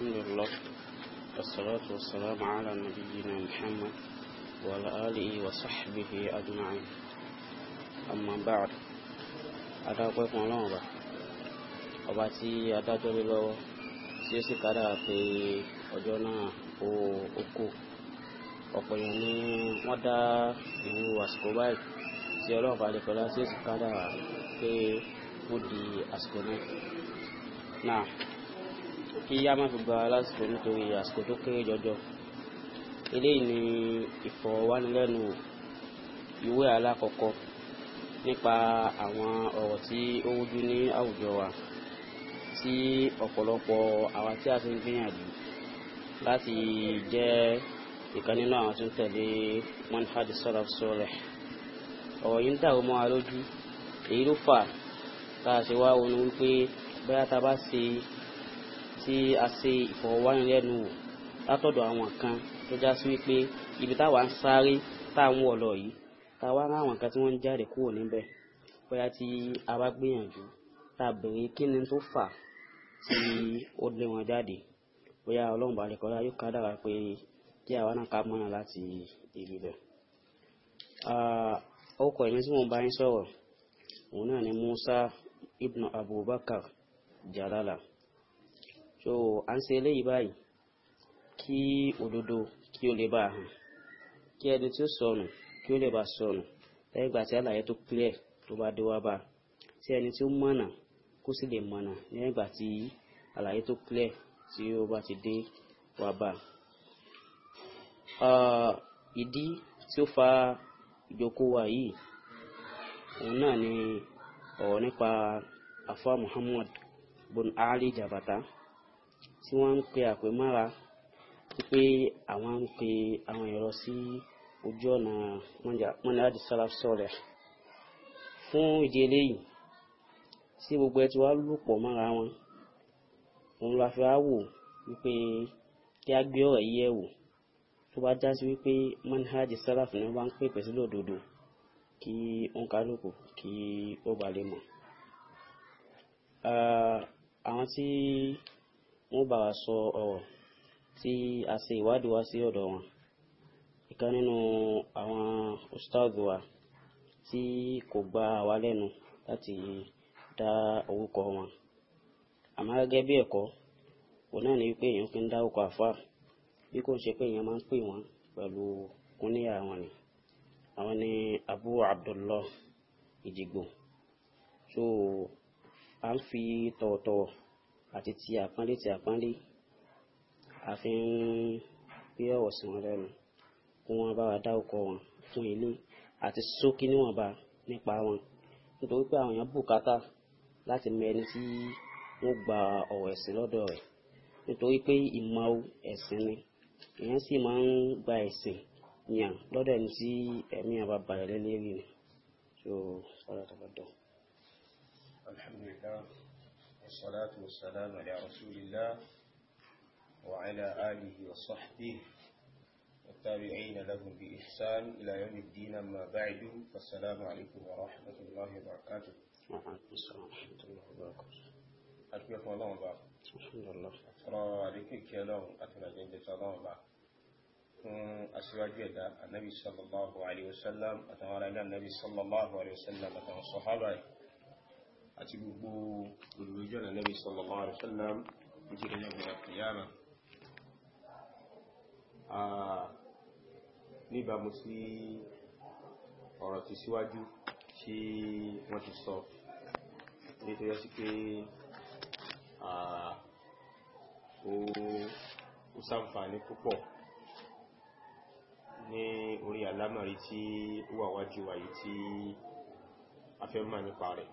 الحمد لله والصلاة والسلام على نبينا محمد وعلى آله وصحبه أجمعين أما بعد أدعوكم الله ọba tí adájọ́ lé lọ́wọ́ tí ó sì kádà pé ọjọ́ náà ó kù ọ̀pọ̀ èèyàn ni wọ́n dá ìlú àsìkò báyìí tí ọlọ́run bá lè pẹ̀lú tí ó sì kádà pé ó di àsìkò náà kí a má fi gba lásìkò nítorí àsìkò tó kéré jọjọ eléyìí ni ìfọ̀rọ̀wánilẹ́nuwò ìwé alákọ̀ọ́kọ́ nípa àwọn ọ̀rọ̀ tí ó rújú ní àwùjọ wa tí ọ̀pọ̀lọpọ̀ àwa tí a ti ń gbìyànjú láti jẹ́ ìkan nínú àwọn tó ń tẹ̀lé manhaj salaf salih ọ̀rọ̀ yìí ń dàrú mọ́ lójú èyí ló fà tá a ṣe wá ronú wípé bóyá tá bá ṣe tí a ṣe ìfọ̀rọ̀wánilẹ́nuwò látọ̀dọ̀ àwọn kan tó já sí wípé ibi táwa ń sáré táwọn ọ̀lọ́ yìí táwa ń ráwọn kan tí wọ́n ń jáde kúrò níbẹ̀ bóyá tí a bá gbìyànjú tá a béèrè kí ni tó fà tí ó lé wọn jáde bóyá ọlọ́run bá lè kọ́lá yóò ká dára pé kí àwa náà ká mọ́nà láti ìlú bẹ̀. ọkọ̀ ẹ̀mí tí mo bá yín sọ̀rọ̀ òun náà ni Musa ibn Abubakar Jalala so à ń ṣe eléyìí báyìí kí òdodo kí ó lè bá a hàn kí ẹni tí ó sọnù kí ó lè bá a sọnù lẹ́yìn ìgbà tí àlàyé tó clear tó bá dé wá bá a tí ẹni tí ó mọ̀nà kó sì lè mọ̀nà lẹ́yìn ìgbà tí àlàyé tó clear tí ó bá ti dé wá bá a. Ah, ìdí tí ó fa ìjókòó wa yìí òun náà ni ọ̀rọ̀ nípa afa Muhammad bun Ali Jabata tí wọ́n ń pe àpè mọ́ra pé àwọn ń pe àwọn èrò sí ojú ọ̀nà mọ́nìyàdì sálàsọ̀rẹ̀ fún ìdí eléyìí tí gbogbo ẹ ti wá lù pọ̀ mọ́ra wọn òun la fi wá wò wípé kí a gbé ọ̀rọ̀ yìí ẹ̀wò tó bá já sí wípé mọ́nìyàdì sálàf ni wọ́n ń pè pẹ̀sí lòdòdò kí òǹkálùkù kí ó ba lè àwọn tí wọ́n bá wa sọ ọ̀rọ̀ tí a ṣe ìwádìí wá sí ọ̀dọ̀ wọn ìkan nínú àwọn ustaadu wa tí kò gba àwa lẹ́nu láti dá orúkọ wọn àmọ́ gẹ́gẹ́ bí ẹ̀kọ́ òun náà ni wípé èèyàn fi ń dá orúkọ àfa bí kò ń ṣe pé èèyàn máa ń pè wọ́n pẹ̀lú kúníyà wọn ni àwọn ni Abu Abdullah Ìdìgbò so à ń fi tọ̀wọ̀tọ̀wọ̀ àti ti àpọ́nlé ti àpọ́nlé a fi ń gbé ọ̀wọ̀ sí wọn lẹ́nu kí wọ́n bá wa dá oko wọn fún ilé àti ṣókí níwọ̀nba nípa wọn nítorí pé àwọn èèyàn bùkátà láti mọ ẹni tí wọ́n gba ọ̀rọ̀ ẹ̀sìn lọ́dọ̀ rẹ̀ nítorí pé ìmọ̀ ẹ̀sìn ni èèyàn sì máa ń gba ẹ̀sìn yàn lọ́dọ̀ ẹni tí ẹ̀mí àbá balẹ̀ lẹ́lẹ́rìí ni. alhamdulilayi. والصلاة والسلام على رسول الله وعلى آله وصحبه والتابعين لهم بإحسان إلى يوم الدين أما بعد فالسلام عليكم ورحمة الله وبركاته وعليكم السلام ورحمة الله وبركاته أتبعكم الله وبركاته الحمد لله أترى عليكم كلام أترى جنجة الله وبركاته fún aṣíwájú ẹ̀dá annabi sallallahu alaihi wasallam àtàwọn ará ilé annabi sallallahu alaihi wasallam àtàwọn sọ̀hábà yìí àti gbogbo olùwéjọ́ na Nabi sallallahu alaihi wasallam nítorí náà gbẹ̀rẹ̀ kìyàmà níbàmú sí ọ̀rọ̀ ti síwájú tí wọ́n ti sọ nítorí sí pé ó ṣàǹfààní púpọ̀ ní orí àlámọ̀rí tí ó wà wájú wáyé tí a fẹ́ mọ̀ nípa rẹ̀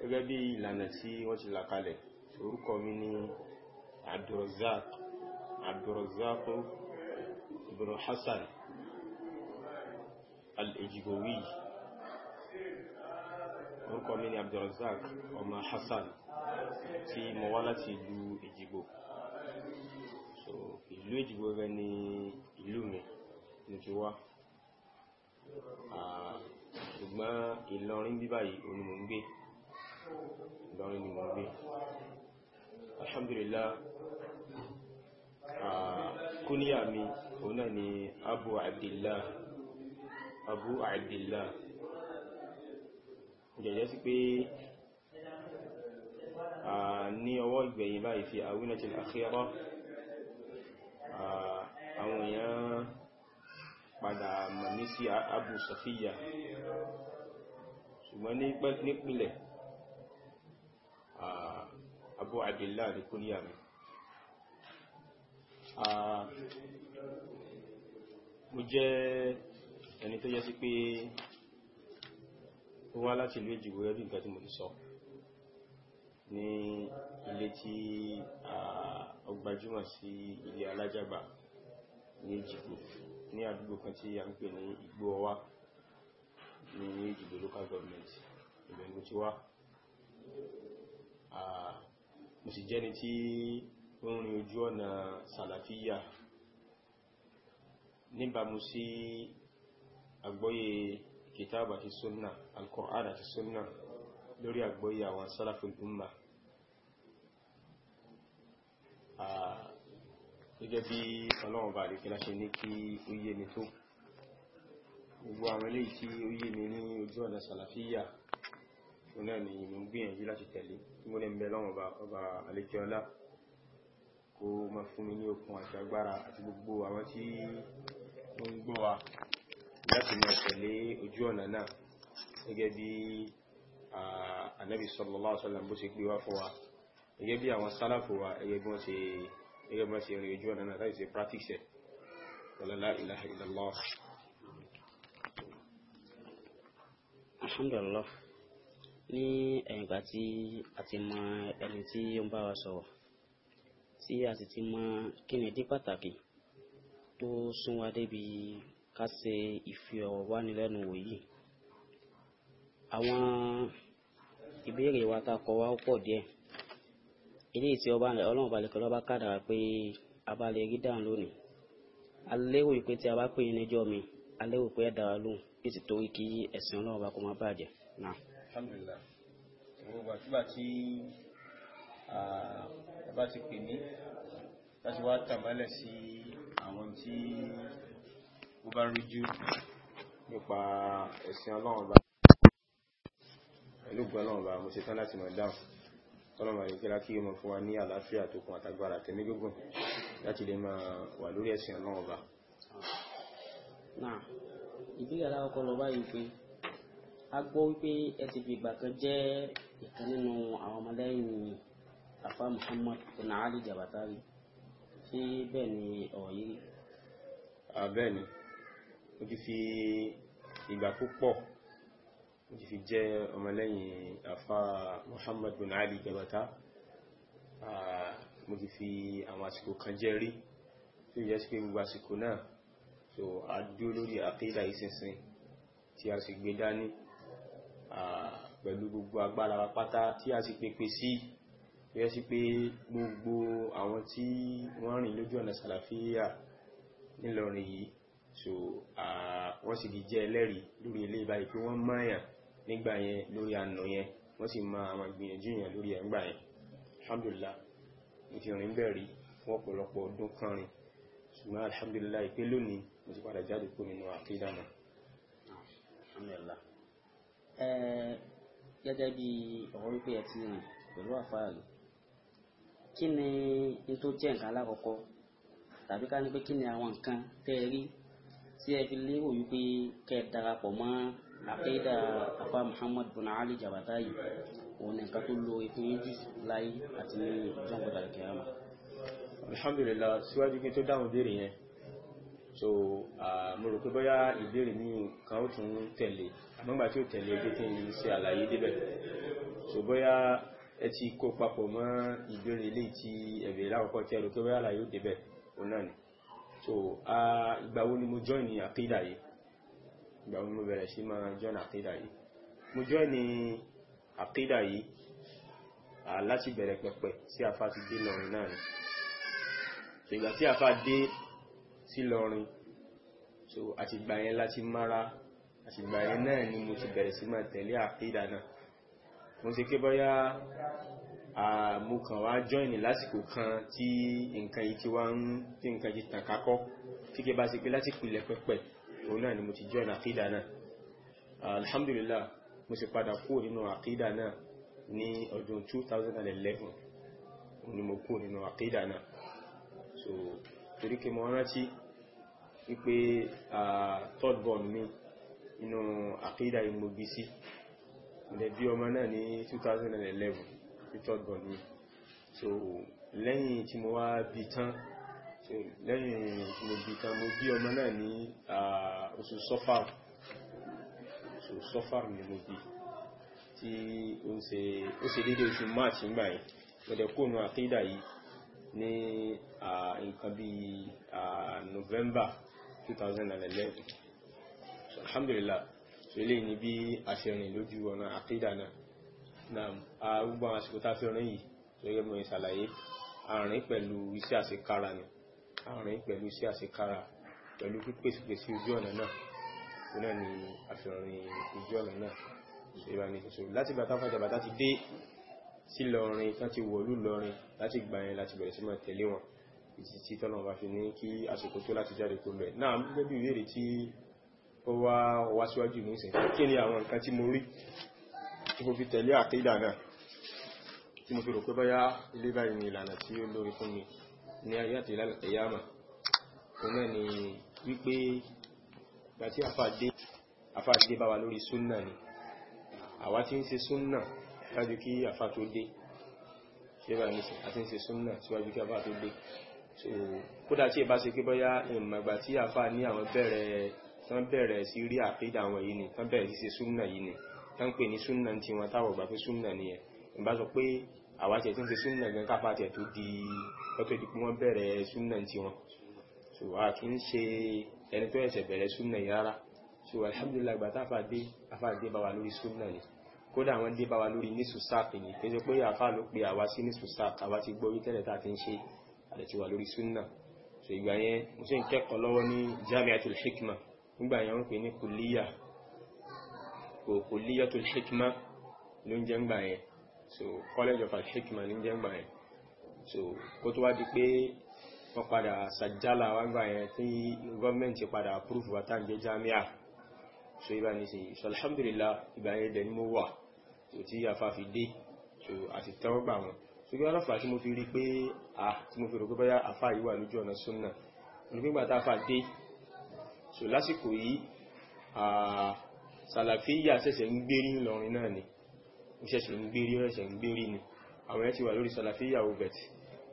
gẹ́gẹ́ bí ìlànà tí wọ́n ti là kalẹ̀ orúkọ mi ni Abdulrazak Abdulrazak ibn Hassan al-Ejigowi orúkọ mi ni Abdulrazak ọmọ Hassan tí mo wá láti ìlú Èjìgbò so ìlú Èjìgbò rẹ̀ ni ìlú mi ní ti wá ah, ṣùgbọ́n Ìlọrin bíbáyìí òun ń gbé Ìlọrin ni mo gbé alhamdulillah kúníyà mi òun náà ni abu abdillah abu abdillah jẹjẹ sí pé ní ọwọ́ ìgbẹ̀yìn báyìí fi àwínàtìl àkíyàrá àwọn èèyàn padà mọ̀ ní sí abu safiya ṣùgbọ́n nípìnlẹ̀ Abu Abdillah ní kúníyà mi ah, mo jẹ́ ẹni tó yẹ sí pé ó wá láti ìlú Èjìgbò rẹ́bí nǹkan tí mo ti sọ ní ilé tí ó gbajúmọ̀ sí ilé alájàgbà ní Èjìgbò ní àdúgbò kan tí a ń pè ní Igbó Ọwá ní Èjìgbò local government ìbẹ̀rù ti wá mo sì jẹ́ni tí ó ń rin ojú ọ̀nà sàlàfíyà níbàmú sí àgbọ́yé kìtàbà àti súnnà al-Qur'an súnnà lórí àgbọ́yé àwọn sálàfil umma gẹ́gẹ́ bí ọlọ́run bá àríkẹ́ láṣẹ ní kí ó yé ni tó gbogbo àwọn eléyìí tí ó yé ni ní ojú ọ̀nà sàlàfíyà òun náà ni mo ń gbìyànjú láti tẹ̀lé tí mo lè ń bẹ lọ́wọ́ ọba ọba kó máa fún mi ní okun àti agbára àti gbogbo àwọn tí ó ń gbọ́ wa láti máa tẹ̀lé ojú ọ̀nà náà gẹ́gẹ́ bí anabi sallallahu alaihi wasallam bó ṣe gbé wá fún wa gẹ́gẹ́ bí àwọn sálàfù wa gẹ́gẹ́ bí wọ́n ṣe gẹ́gẹ́ bí wọ́n ṣe rìn ojú ọ̀nà náà láti ṣe practice ẹ̀ la ilaha illallah ní ẹ̀yìn ìgbà tí a ti mọ ẹni tí ó ń bá wa sọ̀rọ̀ tí a sì ti mọ kínnídí pàtàkì tó sún wa débi ká ṣe ìfọ̀rọ̀wánilẹ́nuwò yìí àwọn ìbéèrè wa ta kọ wa ó pọ̀ díẹ̀ eléyìí tí ọlọ́run balẹ̀ kọ́ lọ́ba kádàrá pé a bá lè rí dáhùn lónìí alérò ìpè tí a bá pè é níjọ́ mi alérò pé ẹ̀ dára lóhùn bí ti torí kí ẹ̀sìn ọlọ́run bá kó má bàjẹ́ náà alhamdulillah gbogbo àtúgbà tí ẹbá ti pè mí láti wá tàbálẹ̀ sí àwọn tí ó bá rújú nípa ẹ̀sìn ọlọ́run bá pẹ̀lú gbọ́lọ́run bá mo ṣetán láti máa dáhùn tọ́lọ̀mà ní kíra kí ọmọ fún wa ní àlàáfíà tó kún àtagbára tẹ̀mí gbogbo láti lè máa wà lórí ẹ̀sìn ọlọ́run bá. náà ìbílẹ̀ aláwọ̀kọ́ lọ báyìí pé a gbọ́ wípé ẹ ti fi ìgbà kan jẹ́ ìkan nínú àwọn ọmọlẹ́yìn afa Muhammad bin Ali Jabatari ṣé bẹ́ẹ̀ ni ọ̀rọ̀ yìí. bẹ́ẹ̀ ni mo ti fi ìgbà púpọ̀ mo ti fi jẹ́ ọmọlẹ́yìn afa Muhammad bin Jabata mo ti fi àwọn àsìkò kan jẹ́ rí tó yẹ sí pé gbogbo àsìkò náà so a dúró lórí àkídà ìsinsin tí a sì gbé dání pẹ̀lú gbogbo agbára wa pátá tí a sì pèpè sí bí ẹ sí pé gbogbo àwọn tí wọ́n rìn lójú ọ̀nà sàlàfíà nílọrin yìí so wọ́n sì di jẹ́ ẹlẹ́rìí lórí ilé ìbáyìí pé wọ́n mọ̀ọ́yàn nígbà yẹn lórí àná yẹn wọ́n sì mọ àwọn ìgbìyànjú yẹn lórí ẹ̀ yẹn alhamdulillah mo ti rìn bẹ́ẹ̀ rí fún ọ̀pọ̀lọpọ̀ ọdún kan ṣùgbọ́n alhamdulillah ìpé lónìí mo ti padà jáde kó nínú àkídà náà alhamdulillah gẹ́gẹ́ bí ọ̀rọ̀ wípé ẹ ti rìn pẹ̀lú àfáàrí kí ni n tó jẹ́ nǹkan alákọ̀ọ́kọ́ tàbí ká ní pé kí ni àwọn nǹkan tẹ́ ẹ rí tí ẹ fi lérò wípé kẹ́ ẹ darapọ̀ mọ́ àkéèdà afa Muhammad bin Ali Jabata yìí òun ni nǹkan tó lo ìpín méjì láyé àti ní ìjọba ìdàgbàsókè àmà. alhamdulilayi síwájú kí n tó dáhùn béèrè yẹn so ah, mo rò pé bóyá ìbéèrè ní nǹkan ó tún tẹ̀lé àmọ́gbà tí ó tẹ̀lé ojú kí n ṣe àlàyé débẹ̀ so bóyá ẹ ti kó papọ̀ mọ́ ìbéèrè eléyìí tí ẹ̀bẹ̀ lákòókò tí ẹ rò pé bóyá àlàyé ó débẹ̀ òun náà ni so ah, ìgbà wo ni mo join ní àkídà yìí ìgbà wo ni mo bẹ̀rẹ̀ sí máa join àkídà yìí mo join ní àkídà yìí láti bẹ̀rẹ̀ pẹ̀pẹ̀ sí afá ti dé lọ́rin náà ni so ìgbà tí afá dé sí lọrin so àtìgbà yẹn láti mára àtìgbà yẹn náà ni mo ti bẹ̀rẹ̀ sí máa tẹ̀lé àkídà náà mo ṣe ké bọ́yá mo kàn wá join lásìkò kan tí nǹkan yìí ti wá ń tí nǹkan yìí tàn kákọ́ tí ké bá ṣe pé láti pilẹ̀ pẹ́pẹ́ òun náà ni mo ti join àkídà náà alhamdulillah mo sì padà kúrò nínú àkídà náà ní ọdún 2011 òun ni mo kúrò nínú àkídà náà so torí pé mo rántí wípé third born mi nínú àkídà ìmòbí sí ilẹ̀ ọmọ náà ní 2011 ní third born mi so lẹ́yìn tí mo wá bí tán so lẹ́yìn tí mo bí tán mo bí ọmọ náà ní oṣù sọ́fàr so sọ́fàr ni mo bí tí ó ṣe dédé oṣù march nígbà yìí mo kóònù àkídà yìí ní nǹkan bí November 2011 alhamdulillah so eléyìí ni bí a ṣe rìn lójú ọ̀nà àkídà náà náà gbogbo àwọn àsìkò tá a fi rìn yìí tó yẹ mọ́ ìṣàlàyé àárín pẹ̀lú iṣẹ́ àṣekára ni àárín pẹ̀lú iṣẹ́ àṣekára pẹ̀lú pípèsèpèsè ojú ọ̀nà náà tó náà ni àfihàn ojú ọ̀nà náà ṣe bá ní ṣoṣo láti bàtà fàjà bàtà ti dé sí lọrin tán ti wọ̀lú lọrin láti gbà yẹn láti bẹ̀rẹ̀ sí máa tẹ̀lé wọn ìsìtí tọ́nà bá fi ní kí àsìkò tó láti jáde kó bẹ̀ náà gẹ́gẹ́ bí ìwéèrè tí ó wá wá síwájú ní ìsìn kí ni àwọn nǹkan tí mo rí tí mo fi tẹ̀lé àkídà náà tí mo fi rò pé báyá ilé báyìí ni ìlànà tí ó lórí fún mi ní ayé àti ìlànà ẹ̀yàmà òun náà ni wípé gbàtí àfàdé àfàdé bá wa lórí súnnà ni àwa tí ń ṣe súnnà ṣáájú kí àfá tó dé ṣe bá ní àti ń ṣe súnnà síwájú kí àfá tó dé so kódà tí ẹ bá ṣe pé bóyá ìmọ̀gbà tí àfá ní àwọn bẹ̀rẹ̀ tán bẹ̀rẹ̀ sí rí àkídà àwọn yìí ni tán bẹ̀rẹ̀ sí ṣe súnnà yìí ni tán pè ní súnnà tí wọn táwọ̀ gbà pé súnnà ni ẹ̀ ìbá sọ pé àwa tẹ̀ tí ń ṣe súnnà gan kápá tẹ̀ tó di lọ́tọ̀ ìdí pé wọ́n bẹ̀rẹ̀ súnnà tí wọn so a kì í ṣe ẹni tó ẹ̀ṣẹ̀ bẹ̀rẹ̀ súnnà yìí rárá so alhamdulillah gbà tá àfà dé àfà dé bá wa lórí súnnà ni kódà àwọn dé bá wa lórí ní sùsáàpì yìí kéjọ pé àfà ló pe àwa sí ní sùsáàpì àwa ti gbọ́ wítẹ́lẹ̀ tá a ti ń ṣe àlẹ́ wà lórí súnà so ìgbà yẹn mo sì ń kẹ́kọ̀ọ́ lọ́wọ́ ní jamiatul hikma nígbà yẹn wọ́n pè ní kùlíyà kùlíyàtul hikma ló ń jẹ́ ńgbà yẹn so college of al-hikma ló ń jẹ́ ńgbà yẹn so kó tó wá di pé wọ́n padà sàjálà wá ńgbà yẹn tí gọ́ọ̀mẹ̀ntì padà approve wa tá à ń jẹ́ jamia so ibà ní sí so alhamdulillah ni mo wà so tí afá fi dé so àti tẹ́wọ́ gbà wọn so gbé ọlọ́fà tí mo fi rí pé a tí mo fi rò pé bóyá afá yìí wà lójú ọ̀nà súnà onígbà tá a fà dé so lásìkò yìí sàlàfíyà ṣẹ̀ṣẹ̀ ń gbérí ńlọrin náà ni ó ṣẹ̀ṣẹ̀ ń gbérí ó ṣẹ̀ṣẹ̀ ń gbérí ni àwọn ẹ̀ ti wà lórí sàlàfíyà ovet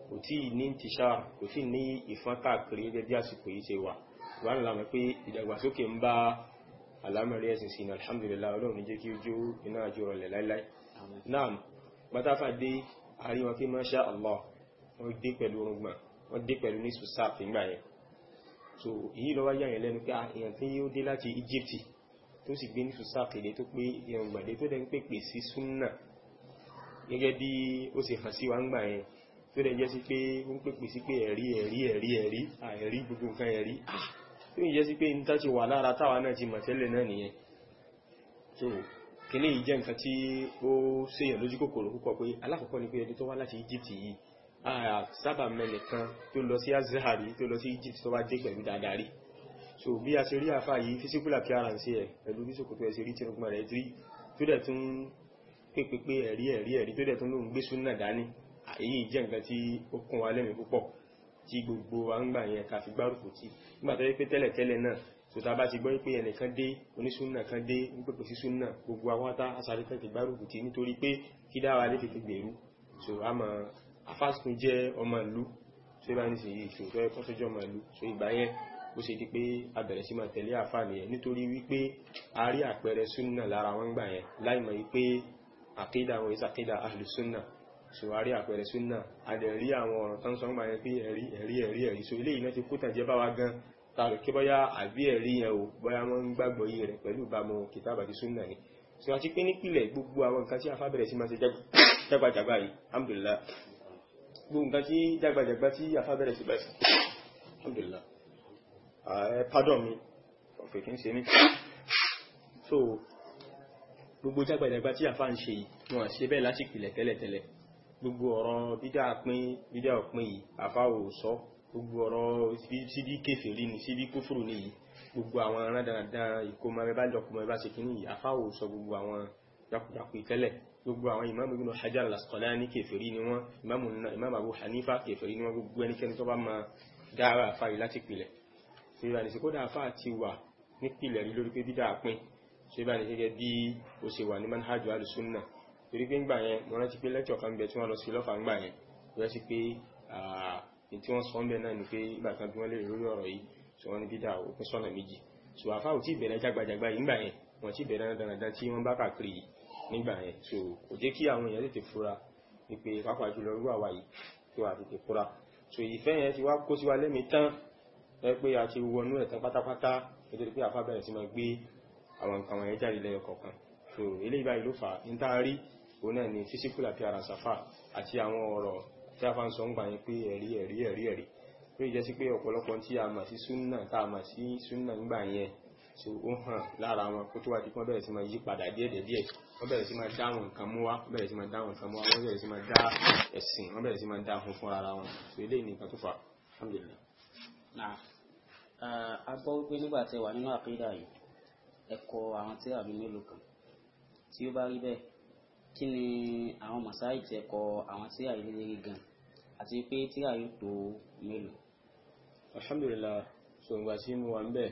kò tí ì ní tìṣà kò tí ì ní ìfọ́n káàkiri gẹ́gẹ́ bí àsìkò yìí ṣe wà ìwà ńlá mọ̀ pé ìdàgbàsókè ń bá alámọ̀rí ẹ̀sìn sí ní alhamdulillah ọlọ́run ní jẹ́ kí ojú iná àjò rọlẹ̀ láíláí náà pátáfà dé àríwá kí masha Allah wọ́n dé pẹ̀lú orúngbà wọ́n dé pẹ̀lú ní sùsáàfì yẹn so èyí lọ́wọ́ yà yẹn lẹ́nu pé èèyàn tí yóò dé láti Egypt tó sì gbé ní sùsáàfì dé tó pé èèyàn gbàdé tó dẹ̀ ń pèpè sí súnà gẹ́gẹ́ bí ó sì hàn sí wa jẹ́ sí pé ó ń pèpè sí pé ẹ̀rí ẹ̀rí ẹ̀rí ẹ̀rí gbogbo nǹkan ẹ̀rí ah tó yìí jẹ́ sí pé níta ti wà lára táwa náà ti mọ̀ náà nìyẹn so kìlẹ̀ yìí jẹ́ nǹkan tí ó ṣèyàn lójú kòkòrò púpọ̀ pé alákọ̀ọ́kọ́ ni pé ẹni tó wá láti Egypt yìí sábà mẹ́lẹ̀ kan tó lọ sí azahari tó lọ sí Egypt tó wá dé pẹ̀lú dáadáa so bí a ṣe rí àfà yìí physical appearance ẹ̀ pẹ̀lú bí sòkòtò ẹ̀ ṣe rí tìrùkùnmọ̀ rẹ̀ rí tó dẹ̀ tún pépépé ẹ̀rí ẹ̀rí ẹ̀rí tó dẹ̀ tún lóun gbé súnà dání èyí jẹ́ nǹkan tí ó kún wa lẹ́mìí púpọ̀ tí gbogbo wa ń gbà yẹn ká fi gbárùkù tì nígbà tó yẹ pé tẹ́lẹ̀tẹ́lẹ̀ náà tòtá bá ti gbọ́ pé ẹnìkan dé onísúnà kan dé ń pèpè sí súnà gbogbo awátá asáré tètè gbárùkù tì nítorí pé kí dáwà lè tètè gbèrú so àmọ́ afásitún jẹ́ ọmọ ìlú tó bá ní sèyí ìṣòro tó yẹ kó ọmọ ìlú so ìgbà yẹn ó ṣe di pé a bẹ̀rẹ̀ sí máa tẹ̀lé àfààní yẹn nítorí wípé a rí àpẹẹrẹ súnà lára wọn gbà yẹn láì wípé àkídà wọn ìsàkídà ahlùsúnà so a rí àpẹẹrẹ súnà a dẹ̀ rí àwọn ọ̀rọ̀ tán sọ́ngbà yẹn pé ẹ̀rí ẹ̀rí ẹ̀rí ẹ̀rí so ilé iná ti kó tàn jẹ́ bá wa gan tààrọ̀ kí bọ́yá àbí ẹ̀rí yẹn o bọ́yá wọ́n ń gbàgbọ́ yìí rẹ̀ pẹ̀lú ìbámu kìtàbà ti súnà ni so àti pé nípìnlẹ̀ gbogbo àwọn nǹkan tí afá sí máa ṣe jágbàjàgbà yìí alhamdulillah gbogbo nǹkan tí jágbàjàgbà tí afá bẹ̀rẹ̀ sí bẹ̀rẹ̀ sí alhamdulillah ààrẹ pardon mi ọ̀fẹ́ kí n ṣe mí so gbogbo jágbàjàgbà tí afá ń ṣe yìí wọn àṣẹ bẹ́ẹ̀ lásìkò ilẹ̀ tẹ́lẹ̀tẹ́lẹ̀ gbogbo ọ̀rọ̀ bídá pín bídá òpin yìí àfáwò sọ gbogbo ọ̀rọ̀ síbí kèfèrí ni síbí kúfùrù ni yìí gbogbo àwọn rándandan ìkómọ ẹbá jọkùnmọ ẹbá ṣe kìíní yìí àfáwò sọ gbogbo àwọn jakujaku ìtẹ́lẹ̀ gbogbo àwọn ìmáàmù Ibn Hajar al-Asqalani kèfèrí ni wọ́n ìmáàmù Abu Hanifa kèfèrí ni wọ́n gbogbo ẹnikẹ́ni tó bá máa dára àfá yìí láti pilẹ̀ ṣe ìbáni sí kódà torí pé ńgbà yẹn mo rántí pé lẹ́kṣọ̀ kan bẹ tí wọ́n lọ sí lọ́fà ńgbà yẹn wọ́n sì pé ní tí wọ́n sọ ń bẹ náà ni pé ìgbà kan bí wọ́n lè lórí ọ̀rọ̀ yìí tí wọ́n ní bídà òpin sọ́nà méjì so àfa ò tí ì bẹ̀rẹ̀ jágbajàgba yìí ńgbà yẹn wọ́n ti bẹ̀rẹ̀ dandan tí wọ́n bá kàkiri yìí nígbà yẹn so kò jẹ́ kí àwọn èèyàn tètè fura wípé pàápàá jùlọ irú àwa yìí tí wọ́n tètè fura so ìfẹ́ yẹn ti wá kó sí wa lẹ́mìí tán ẹ pé a ti wọnú ẹ̀ pátápátá nítorí pé àfa bẹ̀rẹ̀ sí máa gbé àwọn nǹkan wọ̀nyẹn jáde lẹ́yọ kọ̀ọ̀kan so eléyìí báyìí ló fà á ní tá a rí òun náà ni sísíkùlà tí ara sàfà àti àwọn ọ̀rọ̀ tí a fa ń sọ ń gbà yín pé ẹ̀rí ẹ̀rí ẹ̀rí ẹ̀rí tó yẹ sí pé ọ̀pọ̀lọpọ̀ tí a mà sí súnà tá a mà sí súnà ńgbà yẹn so ó hàn lára wọn kó tó wá di pé wọ́n bẹ̀rẹ̀ sí máa yí padà díẹ̀ díẹ̀ wọ́n bẹ̀rẹ̀ sí máa dá àwọn nǹkan mú wá wọ́n bẹ̀rẹ̀ sí máa dá àwọn nǹkan mú wá wọ́n bẹ̀rẹ̀ sí máa dá ẹ̀sìn wọ́n bẹ̀rẹ̀ sí máa dá fún fún ara wọn so eléyìí nìkan tó fà alhamdulilayi. na a gbọ́ wípé nígbà tí ẹ wà nínú àkídà yìí ẹ kọ àwọn tí àbí mélòó kan tí ó bá rí bẹ́ẹ̀ kí ni àwọn màsáì tiẹ̀ kọ àwọn tíra yìí lérí gan àti pé tíra yóò tó mélòó. alhamdulillah sọ̀ngbà tí mo wà ń bẹ̀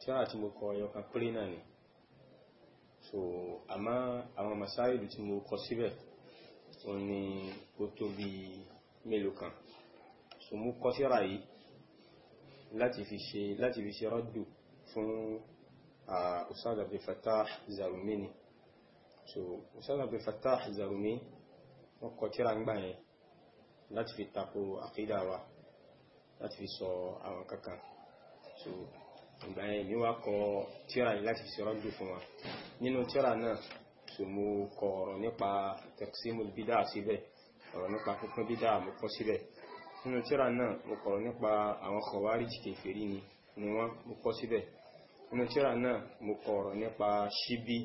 tíra tí mo kọ ẹyọkan péré náà ni so àmọ́ àwọn màsáì tí mo kọ síbẹ̀ òun ni ó tó bí mélòó kan so mo kọ síra yìí láti fi ṣe láti fi ṣe rọ́dù fún Uh, Ustaz Abdul Fattah Zarumi ni so Ustaz Abdul Fattah Zarumi wọ́n kọ tírà ń gbà yẹn láti fi tako àkídà wa láti fi sọ àwọn kankan so ìgbà yẹn mi wá kọ tírà yìí láti fi sọ rọ́dù fún wa nínú tírà náà so mo kọ ọ̀rọ̀ nípa taqsimul bid'a síbẹ̀ ọ̀rọ̀ nípa pínpín bid'a mo kọ síbẹ̀ nínú tírà náà mo kọ̀rọ̀ nípa àwọn khawarij kèfèrí ni wọ́n mo kọ síbẹ̀ nínú tíra náà mo kọ ọ̀rọ̀ nípa ṣíbí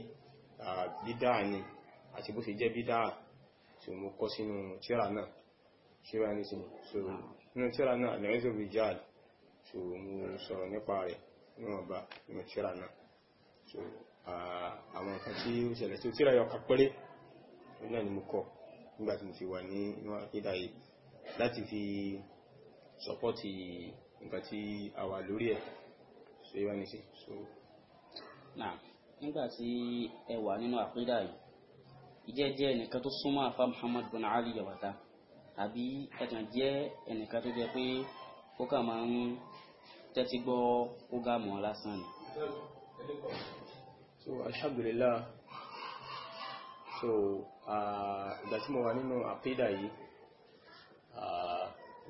bídá ni àti bó ṣe jẹ́ bídá tí mo kọ sínú tíra náà ṣíra ní sí so nínú tíra náà lẹ́yìn tó fi jáde so mo sọ̀rọ̀ nípa rẹ̀ níwọ̀n bá nínú tíra náà so àwọn nǹkan tí ó ṣẹlẹ̀ tí ó tíra yọ kápẹ́rẹ́ náà ni mo kọ nígbà tí mo fi wà ní inú àkídà yìí láti fi sọpọ́tì nǹkan tí a wà lórí ẹ̀ so yẹ wá ní sí so náà nígbà tí ẹ wà nínú àpídà yìí ìjẹ́ jẹ́ ẹnìkan tó súnmọ́ àfa Muhammad bin Ali Jabata àbí ẹ̀kàn jẹ́ ẹnìkan tó jẹ́ pé ó kà máa ń tẹ́tí gbọ́ ógámù lásán ni. so alhamdulillah so ìgbà tí mo wà nínú àpídà yìí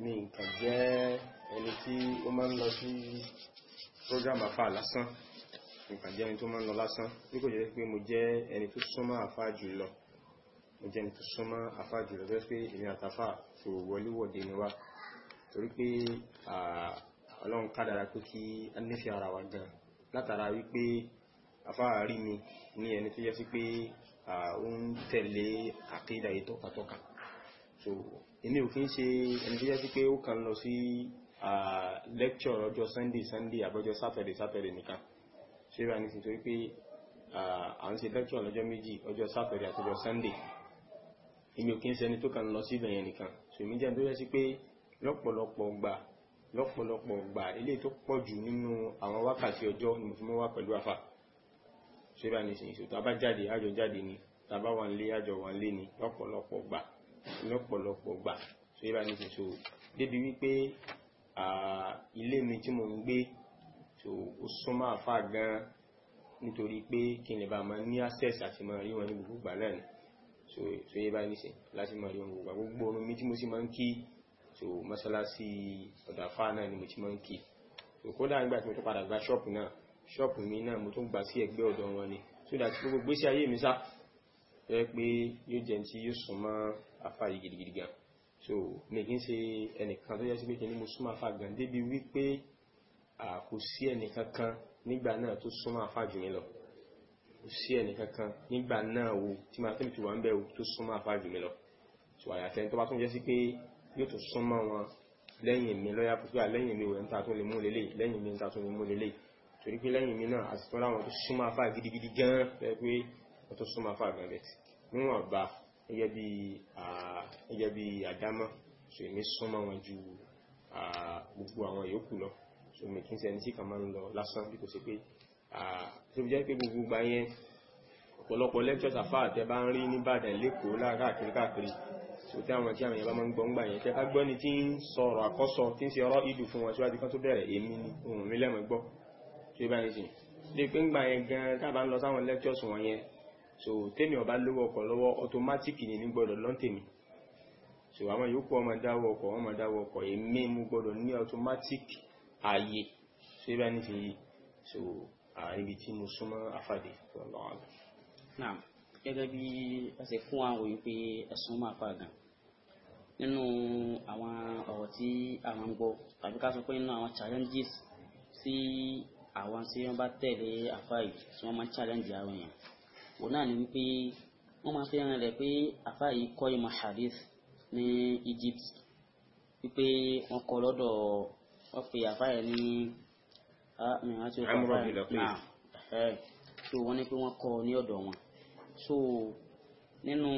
mi nǹkan jẹ́ ẹni tí ó máa ń lọ sí program àfà lásán nǹkan jẹ́ ẹni tó máa ń lọ lásán bí kò jẹ́ pé mo jẹ́ ẹni tó súnmọ́ àfà jùlọ mo jẹ́ ẹni tó súnmọ́ àfà jùlọ tó pé èmi àtàfà tó wọléwọ̀de ni wá torí pé ọlọ́run kádàrá pé kí a nífẹ̀ẹ́ ara wa gan látara wípé àfà rí mi ní ẹni tó yẹ sí pé ó ń tẹ̀lé àkéda yìí tọ́katọ́ka so èmi ò kí ń ṣe ẹni tó yẹ sí pé ó kàn lọ sí Uh, lecture ọjọ́ sunday sunday àbọ́jọ́ saturday saturday nìkan ṣe bá ní sí torí pé uh, à ń ṣe lecture lọ́jọ́ méjì ọjọ́ saturday àtọjọ́ sunday èmi ò kí ń ṣẹni tó kàn lọ síbẹ̀ yẹn nìkan so èmi jẹ́ tó yẹ sí pé lọ́pọ̀lọpọ̀ gbà lọ́pọ̀lọpọ̀ gbà ilé tó pọ̀ jù nínú àwọn wákàtí ọjọ́ ìmọ̀fúnmọ́ wà pẹ̀lú àfà ṣe bá ní sí ìṣòtò abájáde àjọ jáde ni tàbá wà ń lé àjọ wà ń lé ni lọ́pọ̀lọpọ̀ gbà lọ́pọ̀lọpọ̀ gbà ṣe bá ní sí ìṣòtò débi wípé ilé mi tí mò ń gbé tó ó súnmọ́ àfà gan nítorí pé kí n lè bá máa ní access àti máa rí wọn ní gbogbo ìgbà náà so so yé báyìí nìsín láti máa rí wọn gbogbo ìgbà gbogbo orun mi tí mo sì máa ń kí so mọ́sálásí ọ̀dà àfà náà ni mo ti máa ń kí so kódà nígbà tí mo tún padà gba ṣọ́ọ̀pù náà ṣọ́ọ̀pù mi náà mo tún gbà sí ẹgbẹ́ ọ̀dọ̀ wọn ni so that gbogbo gbèsè ayé mi sá fẹ́ pé yóò jẹun tí yóò sún àfà yìí gidigidi gan so mi kì í ṣe ẹnìkan tó yẹ sí pé ni mo súnmọ́ àfa gan débi wípé kò sí ẹnìkan kan nígbà náà tó súnmọ́ àfa jù mí lọ kò sí ẹnìkan kan nígbà náà o tí màá fẹ́ mi fi bẹ̀ o tó súnmọ́ àfa jù lọ so àyàfẹ́ tó bá tún yẹ sí pé yóò tún súnmọ́ wọn lẹ́yìn mi lọ́yà pípé àlẹ́yìn mi wẹ̀ ń ta tó lè mú lélẹ̀ lẹ́yìn mi ń ta tó lè mú lélẹ̀ torí pé lẹ́yìn mi náà àti tó láwọn tó súnmọ́ àfa gidigidi gan-an gẹ́gẹ́ bí àdámọ́ so èmi súnmọ́ wọn ju gbogbo àwọn yòókù lọ so mi kí n sẹni tí kà máa ń lọ lásán bí kò sí pé tó fi jẹ́ pé gbogbo gbà yẹn ọ̀pọ̀lọpọ̀ lectures àfá àtẹ bá ń rí ní Ìbàdàn lẹ́kọ̀ọ́ láàkiri káàkiri so tí àwọn tí àwọn èèyàn bá máa ń gbọ́ ń gbà yẹn tẹ́ ká gbọ́ ni tí ń sọ̀rọ̀ àkọ́sọ tí ń ṣe ọ̀rọ̀ ìdù fún wọn síwájú kan tó bẹ̀rẹ̀ èmi ni ohun mi lẹ́mọ̀ gbọ́ tó bá ń sìn lè pé ń gbà yẹn gan tá a bá ń lọ sáwọn lectures wọn yẹn so tẹ́mi ọba lówó ọkọ̀ lọ́wọ́ ọtọmátìkì ni ní gbọ́dọ̀ lọ́ntẹ̀mí so àwọn yòókù ọmọ dáwọ́ ọkọ̀ ọmọ dáwọ́ ọkọ̀ èmi mú gbọ́dọ̀ ní ọtọmátìkì ààyè so ibà nífi yìí so ibi tí mo súnmọ́ afáde lọ́wọ́ àgbà. naam gẹ́gẹ́ bí wọ́n ṣe fún àwọn òye pé ẹ̀sùn máa fa gan nínú àwọn ọ̀rọ̀ tí àwọn ń gbọ́ tàbí ká sọ pé nínú àwọn challenges sí àwọn tí wọ́n bá tẹ̀lé àfáà yìí tí wọ́n máa ń challenge àwọn èèyàn òun náà ni wípé wọ́n máa fi hàn rẹ̀ pé àfa yìí kọ́ ìmọ̀ hadith ní Egypt wípé wọ́n kọ́ lọ́dọ̀ wọ́n pe àfa yẹn ní mìíràn tí ó kọ́ àfa yẹn náà so wọ́n ní pé wọ́n kọ́ ní ọ̀dọ̀ wọn so nínú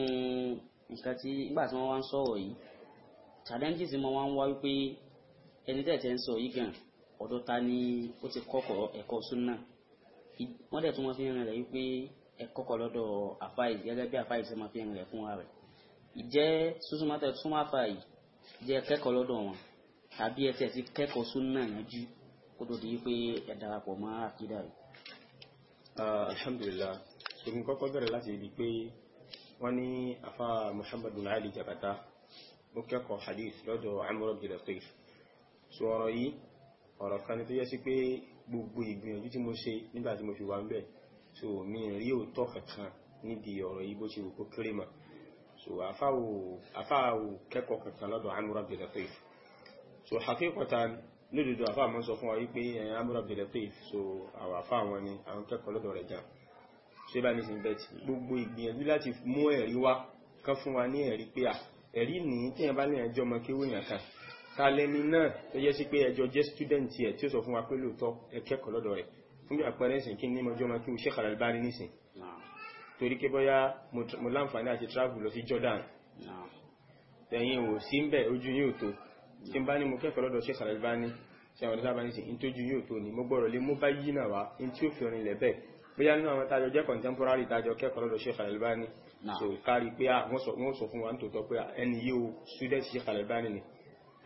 nǹkan tí nígbà tí wọ́n wá ń sọ̀rọ̀ yìí challenges mo wá ń wá wípé ẹni tẹ̀tẹ̀ ń sọ yìí gan ọ̀dọ̀ ta ni ó ti kọ́kọ́ ẹ̀kọ́ sunna wọ́n dẹ̀ tún wọ́n fi hàn rẹ̀ wípé ẹ̀kọ́ kọ́ lọ́dọ̀ àfáì gẹ́gẹ́ bí àfáì ṣe máa fi rìn rẹ̀ fún wa rẹ̀ ìjẹ́ súnmọ́tẹ̀ súnmọ́ àfáì jẹ́ kẹ́kọ̀ọ́ lọ́dọ̀ wọn tàbí ẹ tiẹ̀ ti kẹ́kọ̀ọ́ súnà yanjú kó tó di pé ẹ darapọ̀ mọ́ àkídà rẹ̀. alhamdulilah èmi kọ́kọ́ bẹ̀rẹ̀ láti ibi pé wọ́n ní afa muhammadu ali jabata ó kẹ́kọ̀ọ́ hadith lọ́dọ̀ amr abdul latif sọ ọ̀rọ̀ yìí ọ̀rọ̀ kan tó yẹ sí pé gbogbo ìgbìyànjú tí mo ṣe nígbà tí mo fi wà ń bẹ̀ so mi rí òótọ́ kankan nídìí ọ̀rọ̀ yìí bó ṣe wù kó kéré mà so afáwò afáwò kẹ́kọ̀ọ́ kankan lọ́dọ̀ amúra bẹ̀rẹ̀ pé so hakíkọ̀tàn lódodo àfa àmọ́ sọ fún wa wípé ẹ̀yìn amúra bẹ̀rẹ̀ pé so àwọn àfa àwọn ni àwọn kẹ́kọ̀ọ́ lọ́dọ̀ rẹ̀ jàn ṣé bá ní sin bẹ́ẹ̀ gbogbo ìgbìyànjú láti mú ẹ̀rí wá kán fún wa ní ẹ̀rí pé à ẹ̀rí nìyí tí yẹn bá ní ẹjọ́ ọmọ kéwé yàn kan ta lẹni náà tó yẹ sí pé ẹjọ́ jẹ́ student ẹ̀ tí ó sọ fún wa pé lóòótọ́ ẹ lọ́dọ̀ rẹ̀ fún bí àpẹẹrẹ ìsìn kí ní mọjọ́ ma kí o Sheikh Al-Albani nìsìn torí kí bọ́yá mo láǹfààní àti travel lọ sí Jordan tẹ̀yìn ò sí ń bẹ̀ ojú yóò tó tí n bá ní mo kẹ́kọ̀ọ́ lọ́dọ̀ Sheikh Al-Albani ṣe àwọn ìsábà nìsìn in tójú yóò tó ní mo gbọ́rọ̀ lé mo bá yí náà wá in tí ó fi orin lẹ̀ bẹ́ẹ̀ bóyá nínú àwọn tájọ jẹ́ contemporary tájọ kẹ́kọ̀ọ́ lọ́dọ̀ Sheikh Al-Albani so kárí pé wọ́n sọ fún wa ń tòótọ́ pé ẹni yóò student Sheikh Al-Albani ni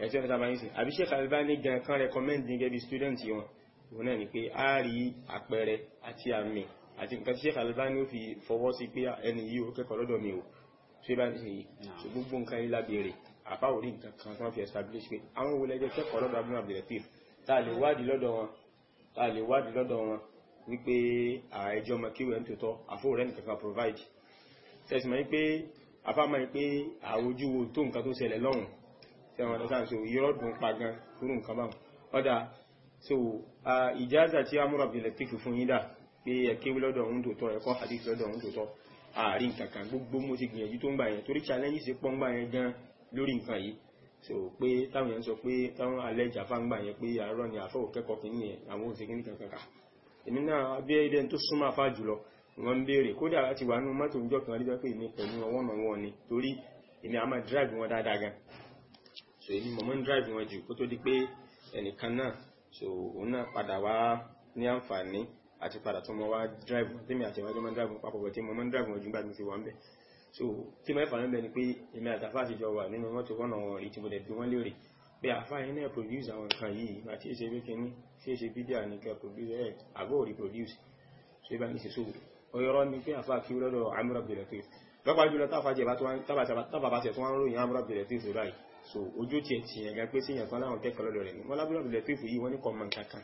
ẹ̀sìn ìsábà nìsìn àbí Sheikh Al-Albani gan kan recommend gẹ́gẹ́ bí student wọn òun náà ni pé a rí àpẹẹrẹ àti àmì àti nǹkan tí Sheikh Albani ó fi fọwọ́ sí pé ẹni yìí ó kẹ́kọ̀ọ́ lọ́dọ̀ mi ò ṣé bá ní ṣèyí ṣe gbogbo nǹkan yìí lábẹ́rẹ̀ àbá òrí nǹkan kan tí wọ́n fi establish pé àwọn wo lẹ́jọ́ kẹ́kọ̀ọ́ lọ́dọ̀ Abdul Abdulatif tá a lè wádìí lọ́dọ̀ wọn tá a lè wádìí lọ́dọ̀ wọn wípé àìjọ ọmọ kíwẹ̀ ń tòótọ́ àfóò rẹ̀ nìkan kan provide tẹ̀sí mọ́ pé afáàmọ́ pé àwòjú wo tó nǹkan tó ṣẹlẹ̀ lọ́hùn tẹ̀wọ̀n lọ́sàn-án so irọ́ dùn pa gan kúrò nǹkan báwọn ọ̀dà so ìjáza tí amúra bìlẹ̀ tí fífún yín dà pé ẹ̀kẹ́ lọ́dọ̀ òun tó tọ́ ẹ̀kọ́ hadith lọ́dọ̀ òun tó tọ́ àárín kankan gbogbo mo ti gbìyànjú tó ń gbà torí challenge ṣe pọ́ ń gan lórí nǹkan yìí so pé táwọn yẹn sọ pé táwọn alẹ́ ìjàfà ń gbà yẹn pé àárọ̀ ni àfọwọ́ kẹ́kọ̀ọ́ kìíní yẹn àwọn òfin kìíní kankan kà èmi náà abẹ́ ilé tó súnmọ́ afá jùlọ wọ́n ń béèrè kódà láti wà nínú mọ́tò ìjọ kan ríjọ pé èmi pẹ̀lú ọwọ́ náà ni torí èmi a máa wọn dáadáa gan so èmi mọ̀mọ́ ń drive wọn jù kó tó di pé ẹnìkan náà so òun náà padà wá ní àǹfààní àti padà tó mọ wá drive tèmi àti ìwájú máa ń drive papọ̀ bọ̀ tí mo máa ń drive ojú gbàgbé ti wà ń so tí mo fà ń bẹ̀ ni pé èmi àtàfà àti ìjọ wà nínú mọ́tò wọ́nà wọn rí tí mo dẹ̀ bí wọ́n lérè pé àfà yẹn náà produce àwọn nǹkan yìí àti èsè bí kíní ṣe é ṣe fídíò nìkan produce ẹ̀ àbọ̀ rí produce so ibà ní sísò ọyọrọ ni pé àfà kí lọ́dọ̀ amúra bìrẹ̀ tó lọ́pàá jùlọ tábà bá tẹ̀ tó wá ń ròyìn amúra bìrẹ̀ tó so ojú tiẹ̀ ti yẹn gan pé sí yẹn kan láwọn kẹ́kọ̀ọ́ lọ́dọ̀ rẹ̀ ni wọ́n lábúrò ìlẹ̀ fífù yìí wọ́n ní kò mọ kankan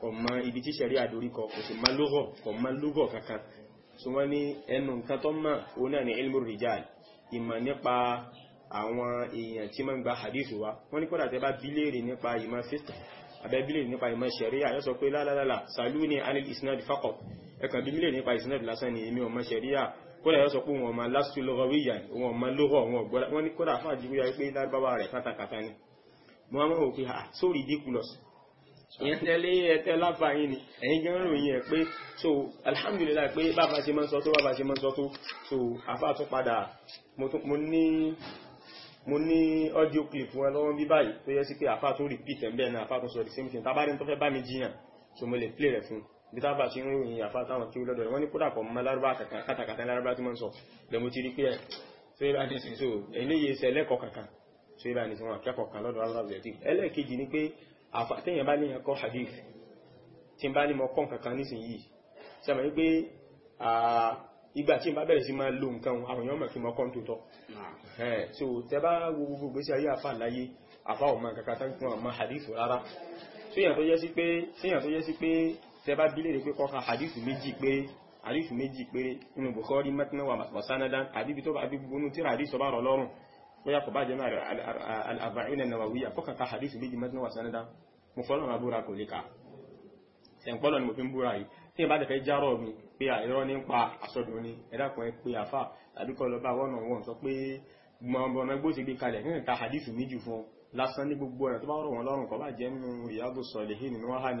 kò mọ ibi tí sẹ̀rí àdóríkọ kò sì má lóhọ̀ kò má lóhọ̀ kankan so wọ́n ní ẹnu nǹkan tó mọ̀ òun náà ní ilmu rijal ìmọ̀ nípa àwọn èèyàn tí máa ń gba hadith wa wọ́n ní kódà tẹ́ bá bíléèrè nípa ìmọ̀ fiqh abẹ́ bíléèrè nípa ìmọ̀ sẹ̀ríà yóò sọ pé lálálálà saluni anil isnad faqat ẹ̀kan bíléèrè nípa isnad lásán ni èmi ò mọ̀ sẹ̀ríà kódà yóò sọ pé wọn ọmọ lásìkò lọ́rọ̀ wíyà wọn ọmọ lọ́rọ̀ wọn ọ̀gbọ́dá wọn ní kódà fún àjíwíyà wípé lárúbáwá rẹ̀ kátàkátà ni mo máa mọ̀ so ridiculous ìyẹn ẹ̀tẹ́ láfààyè ni ẹ̀yin gan ròyìn ẹ̀ pé so alhamdulillah pé bàbá ṣe máa ń sọ tó bàbá ṣe máa ń sọ tó so àfa tún padà mo ní audio clip wọn lọ́wọ́ bí báyìí tó yẹ sí pé àfa tún repeat ẹ̀ bẹ́ẹ̀ náà àfa tún sọ the same thing tábàdàn tó fẹ́ bá mi jiyàn so mo lè play rẹ̀ fún un bí tábà tí ń rìn àfá táwọn tí ó lọ́dọ̀ wọ́n ní kódà kọ̀ mọ́ lárúbá kàtàkàtà lárúbá tí mọ́ sọ lẹ́mú ti rí pé ẹ̀ tó yẹ láti sìn so eléyìí ṣe ẹlẹ́kọ̀ọ́ kankan tó yẹ hadith tí n bá ní mọ kọ́ kankan nísìnyí sẹ́mi wípé ìgbà tí n bá bẹ̀rẹ̀ sí máa lo nǹkan àwọn èèyàn mọ̀ kí tó tọ́ so tẹ bá wo gbogbo gbèsè ayé àfà láyé àfà ọ̀mọ kankan tán fún ọmọ hadith rárá síyàn tó yẹ sí pé tẹ́bá bílé rẹ̀ pé kọ́kan hadithu méjì péré hadithu méjì péré inú Bukhari mẹ́tìmẹ́wà masanadan àbíbi tó bá bí gbónú tí hadithu bá rọ̀ lọ́rùn bóyá kò bá jẹ́ náà al-arba'in na nawawiyya kọ́kan ka hadithu méjì mẹ́tìmẹ́wà sanadan mo fọ́lọ́ ma búra kò lè ka ṣẹ̀ǹpọ́lọ̀ ni mo fi ń búra yìí tí ìbá tẹ̀fẹ́ járọ̀ mi pé àìrọ́ nípa àsọdùn ni ẹ̀dàkùn ẹ pé àfà tàbí kọ́ lọ bá wọ́n náà wọ́n sọ hadithu méjì fún lásán ní gbogbo ọ̀nà tó bá rọ̀ wọn lọ́rùn kọ́ bá jẹ́ nínú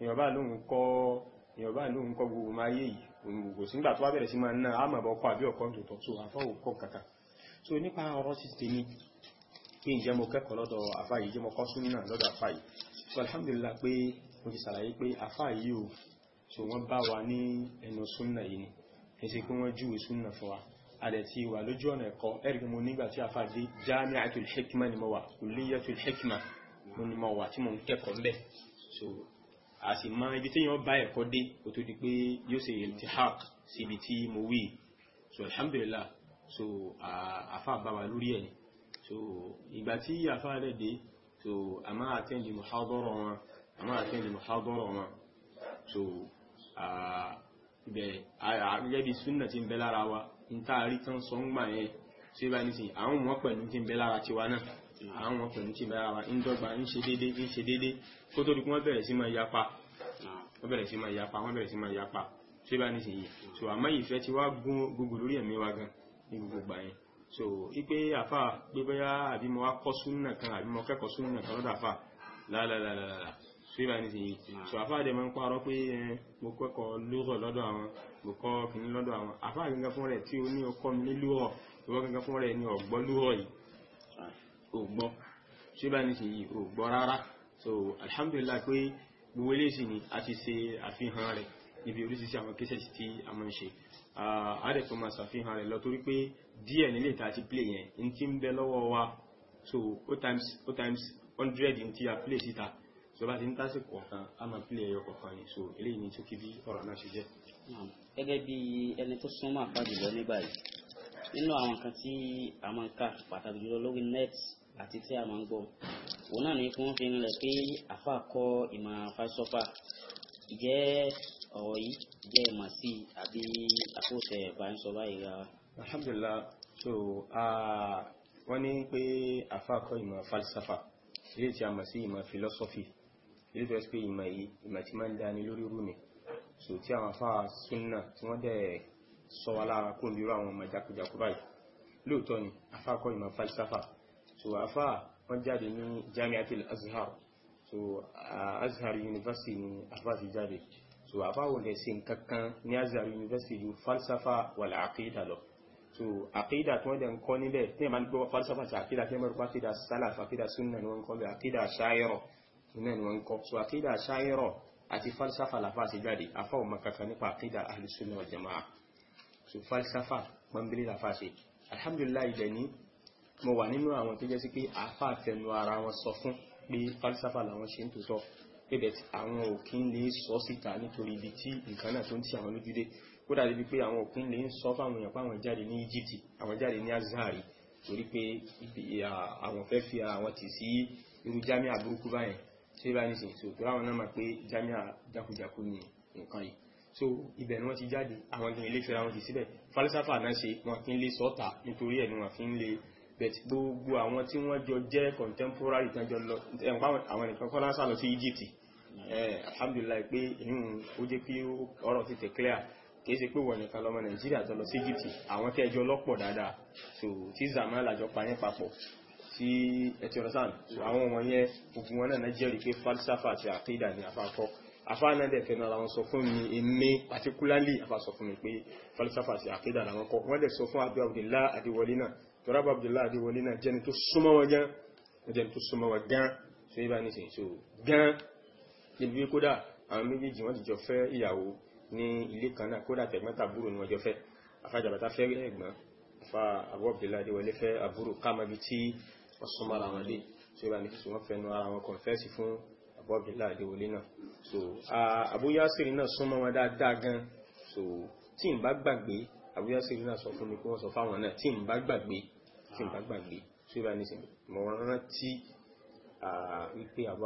èèyàn bá lóun kọ́ èèyàn bá lóun kọ́ gbogbo máa yé yìí òun gbogbo sígbà tó wá bẹ̀rẹ̀ sí máa ná á mà bọ́ kọ́ àbí ọ̀kọ́ tòótọ́ so àfọ́ òkọ́ kàkà so nípa ọ̀rọ̀ ti tèmi kí n jẹ́ mo kẹ́kọ̀ọ́ lọ́dọ̀ àfá yìí jẹ́ mo kọ́ súnmọ́ lọ́dọ̀ àfá yìí so alhamdulillah pé mo ti sàlàyé pé àfá yìí o so wọ́n bá wa ní ẹnu súnmọ́ yìí ni ẹsẹ̀ pé wọ́n júwe súnmọ́ fún wa alẹ̀ ti wà lójú ọ̀nà ẹ̀kọ́ ẹ̀rì mo nígbà tí àfá dé Jami'atul Hikma ni mo wà Kulliyatul Hikma ni mo wà tí mo ń kẹ́kọ̀ọ́ bẹ́ẹ̀ so a sì mọ ibi tí yàn bá ẹ̀kọ́ dé kó tó di pé yóò ṣe iltihaq sí ibi tí mo wí so alhamdulillah so àfa bá wa lórí ẹ̀ so ìgbà tí àfa rẹ̀ dé so a máa àtẹ́ndì muhadara wọn a máa àtẹ́ndì muhadara wọn so ibẹ̀ gẹ́gẹ́ bí súnà ti ń bẹ lára wa ń tá a rí tán sọ ń gbà yẹn tí ó bá àwọn mọ́ pẹ̀lú ti ń bẹ lára tiwa náà àwọn ọkùnrin ti bára wa ń dọ́gba ń ṣe déédé ń ṣe déédé kó tó di pé wọ́n bẹ̀rẹ̀ sí máa yapa wọ́n bẹ̀rẹ̀ sí máa yapa wọ́n bẹ̀rẹ̀ sí máa yapa tó bá ní sèyí so àmọ́ ìfẹ́ ti wá gún gbogbo lórí ẹ̀mí wa gan ní gbogbo gbà yẹn so ipe àfà pé bóyá àbí mo wá kọ́ súnà kan àbí mo kẹ́kọ̀ọ́ súnà kan lọ́dọ̀ àfà lálàlàlà tó bá ní sèyí so àfà dẹ̀ máa ń parọ́ pé mo kẹ́kọ̀ọ́ lórọ̀ lọ́dọ̀ àwọn mo kọ́ kìnní lọ́dọ̀ àwọn àfà gangan fún rẹ̀ tí ó ní ọkọ mi ní lórọ̀ ìwọ gangan fún rẹ̀ ní ọ̀gbọ́ lórọ̀ yìí ò gbọ́ ṣé bá ní ti yìí ò rárá so alhamdulillah pé gbogbo eléyìí ni a ti ṣe àfihàn rẹ̀ níbi oríṣiríṣi àwọn kéṣẹ̀sì tí a máa ń ṣe ààrẹ tó máa ṣàfihàn rẹ̀ lọ torí pé díẹ̀ nílé ìta ti play yẹn n ti ń bẹ lọ́wọ́ wa so o times o times hundred n ti a play síta So, bá ti ń tásìkò ọ̀kan a máa play ẹyọ kọ̀ọ̀kan ni so eléyìí ni tó kí bí ọ̀rọ̀ náà ṣe jẹ́. gẹ́gẹ́ bí ẹni tó súnmọ́ àpá jùlọ ní báyìí nínú àwọn nǹkan tí a máa ń kà pàtàkì jùlọ lórí net àti tí a máa ń gbọ́ òun náà ni kí wọ́n fi ń lẹ̀ pé àfa kọ ìmọ̀ fásọ́fà ìjẹ́ ọ̀rọ̀ yìí jẹ́ ìmọ̀ sí àbí àkóso ẹ̀bá ń sọ báyìí rárá. alhamdulilah so wọ́n ní pé àfa kọ ìmọ̀ falsafa ilé tí a mọ̀ sí ìmọ̀ philosophy ilé tí wọ́n ti pé ìmọ̀ yìí ìmọ̀ tí máa ń dání lórí rú so tí àwọn àfa sunna tí wọ́n dẹ̀ sọ wa lára kó nírú àwọn ọmọ ìjákujàku báyìí lóòótọ́ ni afá kọ́ ìmọ̀ falsafa so afá wọ́n jáde ní jamiatil azhar so azhar university ni afá ti jáde so afá wọ́n lè ṣe nǹkan kan ní azhar university ju falsafa wal aqida lọ so àkídà tí wọ́n dẹ̀ ń kọ́ níbẹ̀ tí ẹ̀mà ń gbọ́ falsafa sí àkídà tí ẹ̀mà rúpa àkídà salaf àkídà sunna ni wọ́n ń kọ́ bẹ̀ àkídà iná ni wọ́n ń kọ́ so àkídà ṣáyẹ̀rọ̀ àti falsafa làfà sí jáde afọ́ ọmọ kankan nípa àkídà ahlu sunna wal jamaa so falsafa pọ̀nbílì làfà alhamdulillah ilẹ̀ ní mo wà nínú àwọn tó jẹ́ sí pé àfà àtẹnu ara wọn sọ fún pé falsafa làwọn ṣe ń tòótọ́ pébẹ̀ àwọn òkín lè sọ síta nítorí ibi tí nǹkan náà tó ń ti àwọn lójúdé kó dàbí bí pé àwọn òkín lè ń sọ fáwọn èèyàn pé àwọn jáde ní Egypt àwọn jáde ní azari torí pé àwọn fẹ́ fi àwọn tì sí irú jámíà burúkú báyẹn tí ó bá ní sèso tó ráwọn náà mọ̀ pé jámíà jákujàku ni nǹkan yìí so ibẹ̀ ni wọ́n ti jáde àwọn kì í lè fẹ́ra wọn ti síbẹ̀ falisafa náà ṣe wọn kì í lè sọ́ta nítorí ẹ̀ ni wọ́n fi ń lè bẹ̀t gbogbo àwọn tí wọ́n jọ jẹ́ contemporary tán jọ lọ àwọn nìkan kọ́ lásà lọ sí Egypt alhamdulillah pé ìyún ó jẹ́ kí ọ̀rọ̀ ti tẹ̀ clear kì í ṣe pé wọ̀nyí kan lọ́mọ Nàìjíríà tó lọ sí Egypt àwọn kẹjọ lọ́pọ̀ dáadáa so tí zaman làjọ pa yẹn papọ̀ tí ẹtì ọ̀rọ̀ sáà àwọn wọ̀nyẹn gbogbo wọn náà jẹ́rìí pé falisafa àti àkídà ni àfàkọ́ afáànàdẹ̀ fẹ́nu ara wọn sọ fún mi èmi particularly afa sọ fún mi pé falsafa àti àkídà làwọn kọ́ wọ́n dẹ̀ sọ fún abu abdullá adéwọlé náà tọ́rọ abu abdullá adéwọlé náà jẹ́ni tó súnmọ́ wọn gan jẹ́ni tó súnmọ́ wọn gan so ibà ní sèso gan níbi kódà àwọn méjèèjì wọ́n ti jọ fẹ́ ìyàwó ní ilé kan náà kódà tẹ̀gbọ́ntàbúrò ni wọ́n jọ fẹ́ afájàbàtà fẹ́ ẹ̀gbọ́n Afa abu abdullá adéwọlé fẹ́ àbúrò káàmọ́ bíi tí wọ́n súnmọ́ ara wọn dé so ibà ní sèso wọ́n fẹ́nu ara wọn kọ̀ǹfẹ́sì fún wábìlá àdéwọlé náà so Abu Yasiri náà súnmọ́ wọn so tí n bá gbàgbé Abu Yasiri náà sọ fún mi pé wọ́n sọ fáwọn náà tí n bá gbàgbé tí n bá gbàgbé tí ó bá ní sinmi mo rántí wípé Abu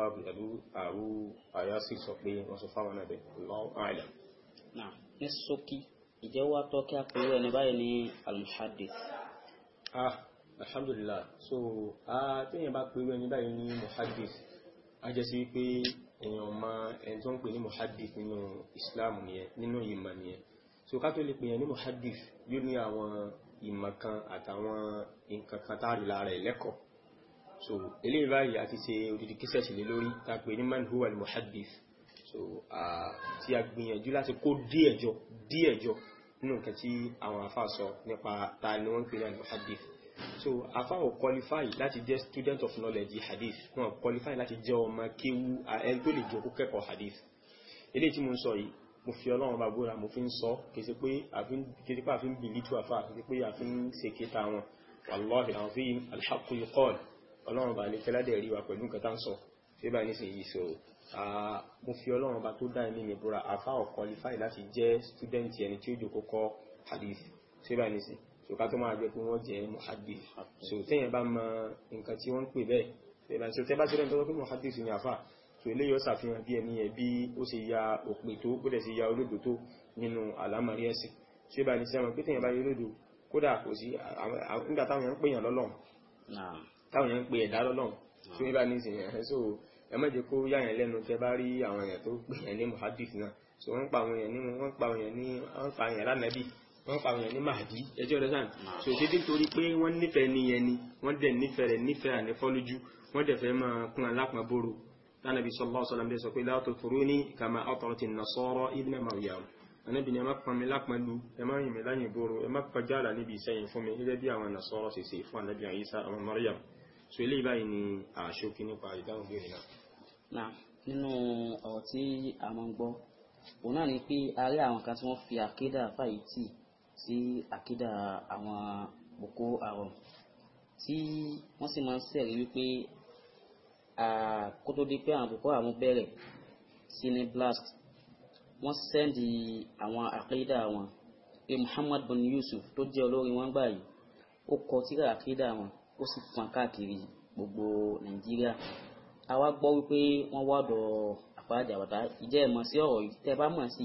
Abu Yasiri sọ pé wọ́n sọ fáwọn náà bẹ́ẹ̀ Allahu a'lam. náà ní ṣókí ìjẹ́ wá tọ́ kí a pè é ẹni báyìí ah alhamdulillah so ah téèyàn bá pè é ẹni báyìí ní muhaddith a jẹ́ sí wípé èèyàn ma ẹni tó ń pè ní muhaddith nínú islam nìyẹn nínú ìmọ̀ nìyẹn so ká tó lè pè yẹn ní muhaddith yóò ní àwọn ìmọ̀ kan àtàwọn nǹkan kan táàrí lára ẹ̀ lẹ́kọ̀ọ́ so eléyìí báyìí àti ṣe odidi kíṣẹ̀ sí lé lórí ta pè ní man huwa al-muhaddith so tí a gbìyànjú láti kó díẹ̀ jọ díẹ̀ jọ nínú nǹkan tí àwọn afá sọ nípa ta ni wọ́n ń pè ní al-muhaddith so afa ò qualify láti jẹ́ student of knowledge hadith No, ò qualify láti jẹ́ ọmọ kéwú ẹni tó lè jókòó kẹ́kọ̀ọ́ hadith eléyìí tí mo ń sọ yìí mo fi ọlọ́run bá búra mo fi ń sọ kèsì pé àfi ń bìlí tú àfa kèsì pé àfi ń ṣe kéta wọn wàlọ́ọ̀hì àwọn fi alhaqu yuqal ọlọ́run bá lè fẹ́ ládẹ̀ rí wa pẹ̀lú nǹkan tá ń sọ ṣé báyìí nísìnyí so mo fi ọlọ́run bá tó dá ẹni mi búra àfa ò qualify láti jẹ́ student ẹni tí ó jókòó kọ́ hadith ṣé báyìí nísìnyí so ká tó máa jẹ́ pé wọ́n jẹ́ muhaddith so téèyàn bá mọ nǹkan tí wọ́n ń pè bẹ́ẹ̀ tẹ́lá bá ti rẹ̀ tó pé muhaddith ni àfà so eléyìí ṣàfihàn bí ẹni yẹn bí ó ṣe ya òpin tó kó dẹ̀ ya olódò tó nínú àlámọ̀rí ẹ̀sìn tí ó bá ní sẹ́wọ̀n pé téèyàn bá yẹ olódò kódà kò sí nígbà táwọn yẹn ń pè yàn lọ́lọ́run so ó bá ní sìn yẹn so ẹ má jẹ́ kó yà yẹn lẹ́nu tẹ́ bá rí wọ́n pa àwọn ní mahadi ẹjọ́ rẹ̀ sáà so ṣe tí torí pé wọ́n nífẹ̀ẹ́ nìyẹn ni wọ́n dẹ̀ nífẹ̀ẹ́ rẹ̀ nífẹ̀ẹ́ ànífọ́lójú wọ́n dẹ̀ fẹ́ máa kún alápọn bóró lánàbí sallallahu alaihi wasallam bẹ́ẹ̀ sọ pé la tutruni kama atrat an-nasara ibna Maryam ànábì ni ẹ má pọn mi lápọn lu ẹ má yìn mí láyìn bóró ẹ má kọjá àlà níbi ìsẹyìn fún mi gẹ́gẹ́ bí àwọn nasara ṣe ṣe fún ànábì Isa ọmọ Maryam so eléyìí báyìí ni àṣókí nípa ìdáhùn bèrè náà. nínú ọ̀rọ̀ tí a máa ń gbọ́ òun náà ni pé a rí àwọn kan tí wọ́n fi àkédà fàyè tíì sí àkídà àwọn Boko Haram tí wọ́n sì máa ń sẹ̀rí wípé kótó di pé àwọn Boko Haram bẹ̀rẹ̀ sí ní blast wọ́n sẹ́ndì àwọn àkídà wọn pé Muhammad bin Yusuf tó jẹ́ olórí wọn gbà yìí ó kọ tírà àkídà wọn ó sì fún káàkiri gbogbo Nàìjíríà àwa gbọ́ wípé wọ́n wá dọ̀ àfáàjà bàtà ìjẹ́ ẹ̀ mọ̀ sí ọ̀rọ̀ yìí tẹ́ bá mọ̀ sí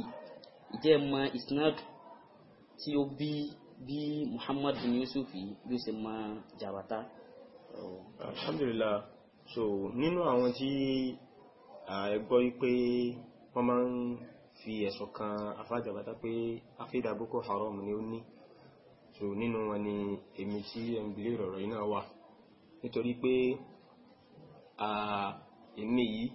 ìjẹ́ ẹ̀ mọ̀ ìsinádùn tí ó bí bí Muhammad bin Yusuf yìí bí ó ṣe mọ jàbàtà. alhamdulillah so nínú àwọn tí ẹ gbọ́ pé wọ́n máa ń fi ẹ̀sùn kan afájàbàtà pé afẹ́dà Boko Haram ni ó ní so nínú wọn ni èmi tí ẹ̀mí bìlẹ̀ ìrọ̀rọ̀ yìí náà wà nítorí pé èmi yìí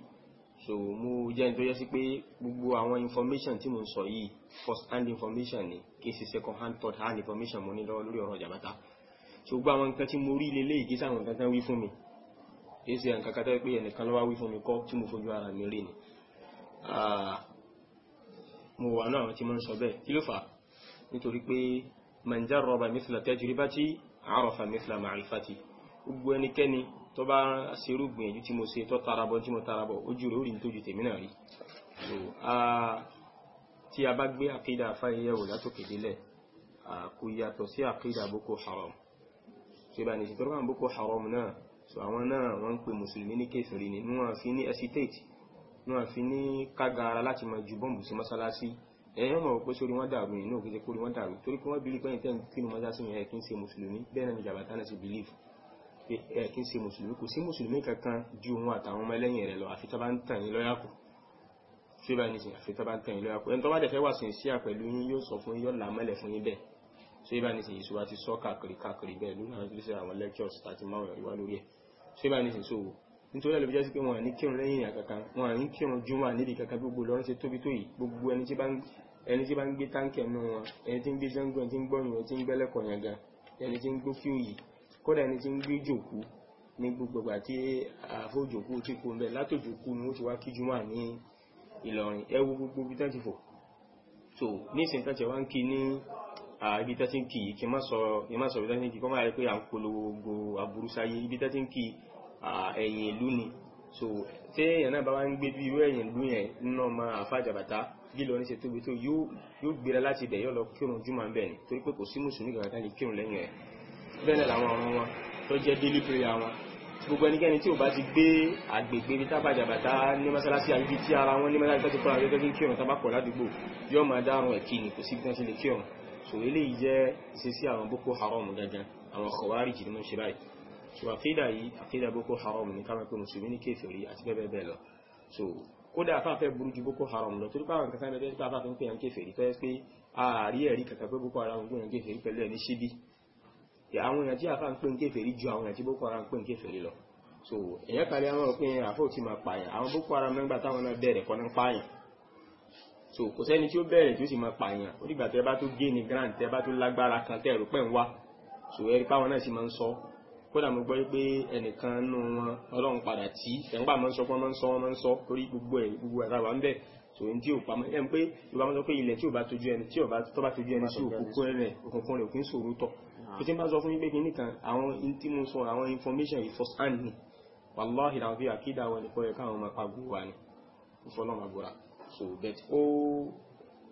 so mo jẹ́ nítorí sí pé gbogbo àwọn information tí mo sọ yìí first hand information ni kìí ṣe second hand third hand information mo ní lọ́wọ́ lórí ọ̀rọ̀ jàbátá ṣùgbọ́n àwọn nǹkan tí mo rí lélẹ́ yìí kìí ṣe àwọn nǹkan tán wí fún mi kìí ṣe nǹkan kan tó pé ẹnìkan ló wá wí fún mi kọ́ tí mo fojú ara mi rí ni mo wà náà àwọn tí mo ń sọ bẹ́ẹ̀ kí ló fà nítorí pé man jarraba mithla tajribati arafa mithla ma'rifati gbogbo ẹnikẹ́ni tó bá ṣerú gbìyànjú tí mo ṣe tó tarabọ̀ tí mo tarabọ̀ ojú rẹ̀ ó rí nítorí tèmi náà rí tí a bá gbé àkídà afáyẹ̀wò látòkè délẹ̀ kò yàtọ̀ sí àkídà boko haram ṣe bá ní ìṣètò rán boko haram náà so àwọn náà wọ́n ń pè mùsùlùmí ní kéfìrí ni wọ́n fi ní hesitate wọ́n fi ní kágara láti máa ju bọ́ǹbù sí mọ́sálásí ẹ̀yìn mọ̀ pé sórí wọ́n dàrú yìí náà kìí ṣe kórí wọ́n dàrú torí pé wọ́n bìlí pé ẹ̀yìn kínú mọ́sálásí yẹn kí ń ṣe mùsùlùmí bẹ́ẹ̀ náà ni jàbátá náà sì believe ẹ̀ kí ń ṣe mùsùlùmí kò sí mùsùlùmí kankan ju wọn àtàwọn ọmọ ẹlẹ́yìn rẹ̀ lọ àfi tá bá ń tàn yín lọ́yà kù ṣé báyìí nìsín àfi tó bá ń tẹ̀ yín lọ́wọ́ pé ẹni tó bá dẹ̀ fẹ́ wà sí sí àpẹ̀lú yín yóò sọ fún yín yóò là mọ́lẹ̀ fún yín bẹ́ẹ̀ ṣé báyìí nìsín yìí ṣùgbọ́n ti sọ káàkiri káàkiri bẹ́ẹ̀ lónà àti àwọn lectures àti máwọn ẹ̀rí wá lórí ẹ̀ ṣé báyìí nìsín ṣòwò nítorí ẹ̀lọ́bí jẹ́ sí pé wọ́n ní kírun lẹ́yìn ìyà kankan wọ́n ní kírun júmọ́ nídìí kankan gbogbo lọ́rún ṣe tóbi tó yìí gbogbo ẹni tí bá ń gbé táǹkì ẹnu wọn ẹni tí ń gbé jẹ́ngbọ́ ẹni tí ń gbọ́yìn ẹni tí ń gbẹ́lẹ́kọ̀ yẹn gan ẹni tí ń gbó kí òyì kódà ẹni tí ń gbé jòkú ní gbogbo ìgbà tí àfojòkú ti kó ń bẹ látòjòkú ni ó ti wá kí júmọ́ ní Ìlọrin ẹ wo gbogbo ibi tán fò so nísìnyí tán ti wá ń kí ní ibi tán ti ń kí yìí kí n má sọ ibi tán ti ń kí kọ́ máa rí pé à ń polówó aburú sáyé ibi tán ti ẹ̀yìn ìlú ni so tí èèyàn náà bá wá ń gbé bí irú ẹ̀yìn ìlú yẹn nínú ọmọ àfàjàbàtà bí Ìlọrin ṣe tóbi tó yóò gbéra láti ibẹ̀ yóò lọ kírun júmọ̀ bẹ́ẹ̀ ni torí pé kò sí mùsùlùmí kankan lè kírun lẹ́yìn rẹ̀ bẹ́ẹ̀ náà làwọn ọ̀run wọn tó jẹ́ daily prayer wọn gbogbo ẹnikẹ́ni tí ò bá ti gbé agbègbè ibi tábàjàbàtà ní mọ́sálásí àbíbí tí ara wọn ní mọ́sálásí tó kọ́ra gẹ́gẹ́ kí ọ̀nà tábàpọ̀ ládùúgbò yóò máa dárun ẹ̀kí ni kò sí bí wọ́n ti lè kí ọ̀nà so eléyìí jẹ́ ìṣesí àwọn boko haram gangan àwọn khawarij ni wọ́n ṣe báyìí so àkídà yìí àkídà boko haram ní ká máa pé mùsùlùmí ní kéfèrí àti bẹ́ẹ̀ bẹ́ẹ̀ so kódà afáfẹ́ burú ju boko haram lọ torí pàwọn kankan bẹ́ẹ̀ bá afáfẹ́ ń pè yàn kéfèrí tó yẹ pé ààrí ẹ̀rí kankan pé boko haram gbóyàn kéfèrí pẹ̀lú ẹ̀ ní àwọn èèyàn tí àfà ń pè ń kéfèrí ju àwọn èèyàn tí boko haram pè ń kéfèrí lọ so èèyàn kàrí àwọn òpin àfò tí máa pààyàn àwọn boko haram nígbà táwọn náà bẹ̀rẹ̀ kọ́ ní pààyàn so kò sẹ́ni tí ó bẹ̀rẹ̀ tí ó sì máa pààyàn onígbà tẹ́ bá tó gé ní grand tẹ́ bá tó lágbára kan tẹ́ rò pẹ́ ń wá so ẹ̀rí páwọn náà sì máa ń sọ kódà mo gbọ́ pé ẹnìkan nù wọn ọlọ́run padà tí ẹ̀ńgbà máa ń sọ fún wọn máa ń sọ ẹ̀ so n tí ò pamọ́ ẹ̀ ń pé yorùbá máa sọ pé ilẹ̀ tí ò bá tójú ẹni tí ò bá tó bá tójú ẹni sí òkùnkùn rẹ̀ òkùnkùn rẹ̀ òkùn sòrò tọ̀ tó ah. ti máa sọ fún yín pé kí nìkan àwọn tí mo sọ àwọn information first hand ni wàláhì làwọn fi àkídà wọn nìkan yẹ káwọn máa pagbo wa ni ìfọlọ́ máa gbọ́ra so bet ó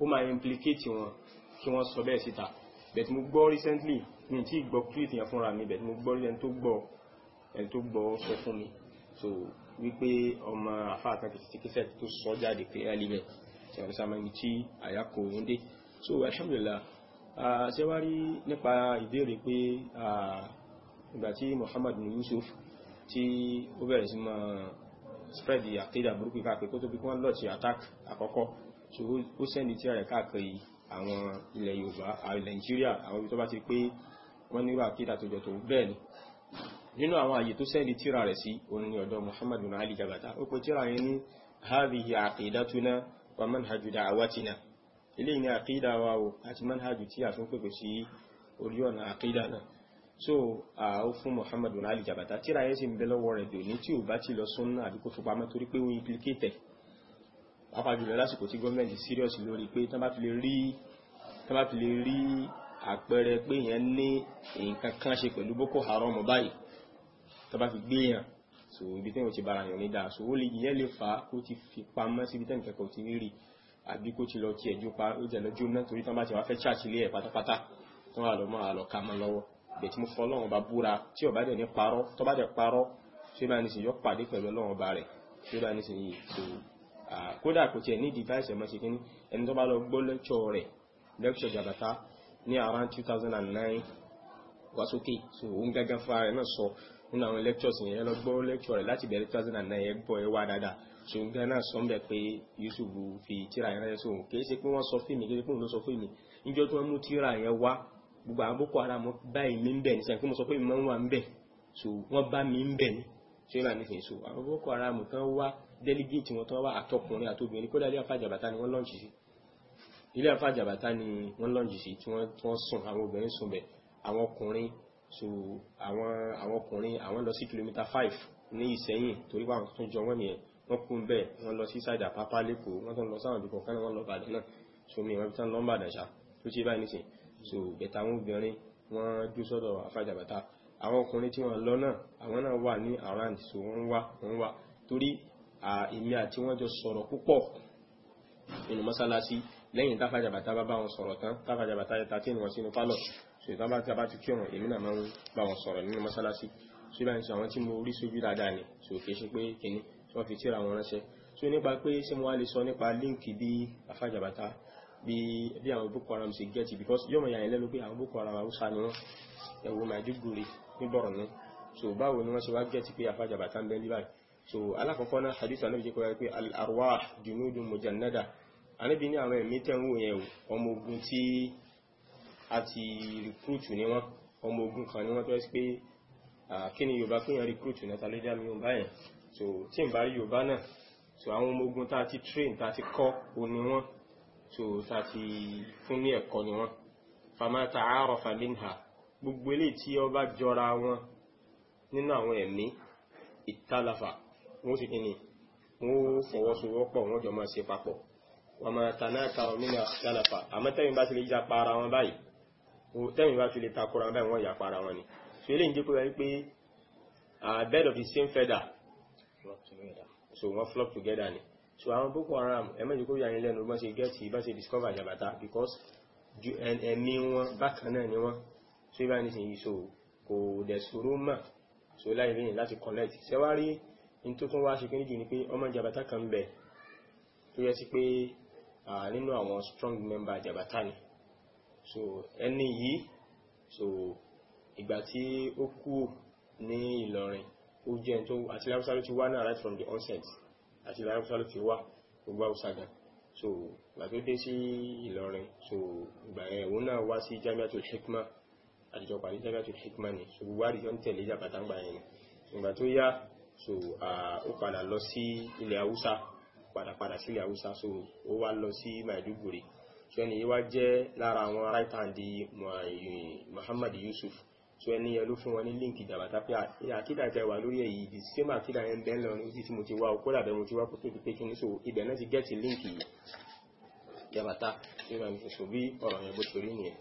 ó máa implicate wọn kí wọ́n sọ bẹ́ẹ̀ síta bet mo gbọ́ recently mi tí ì gbọ́ clip yẹn fúnra mi bet mo gbọ́ ẹni tó gbọ́ ẹni tó gbọ́ sọ fún mi so wípé ọmọ àfáàkà kìtìkìtì tó sọ jáde pé ẹ líbẹ̀ ṣẹ̀rọ sàmẹ́ni tí àyàkó ń dé so alhamdulillah ṣe wá rí nípa ìbéèrè pé ìgbà tí Muhammad bin Yusuf tí ó bẹ̀rẹ̀ sí máa spread àkéjà burúkú káàkiri kó tó bí wọ́n lọ́ọ̀tì attack àkọ́kọ́ so ó sẹ́ni tí ààrẹ káàkiri àwọn ilẹ̀ Yorùbá àwọn ilẹ̀ Nàìjíríà àwọn ibi tó bá ti pé wọ́n nírú àkéjà tó jọ tó bẹ́ẹ̀ ni nínú àwọn àyè tó sẹ́ẹ̀lì tíra rẹ̀ sí òun ni ọ̀dọ̀ Muhammad bin Ali Jabata ó pe tíra yẹn ní hadhihi aqidatuna wa manhaju da'awatina ilé ní àkídà wa o àti manhaju tí a fi ń sí orí ọ̀nà àkídà náà so ó fún Muhammad Ali Jabata tíra yẹn sì ń bẹ lọ́wọ́ rẹ̀ dòní tí ò bá ti lọ súnà àbí kó torí pé ó implicate pàápàá lásìkò tí gọ́ọ̀mẹ̀ntì serious lórí pé tán bá fi lè rí àpẹẹrẹ pé yẹn ní nǹkan kan ṣe pẹ̀lú Boko Haram báyìí tó bá fi gbé yàn so ibi tí ti bára yàn ní dáa so ó lè yẹ́ lè fà á kó ti fi pamọ́ síbi tẹ́nì kẹ́kọ̀ọ́ ti rí rí àbí kó ti lọ tiẹ̀ jó pa ó jẹ́ lọ́jọ́ náà torí tán bá ti wá fẹ́ ṣáàṣì lé ẹ̀ pátápátá tán wà lọ mọ́ àlọ́ ká mọ́ lọ́wọ́ bẹ̀tí mo fọ́ Ọlọ́run bá búra tí ó bá dẹ̀ ní parọ́ tó bá dẹ̀ parọ́ ṣé bá ní yọ pàdé pẹ̀lú Ọlọ́run bá rẹ̀ ṣé bá so kódà kò tiẹ̀ so nínú àwọn lectures yẹn ẹ lọ gbọ́ lecture rẹ̀ láti bẹ̀rẹ̀ 2009 ẹ gbọ́ ẹ wá dáadáa ṣùgbọ́n náà sọ ń bẹ̀ pé Yusuf fi tíra yẹn rẹ̀ sóhun kì í ṣe pé wọ́n sọ fíìmù kì í ṣe pé òun ló sọ fíìmù níjọ́ tí wọ́n mú tíra yẹn wá gbogbo àwọn Boko Haram báyìí mi ń bẹ̀ ní sẹ́yìn pé mo sọ pé mi máa ń wà ń bẹ̀ so wọ́n bá mi ń bẹ̀ ní tí ó nífẹ̀ẹ́ so àwọn Boko Haram kan wá delegate wọn tó wá àtọkùnrin àtobìnrin kódà ilé àfàjàbàtà ni wọ́n lọ́ọ̀jì sí ilé àfàjàbàtà ni wọ́n lọ́ọ̀jì sí tí wọ́n sùn àwọn obìnrin sùn bẹ̀ àwọn ọkùnrin so àwọn àwọn ọkùnrin àwọn lọ sí kìlómítà five ní Ìsẹ́yìn torí wà tún jọ wọ́n nìyẹn wọ́n kú ń bẹ̀ wọ́n lọ sí ṣáìdà pápá lẹ́kọ̀ọ́ wọ́n tún lọ sáwọn ibìkan kan wọ́n lọ bàdàn náà so mi ìwọ́n fi tán lọ́mbà dàṣà tó ṣe báyìí nìsín so bẹ̀tà àwọn obìnrin wọ́n dú sọ́dọ̀ àfàjàbàtà àwọn ọkùnrin tí wọ́n lọ náà àwọn náà wà ní around so wọ́n wá wọ́n wá torí èmi àti wọ́n jọ sọ̀rọ̀ púpọ̀ nínú mọ́sálásí lẹ́yìn táfàjàbàtà bá bá wọn sọ̀rọ̀ tán táfàjàbàtà yẹta tí wọ́n sínú pálọ̀ ìgbà bá tí a bá ti kírun èmi náà máa ń bá wọn sọ̀rọ̀ nínú mọ́sálásí tí bá ń sọ àwọn tí mo rí sójú dáadáa ni tí ò kìí ṣe pé kìíní tí wọ́n fi tíra wọn ránṣẹ́ tí ó nípa pé ṣé mo wá lè sọ nípa líǹkì bí afájàbátá bí àwọn Boko Haram ṣe gẹ́ẹ̀tì because yọ̀mọ̀ yà lẹ́nu pé àwọn Boko Haram haúsá ni wọ́n ẹ̀wọ̀ Maiduguri ní Borno so báwo ni wọ́n ṣe wá gẹ́ẹ̀tì pé afájàbátá ń bẹ ní báyìí so alákọ̀ọ́kọ́ náà hadith anábì jẹ́ pé al-arwah junudun mujannada anábì ní àwọn ẹ̀mí tẹ̀ ń wò yẹn ọmọ ogun tí àti rìkúrùtù ni wọ́n ọmọ ogun kan ni wọ́n tó ẹ́ pé kí ni yorùbá fún yàn rìkúrùtù náà tàlẹ́ dá mi ò báyẹn so tí n bá rí yorùbá náà so àwọn ọmọ ogun tá a ti train tá a ti kọ́ o ni so tá a ti fún ní ẹ̀kọ́ ni wọ́n famata arafa minha gbogbo eléyìí tí ó bá jọra wọn nínú àwọn ẹ̀mí ìtàlàfà wọ́n sì kíni wọ́n fọwọ́sowọ́pọ̀ wọ́n jọ máa ṣe papọ̀ wọ́n máa tanaka nínú ìtàlàfà àmọ́tẹ́yìn bá ti lè japa ara wọn báyìí tẹ́yìn bá fi lè takora báyìí wọ́n yà para wọn ni so eléyìí jẹ́ pé wáyé pé bed of the same feather so wọ́n flock together ni so àwọn Boko Haram ẹ̀mẹ́jì kó yàrin lẹ́nu bá ṣe gẹ́ẹ̀tì bá ṣe discover jàbàtà because ẹ̀mí wọn bákan náà ni wọ́n so ibà ní sìnyí so kò dẹ̀ sòrò mà so láì lẹ́yìn láti connect ṣẹ́wárí ní tó tún wá ṣe kéjì ni pé ọmọ jàbàtà kan bẹ̀ tó yẹ sí pé nínú àwọn strong member jàbàtà ni so ẹni yìí so ìgbà tí ó kú ní Ìlọrin ó jẹ́ tó àti láwùsá ló ti wá náà right from the onset àti láwùsá ló ti wá gbogbo àwùsá gan so ìgbà tó dé sí Ìlọrin so ìgbà yẹn òun náà wá sí Jamiatul Hikma àtijọ́ pàdé Jamiatul Hikma ni so gbogbo àdìjọ́ ń tẹ̀lé jàpátá ń gbà yẹn ni ìgbà tó yá so ó padà lọ sí ilẹ̀ haúsá padà padà sí ilẹ̀ haúsá so ó wá lọ sí Maiduguri so ẹni yìí wá jẹ́ lára àwọn right Muhammad Yusuf so ẹni yẹn ló fún wọn ní líǹkì jàbàtà pé àkídà tẹ wà lórí èyí the same àkídà yẹn bẹ́ẹ̀ lọ ní tí mo ti wá o kódà bẹ́ẹ̀ mo ti wá kó tóbi pé kí ni so ibẹ̀ náà ti gẹ́ẹ̀tì líǹkì jàbàtà tí wọ́n fi so bí ọ̀rọ̀ yẹn bó torí nìyẹn.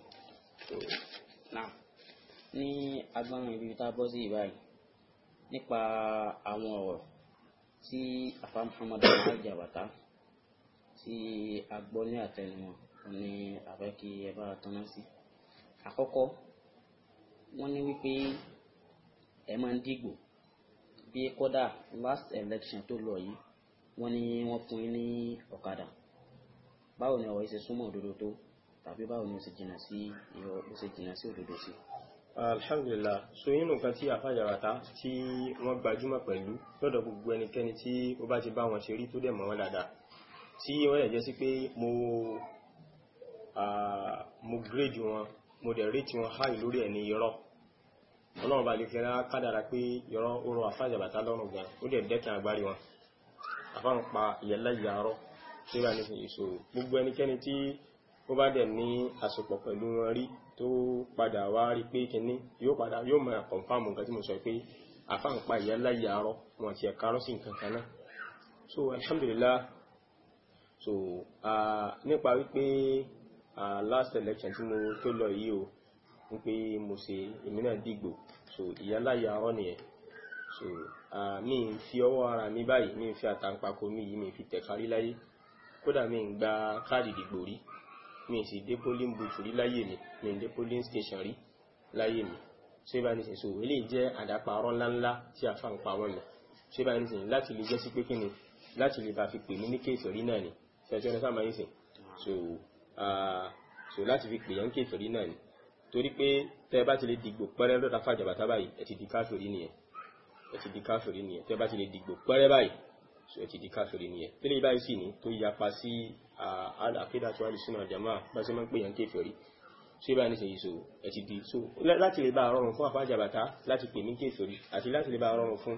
ní agbọ́nrin ibi tá a bọ́ sí ìbáyìí nípa àwọn ọ̀rọ̀ tí afa Muhammad Jabata tí a gbọ́ ní àtẹnu ní àfẹ́ kí ẹ bá tọ́nà sí. àkọ́kọ́ wọ́n ní wípé ẹ máa ń dìgbò bí kódà last election tó lọ yìí wọ́n ní wọ́n fún yín ní ọ̀kadà báwo ni ọ̀rọ̀ yìí ṣe súnmọ́ òdodo tó tàbí báwo ni ó ṣe jìnnà sí ìrọ̀ ó ṣe jìnnà sí òdodo sí. alhamdulillah so inú nǹkan tí àfàjàràtà tí wọ́n gbajúmọ̀ pẹ̀lú lọ́dọ̀ gbogbo ẹnikẹ́ni tí ó bá ti bá wọn ṣe rí tó dẹ̀ mọ́ wọn dáadáa tí wọ́n yẹ̀ jẹ́ sí pé mo mo grade wọn mo dẹ̀ rate wọn high lórí ẹ̀ ní irọ́ ọlọ́run bá lè fi ra kádàrà pé irọ́ ó rọ àfáàjàbàtà lọ́rùn gan ó dẹ̀ dẹ́kun agbárí wọn àfáàrùn pa ìyẹ̀lá ìyàrọ́ tí ó bá ní ìṣòro gbogbo ẹnikẹ́ni tí ó bá dẹ̀ ní àsopọ̀ pẹ̀lú wọn rí tó padà wá rí pé kínní yóò padà yóò máa confirm nǹkan tí mo sọ pé àfáàrùn pa ìyẹ̀lá ìyàrọ́ wọn ti ẹ̀ka rọ́ sí nǹkan kan náà so alhamdulillah so nípa wípé last election tí mo tó lọ yìí o ń pé mo ṣe èmi náà dìgbò so ìyá láyà ọ̀rọ̀ nìyẹn so mi ń fi ọwọ́ ara mi báyìí mi ń fi àtàǹpàkò mi yìí mi ń fi tẹ̀kárí láyé kódà mi ń gba káàdì ìdìgbò rí mi ń sì dé polling booth rí láyé mi mi ń dé polling station rí láyé mi so ìbá ní sèso eléyìí jẹ́ àdáparọ́ ńláńlá tí a fà ń pa wọ́n mi so ìbá ní sèso láti lè jẹ́ sí pé kí ni láti lè bá fi pè mí ní kéèsì rí náà ni ṣe ẹjọ́ ní sáà máa ń sìn so Ah, so láti fi pè yàn kèfèrí náà ni torí pé tẹ́ bá ti lè dìgbò pẹ́rẹ́ lọ́ta fàjàbàtà báyìí ẹ ti di káfìrí nìyẹn ẹ ti di káfìrí nìyẹn tẹ́ bá ti lè dìgbò pẹ́rẹ́ báyìí so ẹ ti di káfìrí nìyẹn tẹ́lẹ̀ báyìí sì ni tó yapa sí àkídà tó àdìsúnà àjàmá bá ṣe máa ń pè yàn kèfèrí ṣé báyìí níṣe yìí so ẹ ti di so láti lè bá rọrùn fún àfàjàbàtà láti pè ní kèfèrí àti láti lè bá rọrùn fún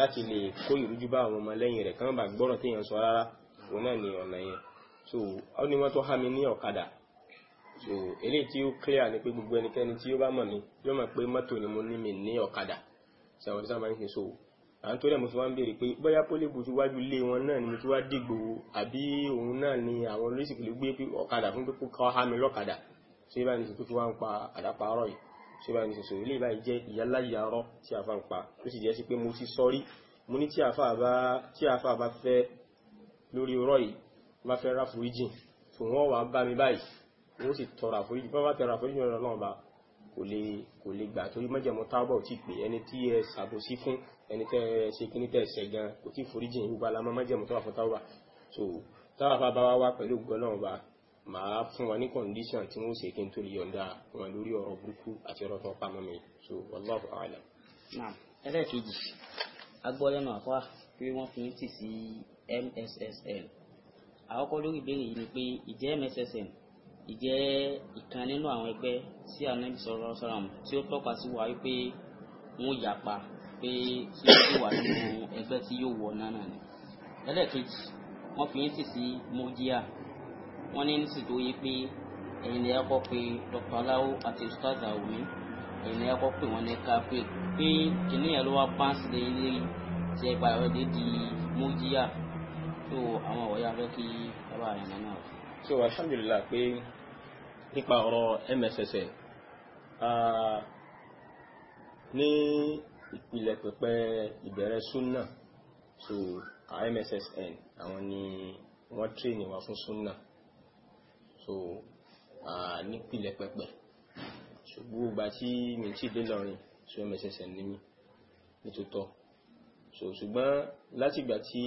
láti lè kó ìrújú bá àwọn ọmọ lẹ́yìn rẹ̀ kán bá gbọ́rọ̀ téèyàn sọ rárá òun náà ni ọ̀nà yẹn so àwọn ni wọ́n tó há mi ní ọ̀kadà so eléyìí tí ó clear ni pé gbogbo ẹnikẹ́ni tí ó bá mọ̀ mí yóò mọ̀ pé mọ́tò ni mo ní mi ní ọ̀kadà ṣe àwọn ìṣàmà ń ṣe so à ń torí ẹ̀ mo fi wá ń béèrè pé bóyá pólébù tí wájú ilé wọn náà ni mo ti wá dìgbò àbí òun náà ni àwọn olóṣèlú gbé ọ̀kadà fún pé kó kọ́ há mi lọ́kadà ṣé báyìí ní ṣe tó fi wá ń pa àdápàárọ̀ yìí ṣé báyìí ní ṣe so eléyìí jẹ́ ìyáláyà ọ̀rọ̀ tí àfa ń pa tó sì jẹ́ sí pé mo ti sọ rí mo ní tí àfa bá fẹ́ lórí ọ̀rọ̀ yìí má fẹ́ ra foríjì tó wọ́n wà bá mi báyìí wọ́n sì tọrọ àforíjì bá bá tẹ̀rọ àforíjì ọ̀rọ̀ náà bá kò lè kò lè gbà torí mọ́jẹ̀mọ́ tábọ̀ tí pè ẹni tí ẹ ṣàbòsí fún ẹni tẹ́ ẹ ṣe kíní tẹ́ ẹ ṣẹ̀ gan kò tí foríjì gbogbo alamọ́ mọ́jẹ̀mọ́ tó wà fún tábà so tábà bá wá wá pẹ̀lú ògbọ́n náà bá màá fún wa ní kọ̀ǹdíṣàn tí wọ́n ṣe kí n tó lè yọ̀ǹda wọn lórí ọ̀rọ̀ burúkú àti ọ̀rọ̀ tó pamọ́ mi so wallahu a'lam. náà ẹlẹ́ẹ̀kejì agbọ́lẹ́nu àfáà pé wọ́n fi ń tì sí MSSN àkọ́kọ́ lórí ìbéèrè yìí ni pé ìjẹ́ MSSN ìjẹ́ ìkan nínú àwọn ẹgbẹ́ sí anabi sọ̀rọ̀ sọ̀rọ̀ tí ó tọ́ka sí wa wípé wọ́n yapa pé kí ó sì wà nínú ẹgbẹ́ tí yóò wọ náà nà ni. lẹ́lẹ́kejì wọ́n fi ń tì sí mojia wọ́n ní nísì tó yé pé ẹ̀yin lẹ́yà kọ́ pé dr aláwo àti ustaz àwòmí ẹ̀yin lẹ́yà kọ́ pé wọ́n lẹ́ ká pé pé kìnìyàn ló wá pàǹsì lé lérí tí ẹ gbà ẹ̀ di mojia so àwọn ọ̀wọ́ yà fẹ́ kí bàbá rẹ̀ nà náà. so alhamdulilah pé nípa ọ̀rọ̀ mss ní ìpìlẹ̀ pẹ̀pẹ́ ìbẹ̀rẹ̀ sunna so mssn àwọn ni wọ́n tírèèni wa fún sunna so nípìlẹ̀ pẹ̀pẹ̀ ṣùgbọ́n ìgbà tí mi ti dé lọ́rin so mssn ní mi nítòótọ́ so ṣùgbọ́n látìgbà tí.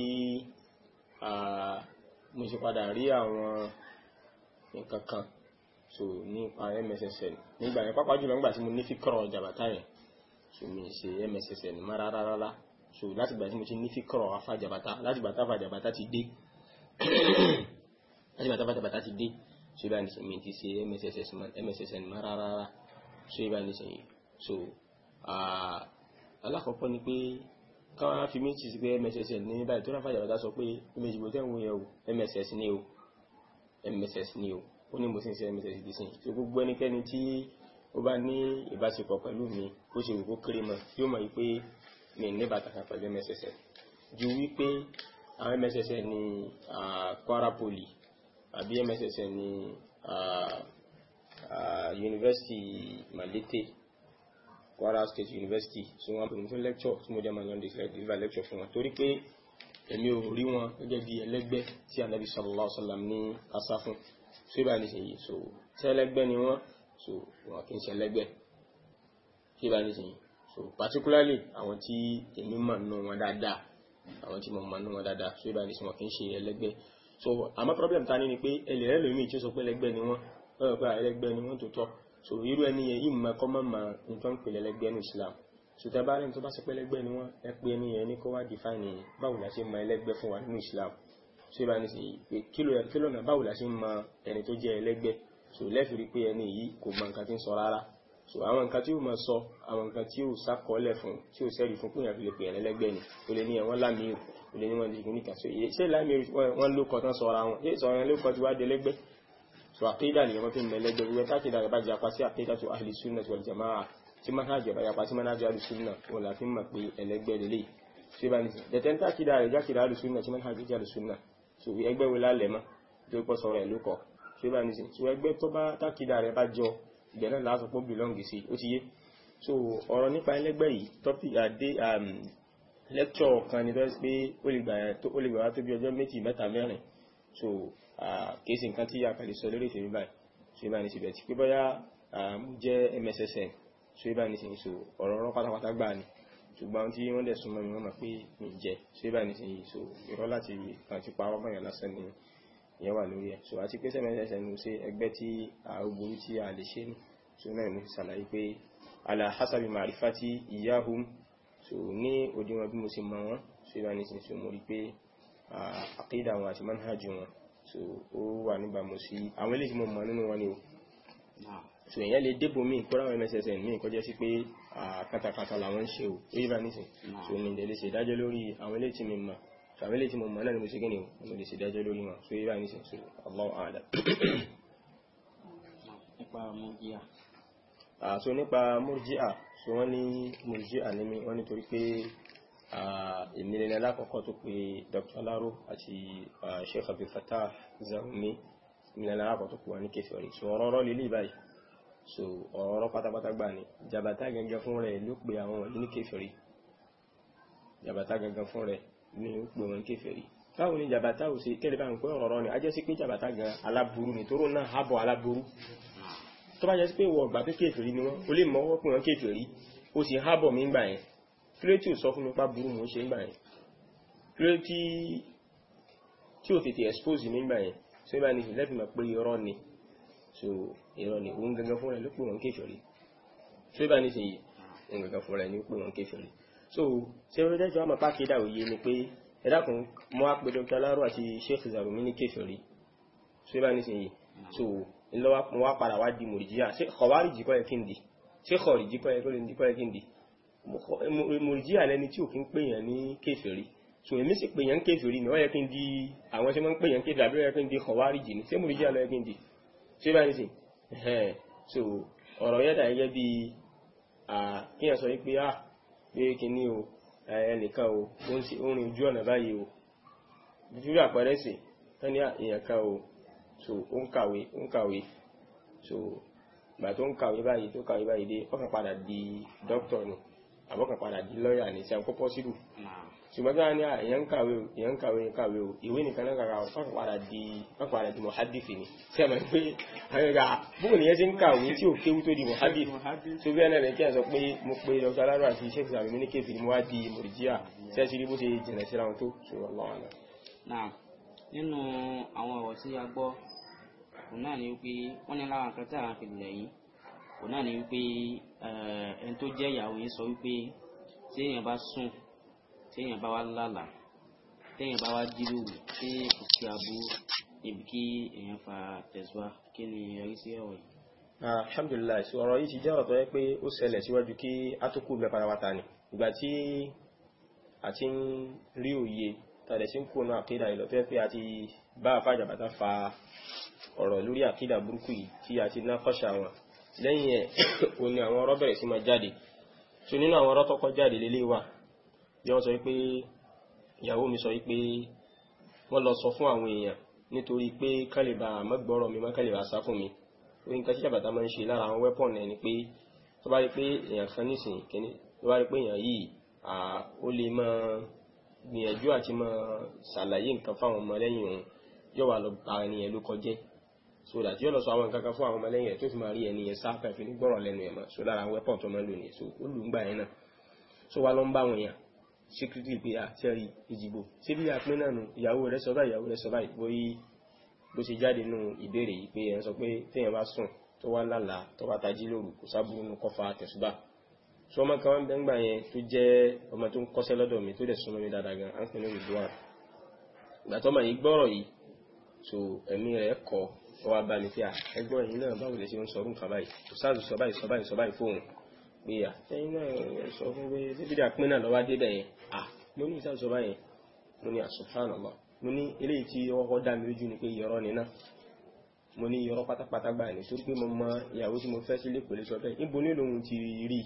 So, mo ṣe padà rí àwọn nǹkan kan so nípa MSSN nígbà yẹn pápá jùlọ nígbà tí mo ní fíkọrọ jàbátá yẹn so mi ṣe MSSN mara, rárá so láti gbà tí mo ti ní fíkọrọ afájàbátá láti gbà táfàjàbátá ti dé láti gbà táfàjàbátá ti dé so ibà nìṣẹ́ mi ti ṣe MSSN má rárá rárá so ibà nìṣẹ́ yìí so alákọ̀ọ́kọ́ ni pé káwọn fi méjì sí pé mss ní báyìí tó ráfà jàbàtà sọ pé méjì bó tẹ́wọ̀n yẹ o mss ní o mss ní o ó ní mo sì ń ṣe mss bí sìn tí gbogbo ẹnikẹ́ni tí ó bá ní ìbáṣepọ̀ pẹ̀lú mi ó ṣe wò kéré mọ́ yóò mọ̀ wípé mi ní bàtà pẹ̀lú mss ju wípé àwọn mss ní Kwara Poly àbí mss ní university Malete Kwara State University so wọ́n pè mí fún lecture tí mo jẹ́ máa lọ deliver lecture fún wọn torí pé èmi ò rí wọn gẹ́gẹ́ bí ẹlẹ́gbẹ́ tí anabi sallallahu alayhi wa sallam ní asa fún so ibà nísìnyí so tẹ́lẹ́gbẹ́ ni wọ́n so wọn kì í ṣe ẹlẹ́gbẹ́ so ibà nísìnyí so particularly àwọn tí èmi mọ̀ nù wọn dáadáa àwọn tí mo mọ̀ nù wọn dáadáa so ibà nísìnyí wọn kì í ṣe ẹlẹ́gbẹ́ so àmọ́ problem ta ni ni pé ẹlẹ́rẹ́ lómi tí ó sọ pé ẹlẹ́gbẹ́ ni wọ́n lọ́wọ́ pé ẹlẹ́gbẹ́ ni wọ́n tó tọ́ so irú ẹni yẹn yìí mọ kọ́ mọ́ mọ nǹkan ń pèlè ẹlẹgbẹ́ ní Islam so tẹ́ bá rẹ̀ tó bá ṣe pé ẹlẹgbẹ́ ni wọ́n ẹ pé ẹni yẹn ní kó wá define yẹn báwo la ṣe mọ ẹlẹgbẹ́ fún wa nínú Islam so ìbá ní sìn pé kílò ẹ kílò náà báwo la ṣe mọ ẹni tó jẹ ẹlẹgbẹ́ so lẹ́fì rí pé ẹni yìí kò mọ nǹkan tí ń sọ rárá so àwọn nǹkan tí ó mọ sọ àwọn nǹkan tí ó sàkọọ́lẹ̀ fún tí ó sẹ́rì fún pínyà fi lè pè ni ó lè ní ẹ̀wọ́n lámìí ó lè ní wọn lè ní kàṣọ ṣé lámìí wọn ló kọ tán sọ ara wọn ṣé sọ wọn ló kọ ti wá délẹ́gbẹ́ so aqida ni mo fi mele je we ta kida ba ja pasi aqida to ahli sunnah wal jamaa ti man haje ba ya pasi man haje ahli sunnah o la fi mọ̀ pé ẹlẹgbẹ́ lele se ba ni de ten ta kida re ja kida ahli sunnah ti man haje ja ahli sunnah so wi ẹgbẹ́ we la le mo to po so re lu ko se ba ni se so ẹgbẹ́ tó bá ta kida re ba jo ibe na la so po belong si ó ti yé so ọ̀rọ̀ nípa ẹlẹgbẹ́ yìí topic ade um lecture kan ni to pe ó lè gbà tó ó lè gbà tó bí ọjọ́ méjì mẹ́ta mẹ́rin so kéèsì nǹkan tí àkàlè sọ lórí tèmi báyìí so ibà ní síbẹ̀ tí pé bọ́yá jẹ́ mssn so ibà ní sìn so ọ̀rọ̀ ọ̀rọ̀ pátápátá gbà ni ṣùgbọ́n tí wọ́n dẹ̀ súnmọ́ mi wọ́n mọ̀ pé mi jẹ́ so ibà ní sìn so irọ́ láti kàn ti pa ọmọ yẹn lásán ni ìyẹn wà lórí ẹ̀ so àti pé mssn ń ṣe ẹgbẹ́ tí àrùbùrú tí a lè ṣe ni so náà ní ṣàlàyé pé ala hasabi ma'rifati iyahum so ní òdiwọ̀n bí mo ṣe mọ̀ wọ́n so ibà ní sìn so mo rí pé àkídà wọn àti manhajì wọn so ó wà níbàmú sí àwọn eléyìí tí mo mọ̀ nínú wọn ni o so èyàn lè débò míì kó ráwọn mssn míì kọjá sí pé katakata làwọn ń ṣe o èyí bá nísìn so mi lè ṣe ìdájọ́ lórí àwọn eléyìí tí mi mọ̀ so àwọn eléyìí tí mo mọ̀ náà ni mo ṣe kí ni o mo lè ṣe ìdájọ́ lórí wọn so èyí bá nísìn so Allahu a'lam. nípa murji'a. so nípa murji'a so wọ́n ní murji'a ní mi wọ́n nítorí pé ìmìnira alákọ̀ọ́kọ́ tó pé Dr. Alaro àti Sheikh Abdul Fattah Zarumi ìmìnira alákọ̀ọ́ tó pé wà ní kẹfẹ́rẹ́ so ọ̀rọ̀ ọ̀rọ̀ lílé báyìí so ọ̀rọ̀ ọ̀rọ̀ pátápátá gbà ní jàbátá gangan fún rẹ̀ ló pe àwọn wọ̀nyí ní kẹfẹ́rẹ́ jàbátá gangan fún rẹ̀ ní ó pe wọn kẹfẹ́rẹ́ báwo ni jàbátá ò ṣe kẹ́lẹ́ bá ń pẹ́ ọ̀rọ̀ ni ajẹ́sí pé jàbátá gan aláburú ni toró náà hábọ̀ aláburú tó bá jẹ́ sí pé wọ̀ ọ̀gbà pé kẹfẹ́rẹ́ ni wọ́n ó lè mọ́wọ́ pé wọ́n kẹfẹ́rẹ́ ó sì hábọ̀ mí gbà yẹn kílé tí ò sọ fún mi pa burú mò ń ṣe ń gbà yẹn kílé tí tí ò tètè expose mi ń yẹn so ìgbà ní ìlẹ́fì mọ̀ pé irọ́ ni so irọ́ ni òun gangan fúnra ló pè wọ́n kéfìrí so ìgbà ní ìsìn yìí òun gangan fúnra ló pè wọ́n kéfìrí so ṣé orí tẹ́jọ́ àmọ́ pákédà òye ni pé ẹ dákun mo á Dr. Laro àti Sheikh Zarumi ní kéfìrí so ìgbà ní ìsìn yìí so ńlọ́wọ́ mo wá padà wá di mòrìjìyà ṣé kọ̀wárìjì kọ́ yẹ kí n mùrìjíà lẹni tí òfin pèèyàn ní kèfèrí so èmi sì pèèyàn kèfèrí ni ó yẹ kí n di àwọn tí wọ́n ń pèèyàn kèfèrí àbí ó yẹ kí n di kọ̀wárìjì ni ṣé mùrìjíà ló yẹ kí n di ṣé báyìí sì so ọ̀rọ̀ yẹ́dà gẹ́gẹ́ bí kíyàn sọ wípé ah pé kìíní o ẹnìkan o ó rìn ojú ọ̀nà báyìí o júlù àpẹẹrẹ sí wọ́n ní èèyàn kan o so ó ń kàwé ó ń kàwé so ìgbà tó ń kàwé báyìí tó kàwé báyìí dé ọkàn padà di dókítà ni àmọ́kà padà di lọ́yà ní sẹ́wọ́n pọ́pọ́ sílù ṣùgbọ́n tí wọ́n ní èèyàn ń kàwé o èèyàn ń kàwé o kàwé o ìwé nìkan náà kàkà wọ́n padà di wọ́n padà di mọ̀hádìfì ni sẹ́wọ̀n pé àyẹ̀gà bóun nìyẹn ti ń kàwé tí ò kéwú tó di mọ̀hádìfì tó bí ẹnẹ̀rẹ̀ kí ẹ̀ sọ pé mo pe dr alaro àti sheikh sami mi ní kéfì ni mo wá di mọ̀rìjíà sẹ́ẹ̀sì rí bó ṣe jìnà síra wọn tó ṣùgbọ́n lọ́wọ́ náà nínú àwọn òun náà ni wípé eh, ẹni tó jẹ́ ìyàwó yẹn sọ wípé téèyàn bá sùn téèyàn bá wá lálàá téèyàn bá wá jíròrò pé kò sí aburú níbi kí èèyàn fa tẹ̀síwá kí ni yọrí sí ọ̀rọ̀ yìí. Ah, alhamdulilayi sọ ọ̀rọ̀ yìí ti jẹ́ ọ̀rọ̀ tó yẹ pé ó ṣẹlẹ̀ síwájú kí a tó kú ni ìgbà tí a ti ń rí òye tàdé sí ń kó náà àkídà ìlọ tó yẹ pé a ti bá àfàjàbàtà fa ọ̀rọ̀ lórí àkídà burúkú yìí tí a ti ná kọ́ṣà wọn lẹ́yìn ẹ̀ o ní àwọn ọ̀rọ̀ bẹ̀rẹ̀ sí máa jáde so nínú àwọn ọ̀rọ̀ tọ́kọ́ jáde lélé wà bí wọ́n sọ wípé ìyàwó mi sọ wípé wọ́n lọ sọ fún àwọn èèyàn nítorí pé kálíbà mọ́gbọ́rọ̀ mi mọ́kálíbà sá fún mi ó ní kásí àbàtà máa ń ṣe lára àwọn wẹ́pọ̀n náà pé tó bá rí pé èèyàn kan nísìn kíní tó bá rí pé èèyàn yìí ó lè máa gbìyànjú àti máa ṣàlàyé nǹkan fáwọn ọmọ lẹ́yìn òun yóò wà lọ bá ẹni yẹn ló kọjẹ́ so that yóò lọ sọ àwọn kankan fún àwọn ọmọlẹ́yìn ẹ̀ tó fi máa rí ẹni yẹn sáfẹ́ fi ní gbọ́rọ̀ lẹ́nu ẹ̀ mọ́ so lára àwọn weapon tó máa lò nìyẹn so ó lù ń gbà yẹn náà so wá lọ ń bá wọn yàn secretly pé àtẹ́rí ah, ìdìbò ṣé bí àpín náà nù ìyàwó rẹ̀ sọ báyìí ìyàwó rẹ̀ sọ báyìí bóyí bó ṣe jáde nù ìbéèrè yìí pé ẹ̀ ń sọ pé téèyàn bá sùn tó wá lálàá tó bá tají lóru kò sábúrú nù kọfà tẹ̀sùbà so ọmọ kan wá ń gbà yẹn tó jẹ́ ọmọ tó ń kọ́ṣẹ́ lọ́dọ̀ mi tó dẹ̀ súnmọ́ mi dáadáa gan à ń pè ní olùdó àrùn yìí gbọ́rọ̀ yìí so ẹ̀mí rẹ̀ kọ́ ó wá bá mi pé ẹgbọ́n ẹ̀yin náà báwo lè ṣe ń sọrú nǹkan báyìí kò sáàzù sọ báyìí sọ báyìí sọ báyìí fóun pé à ẹ̀yin náà sọ fún pé bíbí dà pín náà lọ́wọ́ débẹ̀ yẹn à mo ní ìsáàzù sọ báyìí mo ní subhanallah mo ní eléyìí tí ọkọ̀ dá mi lójú ni pé yọrọ ni náà mo ní yọrọ pátápátá gbà ní torí pé mo mọ ìyàwó tí mo fẹ́ sílé kò lè sọ bẹ́ẹ̀ níbo nílò ohun ti rí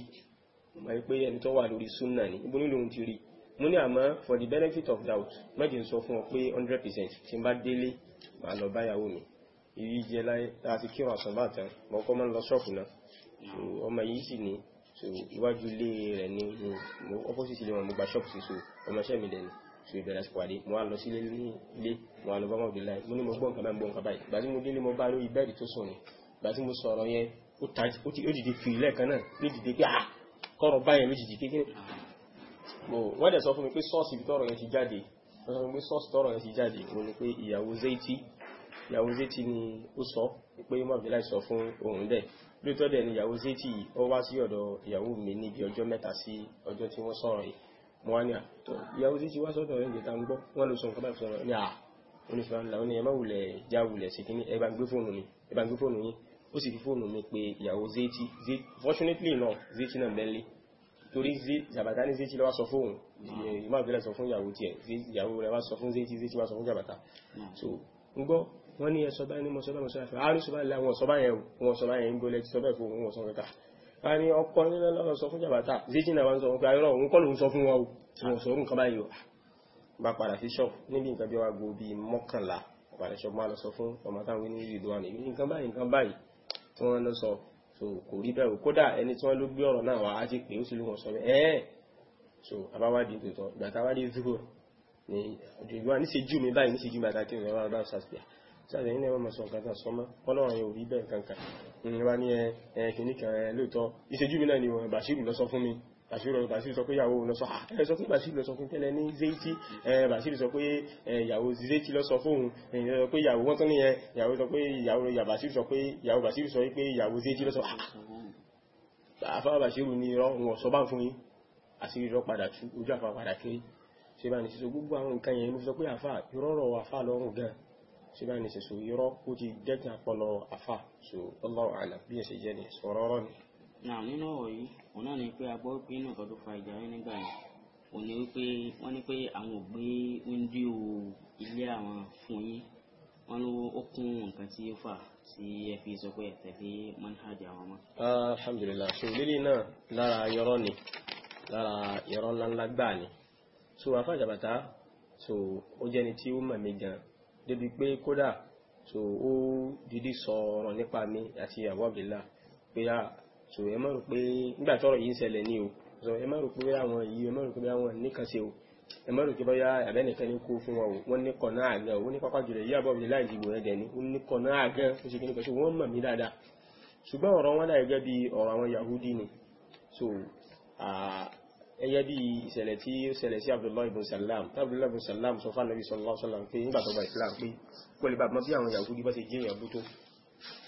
mo rí pé ẹni tó wà lórí sunna ni níbo nílò ohun ti rí mo ní àmọ́ for the benefit of doubt mẹ́jì ń sọ fún ọ pé hundred percent tí n bá délé màá lọ báyàwó mi ìríjẹ láyé láti kírun àsọ̀bá àtàn mọ́kọ́ máa ń lọ ṣọ́ọ̀pù náà ọmọ yìí sì ni so iwájú ilé rẹ̀ ni mo opposite ilé wọn mo gba ṣọ́ọ̀pù sí so ọmọ iṣẹ́ mi dẹ̀ ni so ìbẹ̀rẹ̀ sí pàdé mo wá lọ sílé ní ilé mo wá lọ bá mọ̀ bí láì mo ní mo gbọ́ nǹkan báyìí mo gbọ́ nǹkan báyìí gbàtí mo délé mo bá lórí bẹ́ẹ̀dì tó sùn ni gbàtí mo sọ̀rọ̀ yẹn ó dìde fi lẹ́ẹ̀kan náà ló dìde pé ah kọ́rọ̀ báyẹn ló dìde kékeré mo wọ́n dẹ̀ sọ fún mi pé sọ́ọ̀sì ibi tọ́rọ̀ yẹn ti jáde wọ́n sọ fún mi pé sọ́ọ̀sì tọ́rọ̀ yẹn ti jáde mo ní pé ìyàwó zaiti yàwó zeti ni ó sọ pé mọ̀bílá sọ fún òun bẹ́ẹ̀ lóòótọ́ dẹ̀ ni yàwó zeti ó wá sí ọ̀dọ̀ ìyàwó mi níbi ọjọ́ mẹ́ta sí ọjọ́ tí wọ́n sọ̀rọ̀ yìí mo wá ní àtọ̀ ìyàwó zeti wá sọ́dọ̀ ẹ̀ ǹjẹ́ ń gbọ́ wọ́n lọ sọ nǹkan báyìí ní à onífẹ́ńlá ó ní ẹ wulẹ̀ já wulẹ̀ sí kíní ẹ bá ń gbé fóònù ni ẹ bá ń gbé fóònù yín ó sì fi fóònù mi pé ìyàwó zeti fortunately náà zeti náà bẹ́ẹ̀lì torí jàbàtà ní zeti lọ́wọ́ sọ fóònù ìmọ̀ àbílẹ̀ sọ fún ìyàwó tiẹ̀ ìyàwó rẹ̀ wá sọ fún zeti zeti wá sọ fún jàbàtà so ń gbọ́ wọ́n ní ẹ̀sọ́bá ní mọ̀sọ́bá mọ̀sọ́bá fẹ́ àárí sọ́bá ilẹ̀ àwọn ọ̀sọ́bá yẹn wọn sọ́bá yẹn ń gbọ́lẹ̀ tí sọ́bá fún wọn sọ kẹta a ní ọkọ̀ nílẹ̀ lọ́wọ́ sọ fún jàbátà zéjì náà wọ́n sọ fún ayọ́rọ̀ òun kọ́ lòun sọ fún wọn wọn sọ nǹkan báyìí bá padà sí ṣọ́ọ̀fù níbi nǹkan bí wàá gbó bíi mọ́kànlá padà ṣọ́ọ̀fù máa lọ sọ fún ọmọ táwọn ní ìlú wa nìyí nǹkan báyìí nǹkan báyìí tí wọ́n lọ sọ so kò rí bẹ́ẹ̀ kódà ẹni tí wọ́n ló gbé ọ̀rọ̀ náà wá á ti pè ó sì ló wọn sọ bẹ́ẹ̀ ẹ́ẹ̀ so abáwádìí tòótọ́ ìgbà táwádìí zúrò ní ọjọ́ ìgbà níṣẹ́jú mi báyìí níṣẹ́jú mi àtàkì ìrọ̀lá ọ̀dọ́ sàṣìyà sáàdẹ̀ nínú ẹwọ́n mọ̀sán kan tán sọmọ́ ọlọ́run yóò rí bẹ́ẹ̀ kankan ìrìnwá ní ẹ̀kìní kan ẹ̀ lóòtọ́ ìṣẹ́jú mi náà ni wọ́n bàṣírù lọ́sọ fún mi bàṣírù sọ pé ìyàwó lọ́sọ ẹ̀ sọ pé bàṣírù lọ́sọ fún tẹ́lẹ̀ ní zéítì bàṣírù sọ pé ìyàwó zéítì lọ́sọ fóun ìyàwó sọ pé ìyàwó wọ́n tán ní ìyàwó sọ pé ìyàwó bàṣírù sọ pé ìyàwó bàṣírù sọ pé ìyàwó zéítì lọ́sọ àfáà bàṣírù ni wọ́n sọ bá fún yín àṣírí rọ padà tú ojú síbá ní ṣe so irọ́ ó ti dẹ́kun ọpọlọ afá so Allahu a'lam bí ẹ̀ṣẹ̀ jẹ́ ni sọ̀rọ̀ ọ̀rọ̀ ni. náà nínú ọ̀rọ̀ yìí òun náà ni pé a gbọ́ pé náà tọ́jú fa ìjà rẹ̀ nígbà yẹn òun ni wípé wọ́n ní pé àwọn ò gbé oúnjẹ o ilé àwọn fún yín wọ́n ló ó kún nǹkan tí ó fà tí ẹ fi sọ pé tẹ̀lé manhaj àwọn ọmọ. alhamdulilah so lílì náà lára yọrọ ni lára yọrọ ńláńlá gbáà ni so afájàbàtà so ó jẹ́ni tí ó mọ̀ mí gan-an débi pé kódà so ó dídí sọ̀rọ̀ nípa mi àti Abu Abdillah pé a ah, so ẹ má rò pé nígbà tọ́rọ̀ yìí ń ṣẹlẹ̀ ní o so ẹ má rò pé àwọn yìí ẹ má rò pé àwọn nìkan ṣe o ẹ má rò pé bóyá àbẹ́nìkan ní kó fún wọn o wọ́n ní kọ̀nà àgán o wọ́n ní pápá jùlọ yìí Abu Abdillah ìdìbò ẹ̀ dẹ̀ ni ó ní kọ̀nà àgán ó ṣe kí ni pẹ̀ṣẹ̀ wọ́n mọ̀ mí dáadáa ṣùgbọ́n ọ̀rọ̀ wọn náà gẹ́gẹ́ bí ọ̀rọ̀ àwọn Yahudi ẹyẹ bí ìṣẹ̀lẹ̀ tí ó ṣẹlẹ̀ sí Abdullahi ibn Salam Abdullahi ibn Salam sọ fún anabi sallallahu alaihi wasallam pé nígbà tó bá Islam pé pẹ̀lú bá mọ́ bí àwọn Yahudi bá ṣe jí ìyàwó tó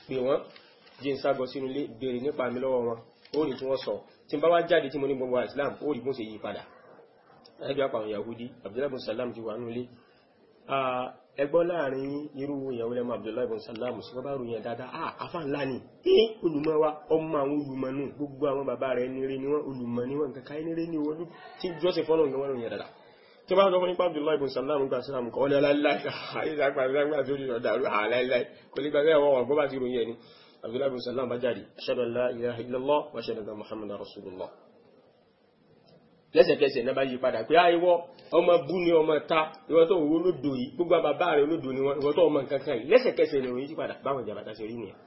pé wọ́n jí ń ságọ sínú ilé béèrè nípa mi lọ́wọ́ wọn ó ní tí wọ́n sọ tí bá wá jáde tí mo ní gbogbo Islam ó rí bó ṣe yí padà ẹgbẹ́ àpàwọn Yahudi Abdullahi ibn Salam ti wà nulẹ̀ ẹgbọ́ láàrin irú ìyàwó lẹ́mọ̀ Abdullahi ibn Salam sí wọ́n bá ròyìn dáadáa ah afá ńlá ni ní olùmọ̀ wa ọmọ àwọn olùmọ̀ nù gbogbo àwọn bàbá rẹ̀ nírí ni wọ́n olùmọ̀ ni wọ́n kankan nírí ni wọ́n tí jọ́sẹ̀ fọ́nà ìgbọ́n ròyìn dáadáa tí wọ́n bá sọ nípa Abdullahi ibn Salam gba Islam kọ́ ọ́lẹ́ aláìláì àìsàgbà lẹ́sẹ̀kẹsẹ̀ náà bá yí padà pé àìwọ́ ah, ọmọ bú ni ọmọ ta ìwọ́n tó owó lódò yìí gbogbo bàbá rẹ̀ lódò ni wọ́n ìwọ́n tó ọmọ kankan yìí lẹ́sẹ̀kẹsẹ̀ ìròyìn yí padà báwọn ìjàmbá ṣe rí nìyẹn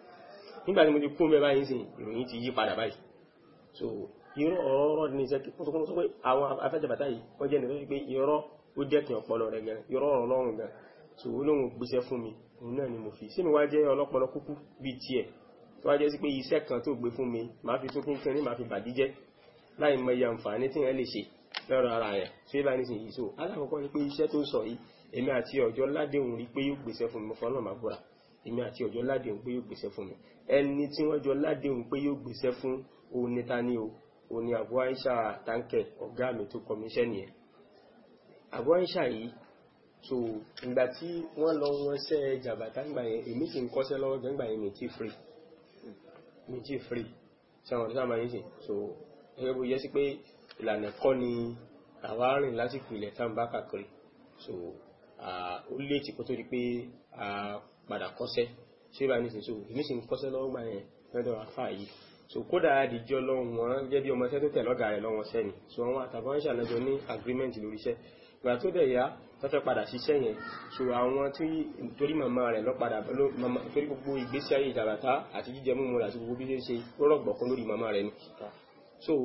nígbà tí mo ti kún mẹ́bàá yín sí ìròyìn ti yí padà báyìí so irọ́ ọ̀rọ̀ ni iṣẹ́ tó kún sọ pé àwọn afẹ́jàbàtà yìí wọ́n jẹ́ nítorí pé irọ́ ó dẹ́kun ọpọlọ rẹ̀ gan irọ́ ọ̀rọ̀ gan so olóhùn gbéṣẹ́ fún mi òun náà ni mo fi sí mi wá jẹ́ ọlọ́pọlọ kúkú bíi tiẹ̀ tó wá jẹ́ sí pé iṣẹ́ kan tó gbé fún mi màá fi tó kún kínní màá fi bàdí láì mọ iye àǹfààní tí yẹn lè ṣe lọ́rọ̀ ara rẹ̀ tí bá ní sìnyí so alákọ̀ọ́kọ́ ni pé iṣẹ́ tó ń sọ yìí èmi àti ọjọ́ ládéhùn rí pé yóò gbèsè fún mi fọlọ́ máa búra èmi àti ọjọ́ ládéhùn pé yóò gbèsè fún mi ẹni tí wọ́n jọ ládéhùn pé yóò gbèsè fún òun ni ta ni o òun ni àbú àìsà táǹkẹ̀ ọ̀gá mi tó kọ́ mi iṣẹ́ nìyẹn àbú àìsà yìí so ìgbà tí wọ́n lọ wọn ṣẹ́ jàbàtà ńgbà yẹn èmi kì í kọ́ṣẹ́ lọ́wọ́ gbẹ̀ngbà yẹn mi ti free mi ti free ṣàwọn ọ̀dọ́ sábà yìí sìn so gẹ́gẹ́ bó yẹ sí pé ìlànà kọ́ ni àwa rìn lásìkò ilẹ̀ tá à ń bá kàkiri so ó léètì kó tó di pé a padà kọ́sẹ́ tí ó bá ní sèso èmi sì ń kọ́sẹ́ lọ́wọ́ gbà yẹn lọ́dọ̀ afá yìí so kódà àdìjọ lọ́wọ́ wọn gẹ́gẹ́ bí ọmọ iṣẹ́ tó tẹ̀ lọ́gàá rẹ̀ lọ́wọ́ sẹ́ni so àwọn àtàwọn ṣàlẹ́jọ ní agreement lórí iṣẹ́ ìgbà tó dẹ̀ yá tọ́fẹ́ padà ṣiṣẹ́ yẹn so àwọn tí torí màmá rẹ̀ lọ́padà torí gbogbo ìgbésí ayé ìjàbàtà àti jíjẹ múmu àti gbogbo bí ṣe ṣe ó rọ̀gbọ̀kún lórí màmá rẹ̀ ni so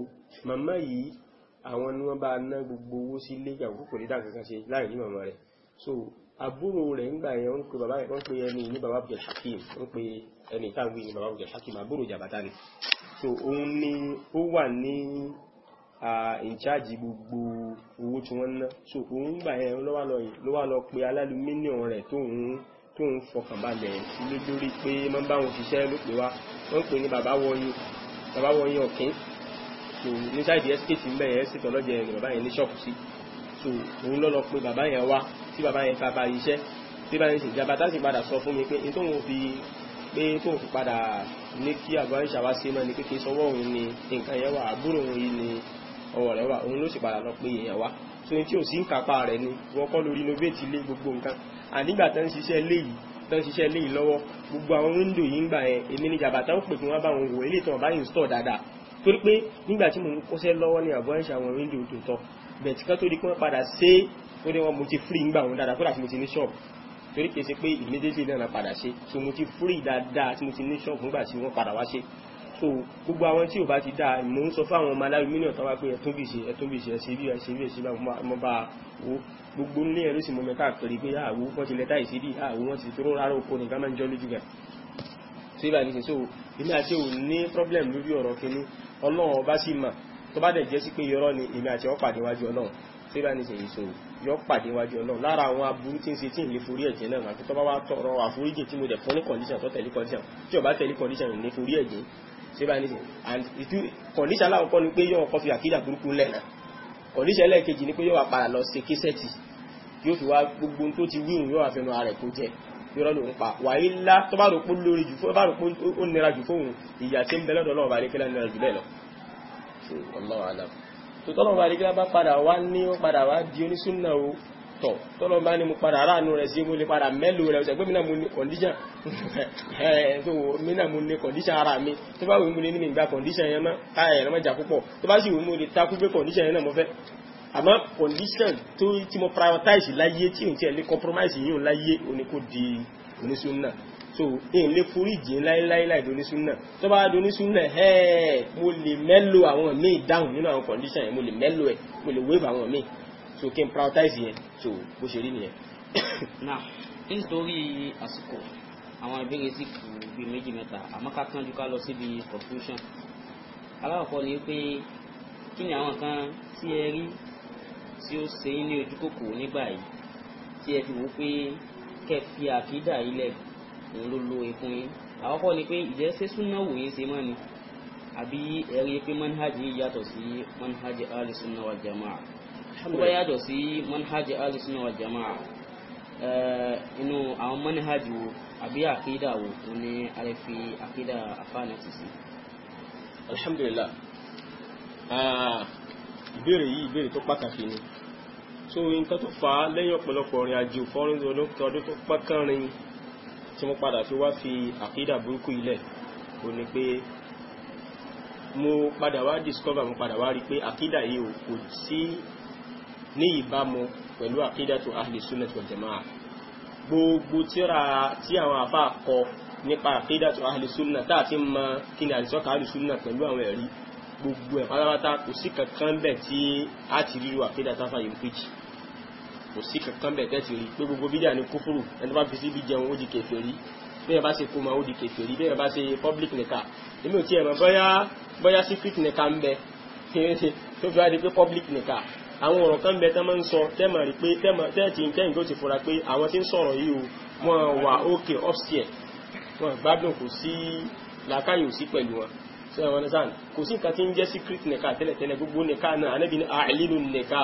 Mama yìí àwọn ni wọ́n bá ná gbogbo owó sí ilé ìyàwó kò ní dá nǹkan kan ṣe láì ní màmá rẹ̀ so àbúrò rẹ̀ ńgbà yẹn wọ́n pe bàbá yẹn wọ́n pe ẹni ní bàbá Abdul Hakim wọ́n pe ẹni táwọn ní bàbá Abdul shaki àbúrò jàbátá ni so òun ni ó wà ní in charge gbogbo owó tí wọ́n ná so òun gbà yẹn ló wà lọ pe alálùmíníọ̀n rẹ̀ tóun tóun fọkànbalẹ̀ lórí pé máa ń bá wọn ṣiṣẹ́ ló pè wá wọ́n pe ní bàbá wọnyin bàbá wọnyin ọ̀kín so ní sáìdì estate ń bẹ̀yẹ estate ọlọ́jẹ ni bàbá yẹn ní ṣọ́ọ̀pù sí so òun lọ́lọ́ pé bàbá yẹn wá tí bàbá yẹn bàbá iṣẹ́ tí bàbá yẹn sì jábá tá sì padà sọ fún mi pé n tóun fi pé tóun fi padà ní kí àgbà ìṣà wá sí mọ́ ni kékeré sọwọ́ òun ni nǹkan yẹn wà àbúrò òun yìí ni ọwọ́ rẹ̀ wà òun ló sì padà lọ pé èèyàn wá so ní tí ò sí ń kápá rẹ̀ ni wọ́n kọ́ lórí innovate ilé gbogbo nǹkan ànígbà tó ń ṣiṣẹ́ léyìí tó ń ṣiṣẹ́ léyìí lọ́wọ́ gbogbo àwọn wíńdò yìí ń gbà yẹn èmi ní jàbàtà ó pè kí wọ́n bá wọn wò eléyìí tó wọn bá install dáadáa torí pé nígbà tí mo ń kọ́ṣẹ́ lọ́wọ́ ní àbọ̀ ẹ̀ṣà àwọn rédíò tó tọ́ bẹ̀tì kan tó di pọ́n padà ṣe tó dé mo ti free ń gbà wọn dáadáa kódà tí mo ti ní ṣọ́ọ̀bù torí kèsì pé immediately náà padà ṣe so mo ti free dáadáa tí mo ti ní ṣọ́ọ̀bù nígbà tí wọ́n padà wá ṣe so gbogbo àwọn tí ò bá ti dáa mo ń sọ fún àwọn ọmọ aláwọ̀ mílíọ̀nù tó wá pé ẹ̀tún bì ṣe ẹ̀tún bì ṣe ẹ̀ṣẹ̀ bí ẹ̀ṣẹ̀ bí ẹ̀ṣẹ̀ bá mo bá wo gbogbo nílé ẹ̀rú sì mo mẹ́ta kiri pé àwo ah, wọ́n ti lẹ́tà ìṣe bí àwo wọ́n ti tó rárá oko nìkan máa lójú gà so ibà nìkan so èmi àti ò ní problem lórí ọ̀rọ̀ kínní ọlọ́run ọba sì mà tó bá dẹ̀ jẹ́ sí pé irọ́ ni èmi àti ọ pàdé wájú ọlọ́run tí bá ní ṣe èso yọ pàdé wájú ọlọ́run lára àwọn aburú tí ń ṣe tí ń lè forí ẹ̀jẹ̀ náà àti tó bá wá tọrọ àforíjì tí mo dẹ̀ fún ní condition tó tẹ̀lé condition tí ó bá tẹ̀lé condition ní forí ẹ̀jẹ̀ tí bá ní ṣe and ìtú condition aláwọ̀kọ́ ni pé yóò kọ́ fi àkídà burúkú lẹ̀ náà condition ẹlẹ́ẹ̀kejì ni pé yóò wá padà lọ ṣe késẹ́tì yóò fi wá gbogbo tó ti wíhùn yóò wá fẹnu ara ẹ̀ kó jẹ́ irọ́ ló pa wàyí ńlá tó bá rò pé lórí jù tó bá rò pé ó nira jù fóun ìyà tí ń bẹ lọ́dọ̀ ọlọ́run bá rí kílá nira jù bẹ́ẹ̀ lọ. tó tọ́lọ́run bá rí kílá bá padà wá ní ó padà wá di onísúnà o tọ̀ tọ́lọ́run bá ní mo padà aráàánú rẹ̀ sí mo lè padà mẹ́lò rẹ̀ ọ̀sẹ̀ pé mi náà mo ní kọ̀ǹdíṣàn tó eh, mi náà mo ní kọ̀ǹdíṣàn ara mi tó bá wù mí mo lè ní mi gba kọ̀ǹdíṣàn yẹn mọ́ káyà yẹn mọ́ jà púpọ̀ tó bá sì wù mí àmọ́ condition tó tí mo prioritize láyé tí n tiẹ̀ lè compromise yìí láyé òní kò di onísúnnà so n lè forí jìn láíláí láì di onísúnnà tó bá di onísúnnà ẹ́ẹ̀ mo lè mẹ́lò àwọn míì dáhùn nínú àwọn condition yẹn mo lè mẹ́lò ẹ̀ mo lè waive àwọn míì so kí n prioritize yẹn so bó ṣe rí nìyẹn. now nítorí àsìkò àwọn ìbéèrè sì kù bíi méjì mẹ́ta àmọ́ ká kánjú ká lọ síbi conclusion aláwọ̀ kọ́ ni pé kí ni àwọn kan tí ẹ rí tí ó ṣe ní ojú kòkòrò nígbà yìí tí ẹ fi wò pé kẹ́ fi àkídà yìí lẹ̀ òun ló lo ìkún yín àkọ́kọ́ ni pé ìjẹ́ ṣé súnà wò yín ṣe mọ́ ni àbí ẹ̀rí pé manhaji yìí yàtọ̀ sí manhaji alisunna wal jamaa tó yàtọ̀ sí manhaji alisunna wal jamaa inú àwọn manhaji wo àbí àkídà wo tó ní alẹ́ fi àkídà ti sí. alhamdulillah. Ah, ìbéèrè yìí ìbéèrè tó pàtàkì ni so nǹkan tó fà á lẹ́yìn ọ̀pọ̀lọpọ̀ ọ̀rìn àjò fọ́nrin ọdún tó pẹ́kànrin tí mo padà fi wá fi àkídà burúkú ilẹ̀ ó ní pé mo padà wá discover mo padà wá rí pé àkídà yìí ò kò sí ní ìbámu pẹ̀lú àkídà tó ahli sunnah wal jama'a gbogbo tíra tí àwọn àfáà kọ nípa àkídà tó ahli sunnah táà ti mọ kí ni àdìsọ́kà ahli sunnah pẹ̀lú àwọn ẹ̀rí gbogbo ẹ̀ pátápátá kò sí kankan bẹ̀ tí a ti rí lu àkédà táfà yìí péjì kò sí kankan bẹ̀ tẹ́tì rí pé gbogbo bídíà ní kúfúrù ẹni bá fi sí bí jẹun ó di kèfèrí bẹ́ẹ̀ bá ṣe kó ma ó di kèfèrí bẹ́ẹ̀ bá ṣe public nìka èmi ò tiẹ̀ mọ̀ bóyá bóyá secret nìka ń bẹ tó fi wá di pé public nìka àwọn ọ̀rọ̀ kan bẹ tẹ́ máa ń sọ tẹ́mọ̀ rí pé tẹ́ẹ̀tì kẹ́yìn tó ti fura pé àwọn tí ń sọ̀rọ̀ yìí o wọ́n wà ókè ọ́fṣẹ̀ wọn gbádùn kò sí làákàyè ò sí pẹ̀lú wọn ṣe àwọn ẹ̀sán kò sí nǹkan tí ń jẹ́ secret nìka tẹ́lẹ̀tẹ́lẹ̀ gbogbo nìka náà anábì ní àìlínú nìka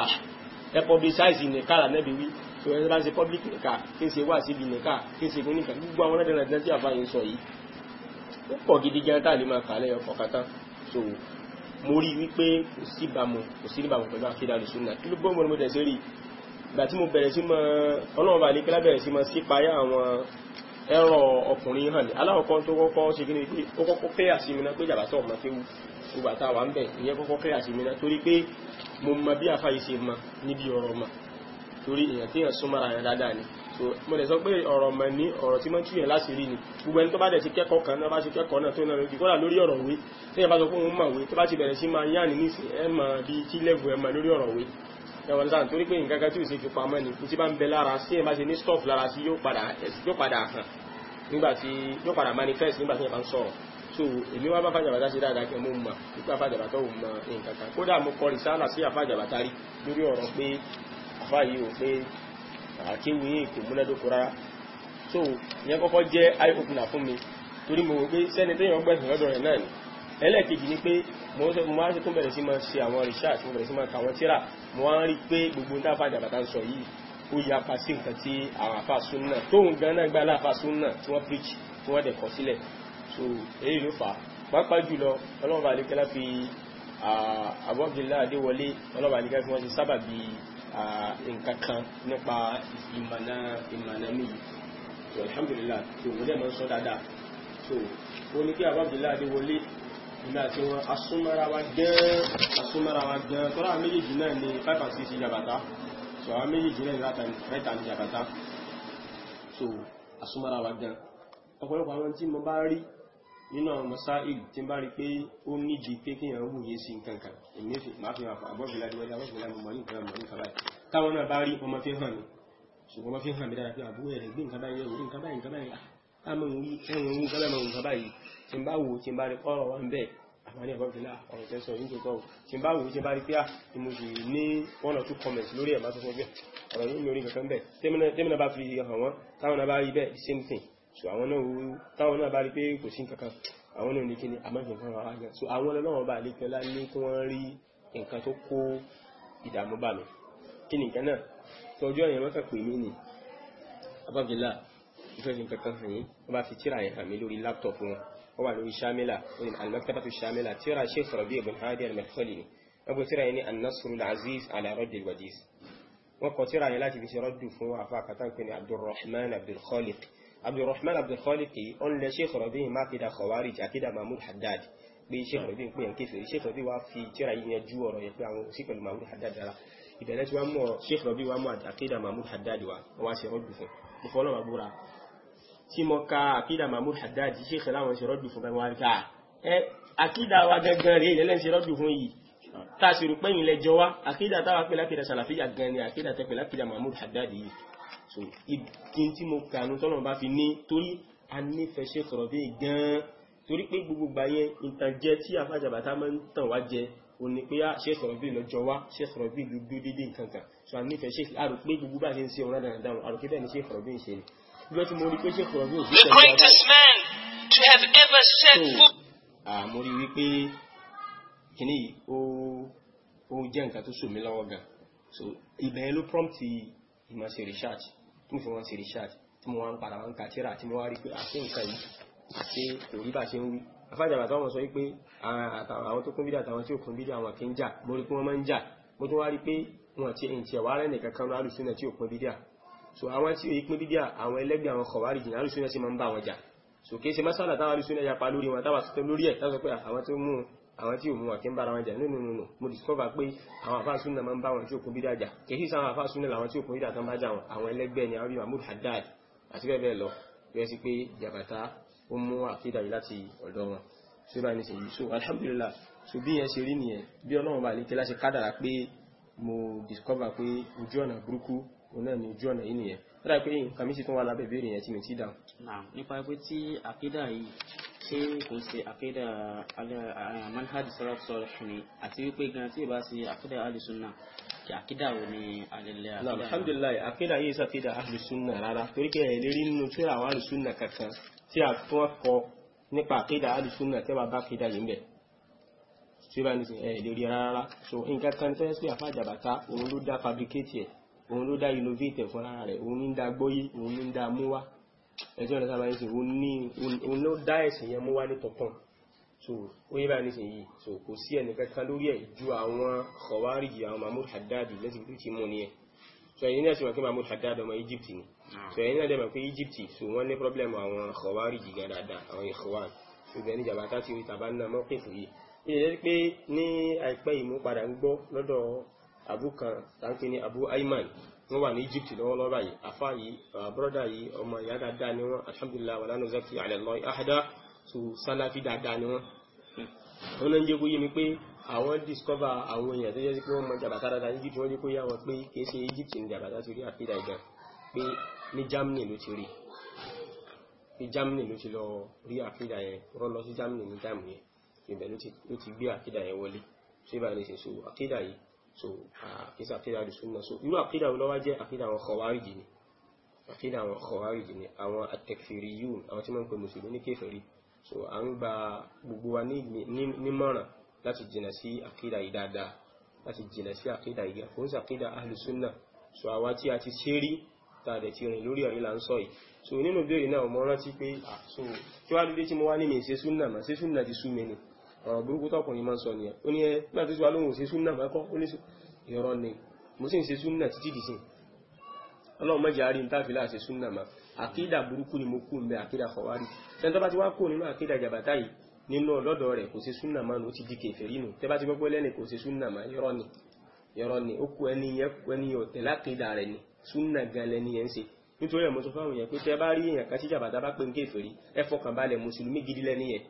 ẹ publicize nìka lànàbì wí tó ẹni bá ń ṣe public nìka kí n ṣe wá síbi nìka kí n ṣe gbóníkà gbogbo àwọn ẹ̀dẹ̀ nàìjíríà tí àbá sọ yìí ó pọ̀ gidi gan tá a lè máa kà lẹ́yọ kọ̀kátá so mo rí wípé kò sí ìbámu kò sí ìbámu pẹ̀lú akéda lùsùn náà kí ló gbọ́ mo bẹ̀rẹ̀ sí rí ìgbà ẹ̀rọ ọkùnrin hàn ní aláwọ̀kọ́ tó kọ́kọ́ ṣe gíní pé ó kọ́kọ́ fẹ́ àṣìmìnà pé jàbátọ̀ ọmọ kéwú gbogbo àtàwà ń bẹ̀ ìyẹn kọ́kọ́ fẹ́ àṣìmìnà torí pé mo mọ bí àfáyé ṣe mọ níbi ọ̀rọ̀ mọ̀ torí èèyàn tí èèyàn súnmọ́ra yẹn dáadáa ni so mo lè sọ pé ọ̀rọ̀ mọ̀ ní ọ̀rọ̀ tí mọ́ tú yẹn láti rí ni gbogbo ẹni tó bá dẹ̀ ti kẹ́kọ̀ọ́ kan náà bá ṣe kẹ́kọ̀ọ́ náà tó náà lórí kọ́là lórí ọ̀rọ̀ wé tí ẹ bá sọ fún òun mọ̀ wé tó bá ti bẹ̀rẹ̀ sí máa yáàní nísìn ẹ mọ̀ bí tí lẹ́gùn ẹ mọ̀ lórí ọ̀rọ̀ wé ẹwọ̀n sáà torí pé nǹkan kan tí ò sí fi pamọ́ ni tí bá ń bẹ lára sí ẹ̀má sí ní stock lára sí yóò padà hàn nígbàtí yóò padà manifest nígbàtí ẹ̀bá ń sọ̀rọ̀ so èmi wá bá fàjàbàtà sí dáadáa kí mo mọ̀ nípa fàjàbàtà ò mọ̀ nǹkan kan kódà mo kọ rìsáàlà sí àfàjàbàtà rí lórí ọ̀rọ̀ pé àfà yìí ò pé àkéwì èkó múnádókò rárá so ìyẹn kọ́kọ́ jẹ́ eye opener fún mi torí mo wò pé sẹ́ni téèyàn gbẹ̀sìn lọ́dọ̀ rẹ̀ náà ni ẹlẹ́ẹ̀kejì ni pé mo wá ṣe tó bẹ̀rẹ̀ sí máa ṣe àwọn research mo bẹ̀rẹ̀ sí máa kàwọn tíra mo wá ń rí pé gbogbo tá a fà ń sọ yìí ó yà pa sí nǹkan tí àwọn àfa súnà tóun ganan gba láfa súnà tí wọ́n preach tí wọ́n dẹ̀ kọ sílẹ̀ so èyí ló fà á pàápàá jùlọ ọlọ́ọ̀bà àdékẹ́lá fi àbọ̀gìlá àdéwọlé ọlọ́ọ̀bà àdékẹ́lá fi wọ́n ṣe sábàbí nǹkan kan nípa ìmọ̀nà mi so alhamdulillah so mo dẹ̀ mọ́ sọ dáadáa so ó ní kí àbọ̀gìlá àdéwọlé ìlú àti wọn asúnmọ́ra wa gẹ́ẹ́ asúnmọ́ra wa gẹ́ẹ́ tọ́lá àwọn méjèèjì náà ni 5 and 6 ìjàbàtá so àwọn méjèèjì náà ni right and ìjàbàtá so asúnmọ́ra wa gẹ́ẹ́ ọ̀pọ̀lọpọ̀ àwọn tí mo bá rí nínú àwọn mọ̀sá ìlú tí bá rí pé ó níji pé kí èèyàn wù yé sí nǹkan kan èmi máa fi hàn àbọ̀fìlà ìwọlé àbọ̀fìlà mọ̀ ní nǹkan mọ̀ ní nǹkan báyìí táwọn náà bá rí ọmọ fi hàn mí ṣùgbọ́n wọ́n fi hàn mí dára pé àbúrò ẹ̀rẹ̀ gbé nǹkan báyìí ẹ̀rọ nǹkan báyìí nǹkan báyìí àmọ́ ah, ẹ̀wọ̀n nǹkan báyìí tí n bá wò tí bá rí ọ̀rọ̀ wa ń bẹ àmàlẹ ọbẹbìlà ọ̀rọ̀ tẹsọ yìí tó tọwọ tí n bá wò tí bá rí pé à ah, ni mo sì ní one or two comments lórí ẹ̀ máa tó fún bẹ ọ̀rọ̀ yìí lórí kankan bẹ tẹmínà bá fi hàn wọn táwọn náà bá rí bẹ́ẹ̀ the same thing so àwọn náà táwọn náà bá rí pé kò sí kankan àwọn náà ní kíni àmọ́ nǹkan wà ágbà so àwọn ọlọ́wọ́ bá lè tẹ́lá ní kí wọ́n rí nǹkan tó kó ìdààmú bá mi kí nìkan náà tọjú ọ̀yàn mọ́kà pè mí nì abábílà ìfẹ́ nǹkan hàn yín wọ́n bá fi tíra yẹn hàn mí lórí láptọ̀pù wọn wà lórí shamila al-maktabatu shamila tíra sheikh rabi ibn hadi al-madkhali ni wọ́n kọ tíra yẹn ní an-nasrul aziz ala raddil wajiz wọ́n kọ tíra yẹn láti fi ṣe rọ́dù fún àfa àkàtà pé ní abdulrahman abdulkhaliq abdulrahman abdulkhaliq ọ̀n lẹ sheikh rabi mákìdá khawarij àkìdá mahmud haddad pé sheikh rabi ń pè yàn kéfèé sheikh rabi wá fi tíra yìí yẹn ju ọ̀rọ̀ yẹn pé àwọn sí pẹ̀lú mahmud haddad dára ìbẹ̀rẹ̀ tí wọ́n mọ̀ sheikh rabi wá mọ̀ àkìdá mahmud haddad wa wọ́n wá ṣe rọ́dù fún mo fọ́ ọlọ́mọ tí mo ka àkídà mahmood haddad sheikh láwọn ṣe rọ́dù fún gbogbo àríkà ẹ àkídà wa gangan rèé lẹ́lẹ́ ṣe rọ́dù fún yìí tá a sì rò pẹ́yìn lẹ́jọ́ wa àkídà táwa pè lákìdà sàlàfíà gan ni àkídà tẹ́ pè lákìdà mahmood haddad yìí so ibi tí mo kà ní tọ́lọ̀ bá fi ní torí a nífẹ̀ẹ́ sheikh rọ̀bì gan torí pé gbogbo gbà yẹn ìtànjẹ tí àfàjàbàtà máa ń tàn wá jẹ o ní pé ah, sheikh rọ̀bì lọ́jọ́ wa sheikh rọ̀bì ló dúró déédéé nǹkan kan so a nífẹ̀ẹ́ sheikh àrò pé gbogbo bá ṣe ń ṣe ọ̀rọ̀ dáadáa àrò bẹ́ẹ̀ ni sheikh rọ̀bì ń ṣe ni the greatest man to have ever set foot. àmọ́ rí wípé kìnnì ó ó jẹ́ nǹkan tó sòmí lọ́wọ́ gan so ibẹ̀ ló prompt ìmọ̀ sí research tí mo fi wọ́n sí research tí mo wá ń padà wá ń ka tíra tí mo wá rí pé àti nǹkan yìí àti kò rí bá ṣe ń wí afájàbà táwọn sọ wípé àwọn tó kún bídà àtàwọn tí ò kún bídà àwọn kì ń jà mo rí pé wọ́n máa ń jà mo tún wá rí pé wọn ti ẹ̀yìn tí ẹ̀wà rẹ̀ nìkan kan lálùsùn náà tí ò kún bídà so àwọn tí èyí pín bídíà àwọn ẹlẹ́gbẹ́ àwọn kọ̀wárìjì náà alùsùn ẹ̀sìn máa ń bá wọn jà so kìí ṣe mọ́sálà táwọn alùsùn ẹ̀yà pa lórí wọn táwọn sọ lórí ẹ̀ táwọn sọ pé àwọn tí ó mú àwọn tí ò mú àkíńbá ara wọn jà nínú nínú mo discover pé àwọn àfáà súnà máa ń bá wọn tí òkun bídà jà kìí sáwọn àfáà súnà làwọn tí òkun bídà tán bá àwọn ẹlẹ́gbẹ́ ni àwọn bíi mahmood haddad àti bẹ́ẹ̀ bẹ́ẹ̀ lọ bẹ́ẹ̀ sí pé jàbàtà ó mú àkídà yìí láti ọ̀dọ̀ wọn so báyìí nìṣẹ́ yìí so alhamdulillah so bí yẹn ṣe rí nìyẹn bí ọlọ́run bá lè kí láti kádàrà pé mo discover pé ojú ọ̀nà burúkú òun náà ní ojú ọ̀nà yìí nìyẹn ó dà pé nǹkan méjì tó wà lábẹ́ ìbéèrè yẹn tí mi ti dà. nípa pé tí àkídà yìí ṣé kò ṣe àkídà manhaj salaf sọ̀rọ̀ ni àti wípé gan tí ìbá ṣe àkídà alìsúnà kí àkídà wo ni alẹ́lẹ́ àkídà. alhamdulilayi àkídà yìí ṣàkídà alìsúnà rárá torí kẹ́ ẹ̀ lérí nínú tí àwọn alìsúnà kankan tí a fún ọkọ nípa àkídà alìsúnà tẹ́ bá bá àkídà yìí bẹ̀ tí ó bá ní ẹ̀ lérí rárá so nǹkan kan fẹ́ sí fabricate òun ló dá innovate fún ara rẹ̀ òun ní dá gbóyé òun ní dá múwá ẹjọ́ ọ̀dọ́ sábà ń sè òun ló dá ẹ̀sìn yẹn múwá ní tọ̀tàn so ó yẹ báyìí nísìnyí so kò sí ẹnìkankan lórí ẹ̀ ju àwọn kọ̀wárìjì àwọn mahmood haddad lẹ́sìn tó ti mú ni ẹ̀ so ẹ̀yin náà sì mọ̀ pé mahmood haddad ọmọ egypt ni so ẹ̀yin náà dẹ̀ mọ̀ pé egypt so wọ́n ní problem àwọn kọ̀wárìjì gan dáadáa àwọn ìkọ̀wárì ṣùgbọ́n ní jàbátá ti rí tàbá náà mọ́ pèsè yìí ilẹ̀ pé ní àìpẹ́ ìmúpadà gbọ́ lọ́dọ̀ abu kan táǹkì ní abu aiman wọ́n wà ní egypt lọ́wọ́lọ́wọ́ báyìí afá yìí bọ́dà yìí ọmọ ìyá dáadáa ni wọ́n alhamdulillah wala nuzaki ala Allah ahada tó sálàfí dáadáa ni wọ́n wọ́n ló ń jẹ́ kó yé mi pé àwọn discover àwọn èèyàn tó jẹ́ sí pé wọ́n mọ jàbàtà dáadáa ní egypt wọ́n jẹ́ kó yá wọn pé kìí ṣe egypt ní jàbàtà ti rí àfihàn ìgbà pé ní germany ló ti rí ní germany ló ti lọ rí àfihàn yẹn wọ́n lọ sí germany ní táìmù yẹn ìbẹ̀ ló ti gbé àfihàn yẹn wọlé ṣé báyìí so akida sàkídà àdìsúnà so irú àkídà wọn lọ́wọ́ akida àkídà àwọn kọ̀wárìjì akida àkídà àwọn kọ̀wárìjì ni àwọn àtẹ̀kfìrì yìí àwọn tí wọ́n ń pè mùsùlùmí kèfèrí so à ń gba gbogbo wa nímọ̀ràn láti jìnà sí àkídà yìí dáadáa láti jìnà sí àkídà yìí kò ń sàkídà àdìsúnà so àwa tí a ti ṣe rí tá a ti rìn lórí ọ̀rí là ń sọ yìí so nínú ìbéèrè náà mo rántí pé so kí wàá dúdé tí mo wá ní mi ṣe súnà mà ṣe súnà ti sú mi ni ọ̀rọ̀ burúkú tọkùnrin máa ń sọ nìyẹn ó ní ẹ nígbà tó ti wá lóhùn ṣe súnà máa kọ́ ó ní ìrọ̀ ni mo sì ń ṣe súnà títí dì sìn ọlọ́run mọ́jà rí ní táfílà ṣe súnà máa àkídà burúkú ni mo kú ń bẹ àkídà kọ̀wárí ẹni tó bá ti wá kó nínú àkídà jàbátá yìí nínú ọlọ́dọ̀ rẹ̀ kò ṣe súnà máa nù ó ti di kèfèrí nù tẹ́ bá ti gbọ́gbọ́ lẹ́nì kò ṣe súnà máa yọ̀rọ̀ ni yọ̀rọ̀ ni ó kú ẹni yẹn kú ẹni yẹn ọ̀tẹ̀ lákìdà rẹ̀ ni súnà gan lẹni yẹn ń ṣe nítorí ẹ̀ mo sọ fáwọn yẹn pé tẹ́ bá rí èèyàn kan tí jàbátá bá pé ń kèfèrí ẹ fọkàn balẹ̀ mùsùlùmí gidi lẹ́ni yẹn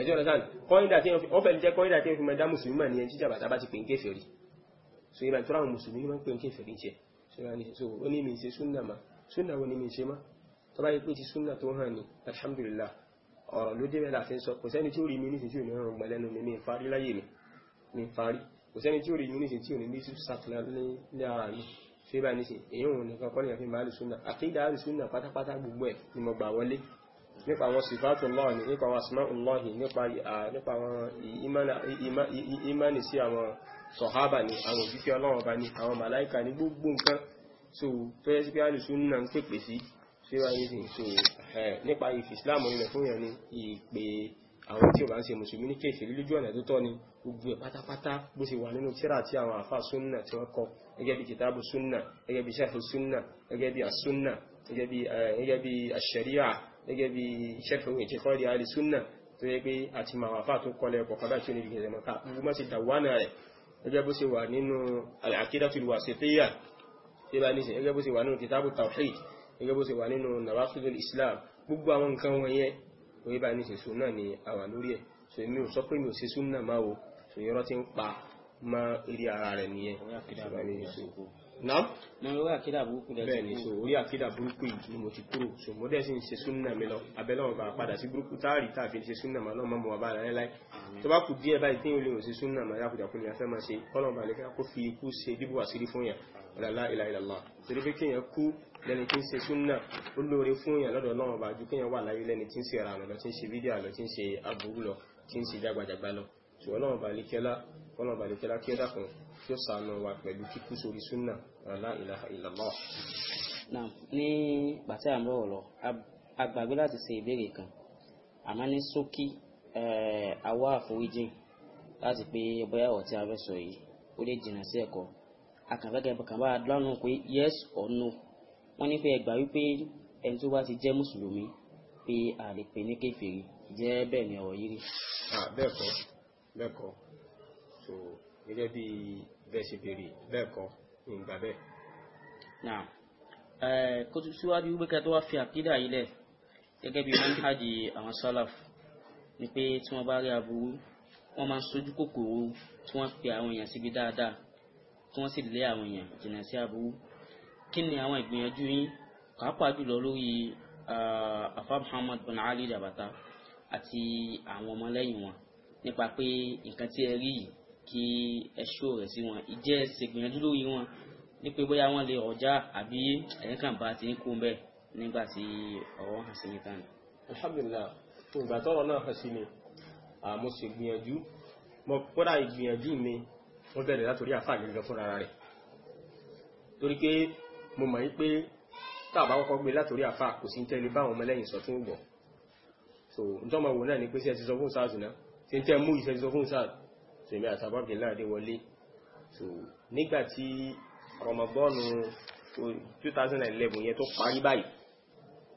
ẹjọ́ rẹ̀ sáà kọ́ídà tí wọ́n fẹ́ jẹ́ kọ́ídà tí wọ́n fi mọ̀ dá mùsùlùmí mà nìyẹn jíjà bàtà bá ti pè ń kèfèrí so ìbá ìtura àwọn mùsùlùmí máa ń pè ń kèfèrí jẹ so ó ní mi ṣe súnà mà súnà wo ni mi ṣe má tó bá yẹ pé ti súnà tó hàn ní alhamdulillah ọ̀rọ̀ ló débẹ̀ láti sọ kò sẹ́ni tí ó rí mi nísìsiyí ò ní rọrùn gbà lẹ́nu mi mi ń farí láyé mi mi ń farí kò sẹ́ni tí ó rí mi nísìsiyí tí ò ní bí sí sàkìlá ní ara mi ṣé báyìí nísìnyí èyí òun nìkan kọ́ nìyàfín máa nípa àwọn sifatu Allah ni nípa àwọn asma Allah nípa àwọn imani sí àwọn sọ̀hábà ni àwọn òjíkẹ́ ọlọ́wọ̀n bá ní àwọn màláìka ní gbogbo nǹkan so tó yẹ́ sí pé alùsù nínà ń pèpè sí síwáyé sí so nípa ìfì Islam nílẹ̀ fún yẹn ni ìpè àwọn tí ó bá ń ṣe mùsùlùmí ní kéfìrí lójú ọ̀nà tó tọ́ ni gbogbo ẹ̀ pátápátá bó ṣe wà nínú tírà tí àwọn àfa súnnà tí wọ́n kọ gẹ́gẹ́ bí kìtàbù súnnà gẹ́gẹ́ bí sẹ́fù súnnà gẹ́gẹ́ bí asúnnà gẹ́gẹ́ bí àṣẹríà gẹ́gẹ́ bí sẹ́fẹ̀wé ti kọ́ di alìsúnnà tó yẹ pé àti màwàfà tó kọlẹ̀ ọkọ̀ kọ́dá tí ó ní ìgbẹ̀rẹ̀ mọ́ká gbogbo mọ́ sí dàwánà rẹ̀ gẹ́gẹ́ bó ṣe wà nínú al-aqidatul wasitiyya tí bá islam gbogbo àwọn nǹkan wọ̀nyẹn tó ni àwà lórí so èmi ò sọ pé mi ò so yọrọ ti ń pa mọ́ náà mo lórí àkídà burúkú dẹ̀ bẹ́ẹ̀ ni so orí àkídà burúkú yìí ni mo ti so mo dẹ̀ sì ń ṣe bá lè a fẹ́ máa ṣe kọ́lọ̀ bá lè kó fi ikú ṣe bíbú àṣírí fún yàn ọ̀làlá ìlà ìlàlá torí pé kéèyàn kú lẹ́ni tí ń ṣe súnnà ó lóore fún yàn lọ́dọ̀ náà bá ju kéèyàn wà láyé lẹ́ni tí ń ṣe ara lọ tí ń ṣe fídíò lọ tí ń ṣe aburú lọ tí ń ṣe jágbàjàgbà lọ ṣùgbọ́n náà bá lè kẹ́lá kọ́lọ̀ kí ó dákun kí ó sànù wa pẹ̀lú kíkú sórí súnà la ilaha illallah. náà ní pàtẹ àmọ́ ọ̀rọ̀ agbàgbé láti ṣe ìbéèrè kan àmọ́ ní ṣókí àwa àforíjìn láti pé bóyá ọ̀rọ̀ tí a fẹ́ sọ yìí ó lè jìnnà sí ẹ̀kọ́ akànfẹ́gẹ́ bọ̀kàn bá lọ́rùn pé yes or no wọ́n ní pé ẹgbà wípé ẹni tó bá ti jẹ́ mùsùlùmí pé a lè pè ní kéfèrí jẹ́ bẹ́ẹ̀ ni ọ̀rọ̀ yìí rí. bẹ́ẹ̀ kọ́ bẹ́ẹ̀ kọ́ so gẹ́gẹ́ bíi bẹ́ẹ̀ ṣe béèrè bẹ́ẹ̀ kọ́ ìgbà bẹ́ẹ̀. náà ẹ̀ẹ́ kó tó síwájú wípé kẹtọ wá fi àkídà yìí lẹ̀ gẹ́gẹ́ bí wọ́n hájì àwọn sálàf ni pé tí wọ́n bá rí aburú wọ́n máa ń sojú kòkòrò tí wọ́n pe àwọn èèyàn síbi dáadáa tí wọ́n sì lé àwọn èèyàn jìnnà sí aburú kí ni àwọn ìgbìyànjú yín pàápàá jùlọ lórí afa muhammad bin ali jabata àti àwọn ọmọlẹ́yìn wọn nípa pé nǹkan tí ẹ rí yìí kí ẹṣọ rẹ̀ sí wọn ìjẹ́ ṣègbìyànjú lórí wọn ní pé bóyá wọ́n lè ọjà àbí ẹ̀yìn kan bá ti ń kó bẹ́ẹ̀ nígbà tí ọ̀rọ̀ hàn sí yín tán. alhamdulillah ìgbà tọrọ náà hàn sí mi mo sì gbìyànjú mo kódà ìgbìyànjú mi wọ́n bẹ̀rẹ̀ látòrí àfáà gẹ́gẹ́ fúnra rẹ̀ torí pé mo mọ̀ pé táàbà kọ́kọ́ gbé látòrí àfáà kò sí ń tẹ́lẹ̀ báwọn ọmọlẹ́yìn sọ tún gbọ̀ so ntọ́mọ̀ wò náà ni pé sí ẹ ti sọ fún sáà sí náà sí ń tẹ́ mú ìṣẹ́ sọ fún sáà so èmi àti Abdullah dé wọlé so nígbà tí rọmọbọ́ọ̀nù 2011 yẹn tó parí báyìí